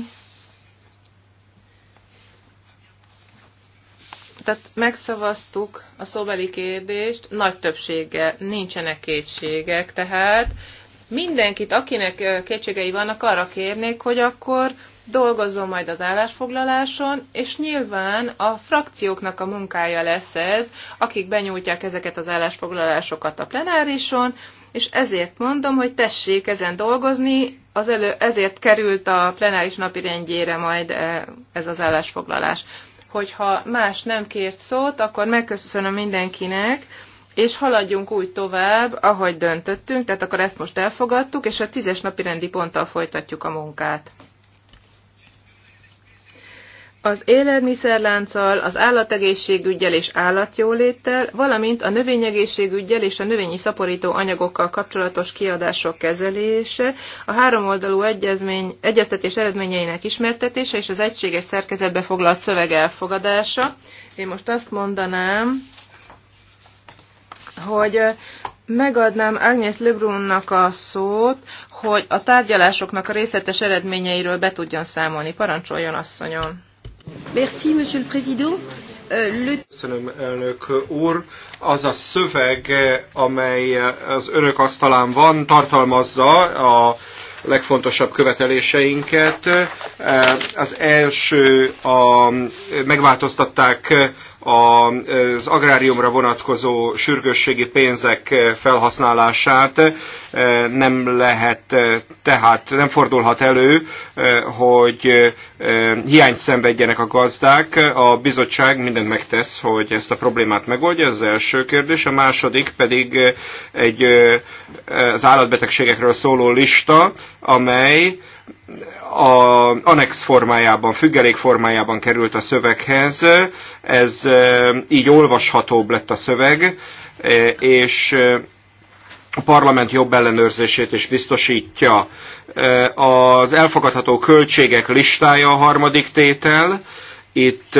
Tehát megszavaztuk a szóbeli kérdést nagy többséggel, nincsenek kétségek, tehát mindenkit, akinek kétségei vannak, arra kérnék, hogy akkor dolgozzon majd az állásfoglaláson, és nyilván a frakcióknak a munkája lesz ez, akik benyújtják ezeket az állásfoglalásokat a plenárison, és ezért mondom, hogy tessék ezen dolgozni, az elő, ezért került a plenáris napi rendjére majd e, ez az állásfoglalás. Hogyha más nem kért szót, akkor megköszönöm mindenkinek, és haladjunk úgy tovább, ahogy döntöttünk, tehát akkor ezt most elfogadtuk, és a tízes napi rendi ponttal folytatjuk a munkát az élelmiszerlánccal, az állategészségügyel és állatjóléttel, valamint a növényegészségügyel és a növényi szaporító anyagokkal kapcsolatos kiadások kezelése, a háromoldalú egyezmény, egyeztetés eredményeinek ismertetése és az egységes szerkezetbe foglalt szöveg elfogadása. Én most azt mondanám, hogy megadnám Agnes Lebrunnak a szót, hogy a tárgyalásoknak a részletes eredményeiről be tudjon számolni. Parancsoljon, asszonyon! Merci, Monsieur le Président. Euh, Köszönöm, elnök úr. Az a szöveg, amely az önök asztalán van, tartalmazza a legfontosabb követeléseinket. Az első, a, megváltoztatták az agráriumra vonatkozó sürgősségi pénzek felhasználását e, nem lehet, e, tehát nem fordulhat elő, e, hogy hiányt szenvedjenek a gazdák. A bizottság mindent megtesz, hogy ezt a problémát megoldja, ez az első kérdés. A második pedig egy az állatbetegségekről szóló lista, amely a annex formájában, függelék formájában került a szöveghez, ez e, így olvashatóbb lett a szöveg, e, és e, a parlament jobb ellenőrzését is biztosítja. Az elfogadható költségek listája a harmadik tétel. Itt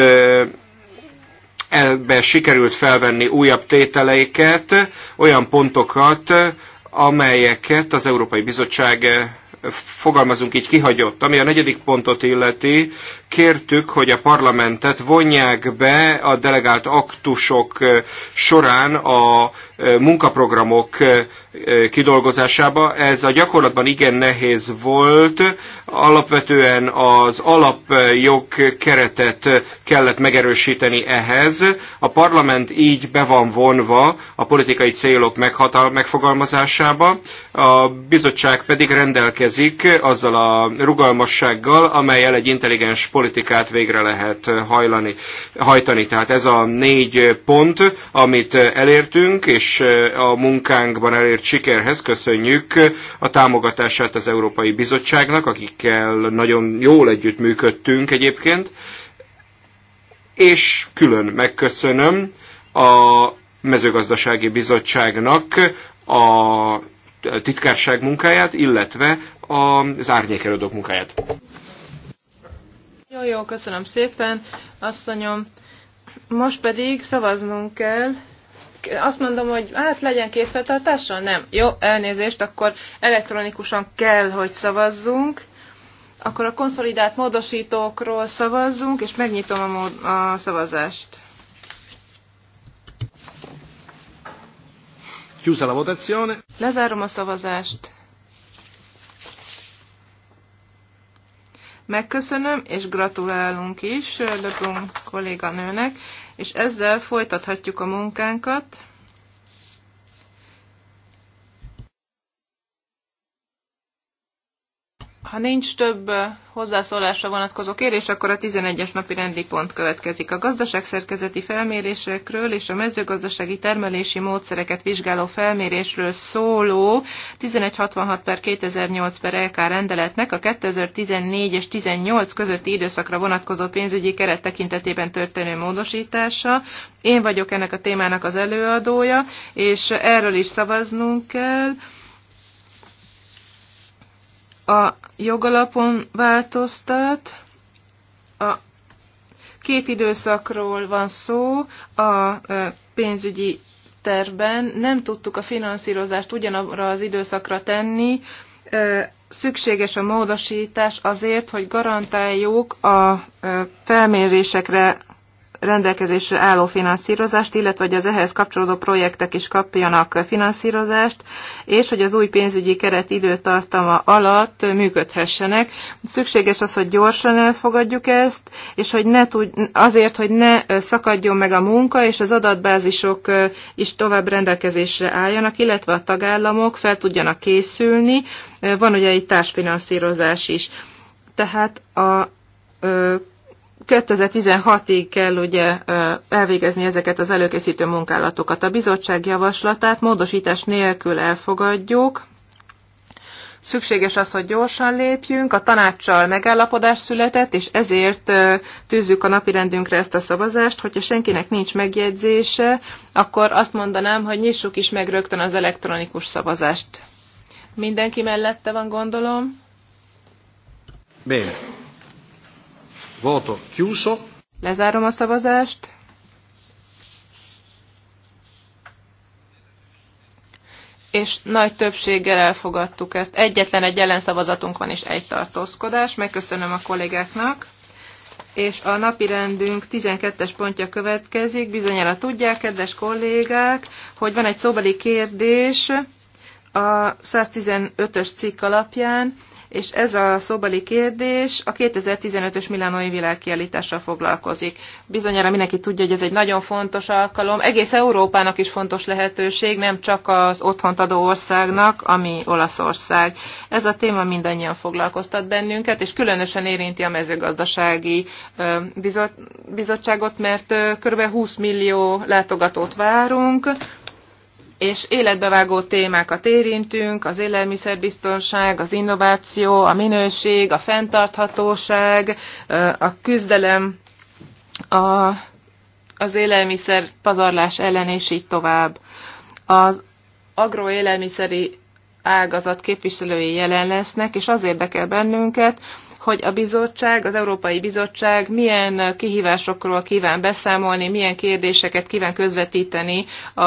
ebbe sikerült felvenni újabb tételeiket, olyan pontokat, amelyeket az Európai Bizottság fogalmazunk így kihagyott. Ami a negyedik pontot illeti, kértük, hogy a parlamentet vonják be a delegált aktusok eh, során a munkaprogramok kidolgozásába. Ez a gyakorlatban igen nehéz volt. Alapvetően az alapjog keretet kellett megerősíteni ehhez. A parlament így be van vonva a politikai célok megfogalmazásába. A bizottság pedig rendelkezik azzal a rugalmassággal, amelyel egy intelligens politikát végre lehet hajlani, hajtani. Tehát ez a négy pont, amit elértünk, és és eh, a munkánkban elért sikerhez köszönjük a támogatását az Európai Bizottságnak, akikkel nagyon jól együttműködtünk egyébként, és külön megköszönöm a mezőgazdasági bizottságnak a titkárság munkáját, illetve az árnyékelődők munkáját. Jó, jó, köszönöm szépen, asszonyom. Most pedig szavaznunk kell azt mondom, hogy hát legyen készfeltartással? Nem. Jó, elnézést, akkor elektronikusan kell, hogy szavazzunk. Akkor a konszolidált módosítókról szavazzunk, és megnyitom a, mód, a szavazást. Chiusa la votazione. Lezárom a szavazást. Megköszönöm, és gratulálunk is Lebrun kolléganőnek és ezzel folytathatjuk a munkánkat. Ha nincs több hozzászólásra vonatkozó kérés, akkor a 11-es napi rendi pont következik. A gazdaságszerkezeti felmérésekről és a mezőgazdasági termelési módszereket vizsgáló felmérésről szóló 1166 per 2008 per LK rendeletnek a 2014 és 18 közötti időszakra vonatkozó pénzügyi keret tekintetében történő módosítása. Én vagyok ennek a témának az előadója, és erről is szavaznunk kell a jogalapon változtat, a két időszakról van szó a pénzügyi tervben, nem tudtuk a finanszírozást ugyanarra az időszakra tenni, szükséges a módosítás azért, hogy garantáljuk a felmérésekre rendelkezésre álló finanszírozást, illetve hogy az ehhez kapcsolódó projektek is kapjanak finanszírozást, és hogy az új pénzügyi keret időtartama alatt működhessenek. Szükséges az, hogy gyorsan elfogadjuk ezt, és hogy ne tud, azért, hogy ne szakadjon meg a munka, és az adatbázisok is tovább rendelkezésre álljanak, illetve a tagállamok fel tudjanak készülni. Van ugye egy társfinanszírozás is. Tehát a 2016-ig kell ugye elvégezni ezeket az előkészítő munkálatokat. A bizottság javaslatát módosítás nélkül elfogadjuk. Szükséges az, hogy gyorsan lépjünk, a tanácssal megállapodás született, és ezért tűzzük a napirendünkre ezt a szavazást. Hogyha senkinek nincs megjegyzése, akkor azt mondanám, hogy nyissuk is meg rögtön az elektronikus szavazást. Mindenki mellette van, gondolom. Bene. Voto chiuso. Lezárom a szavazást. és nagy többséggel elfogadtuk ezt. Egyetlen egy ellenszavazatunk van, és egy tartózkodás. Megköszönöm a kollégáknak. És a napi rendünk 12-es pontja következik. Bizonyára tudják, kedves kollégák, hogy van egy szóbeli kérdés a 115-ös cikk alapján és ez a szóbeli kérdés a 2015-ös Milánói világkiállítással foglalkozik. Bizonyára mindenki tudja, hogy ez egy nagyon fontos alkalom, egész Európának is fontos lehetőség, nem csak az otthont adó országnak, ami Olaszország. Ez a téma mindannyian foglalkoztat bennünket, és különösen érinti a mezőgazdasági bizottságot, mert kb. 20 millió látogatót várunk, és életbevágó témákat érintünk, az élelmiszerbiztonság, az innováció, a minőség, a fenntarthatóság, a küzdelem, a, az élelmiszer pazarlás ellen, és így tovább. Az agroélelmiszeri ágazat képviselői jelen lesznek, és az érdekel bennünket, hogy a bizottság, az Európai Bizottság milyen kihívásokról kíván beszámolni, milyen kérdéseket kíván közvetíteni a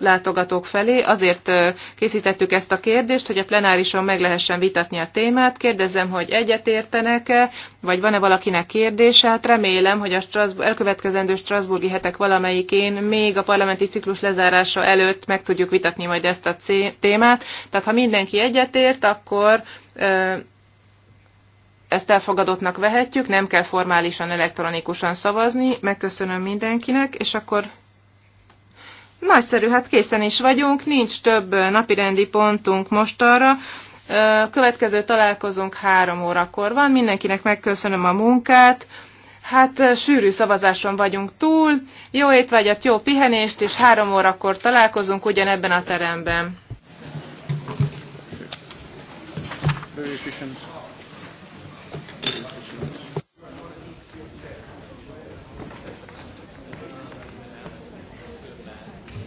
látogatók felé. Azért készítettük ezt a kérdést, hogy a plenárison meg lehessen vitatni a témát. Kérdezem, hogy egyetértenek-e, vagy van-e valakinek kérdése? Hát remélem, hogy a Strasbourg, elkövetkezendő Strasburgi hetek valamelyikén még a parlamenti ciklus lezárása előtt meg tudjuk vitatni majd ezt a témát. Tehát ha mindenki egyetért, akkor ezt elfogadottnak vehetjük, nem kell formálisan elektronikusan szavazni. Megköszönöm mindenkinek, és akkor nagyszerű, hát készen is vagyunk, nincs több napirendi pontunk most arra. Következő találkozunk három órakor van, mindenkinek megköszönöm a munkát. Hát sűrű szavazáson vagyunk túl, jó étvágyat, jó pihenést, és három órakor találkozunk ugyanebben a teremben.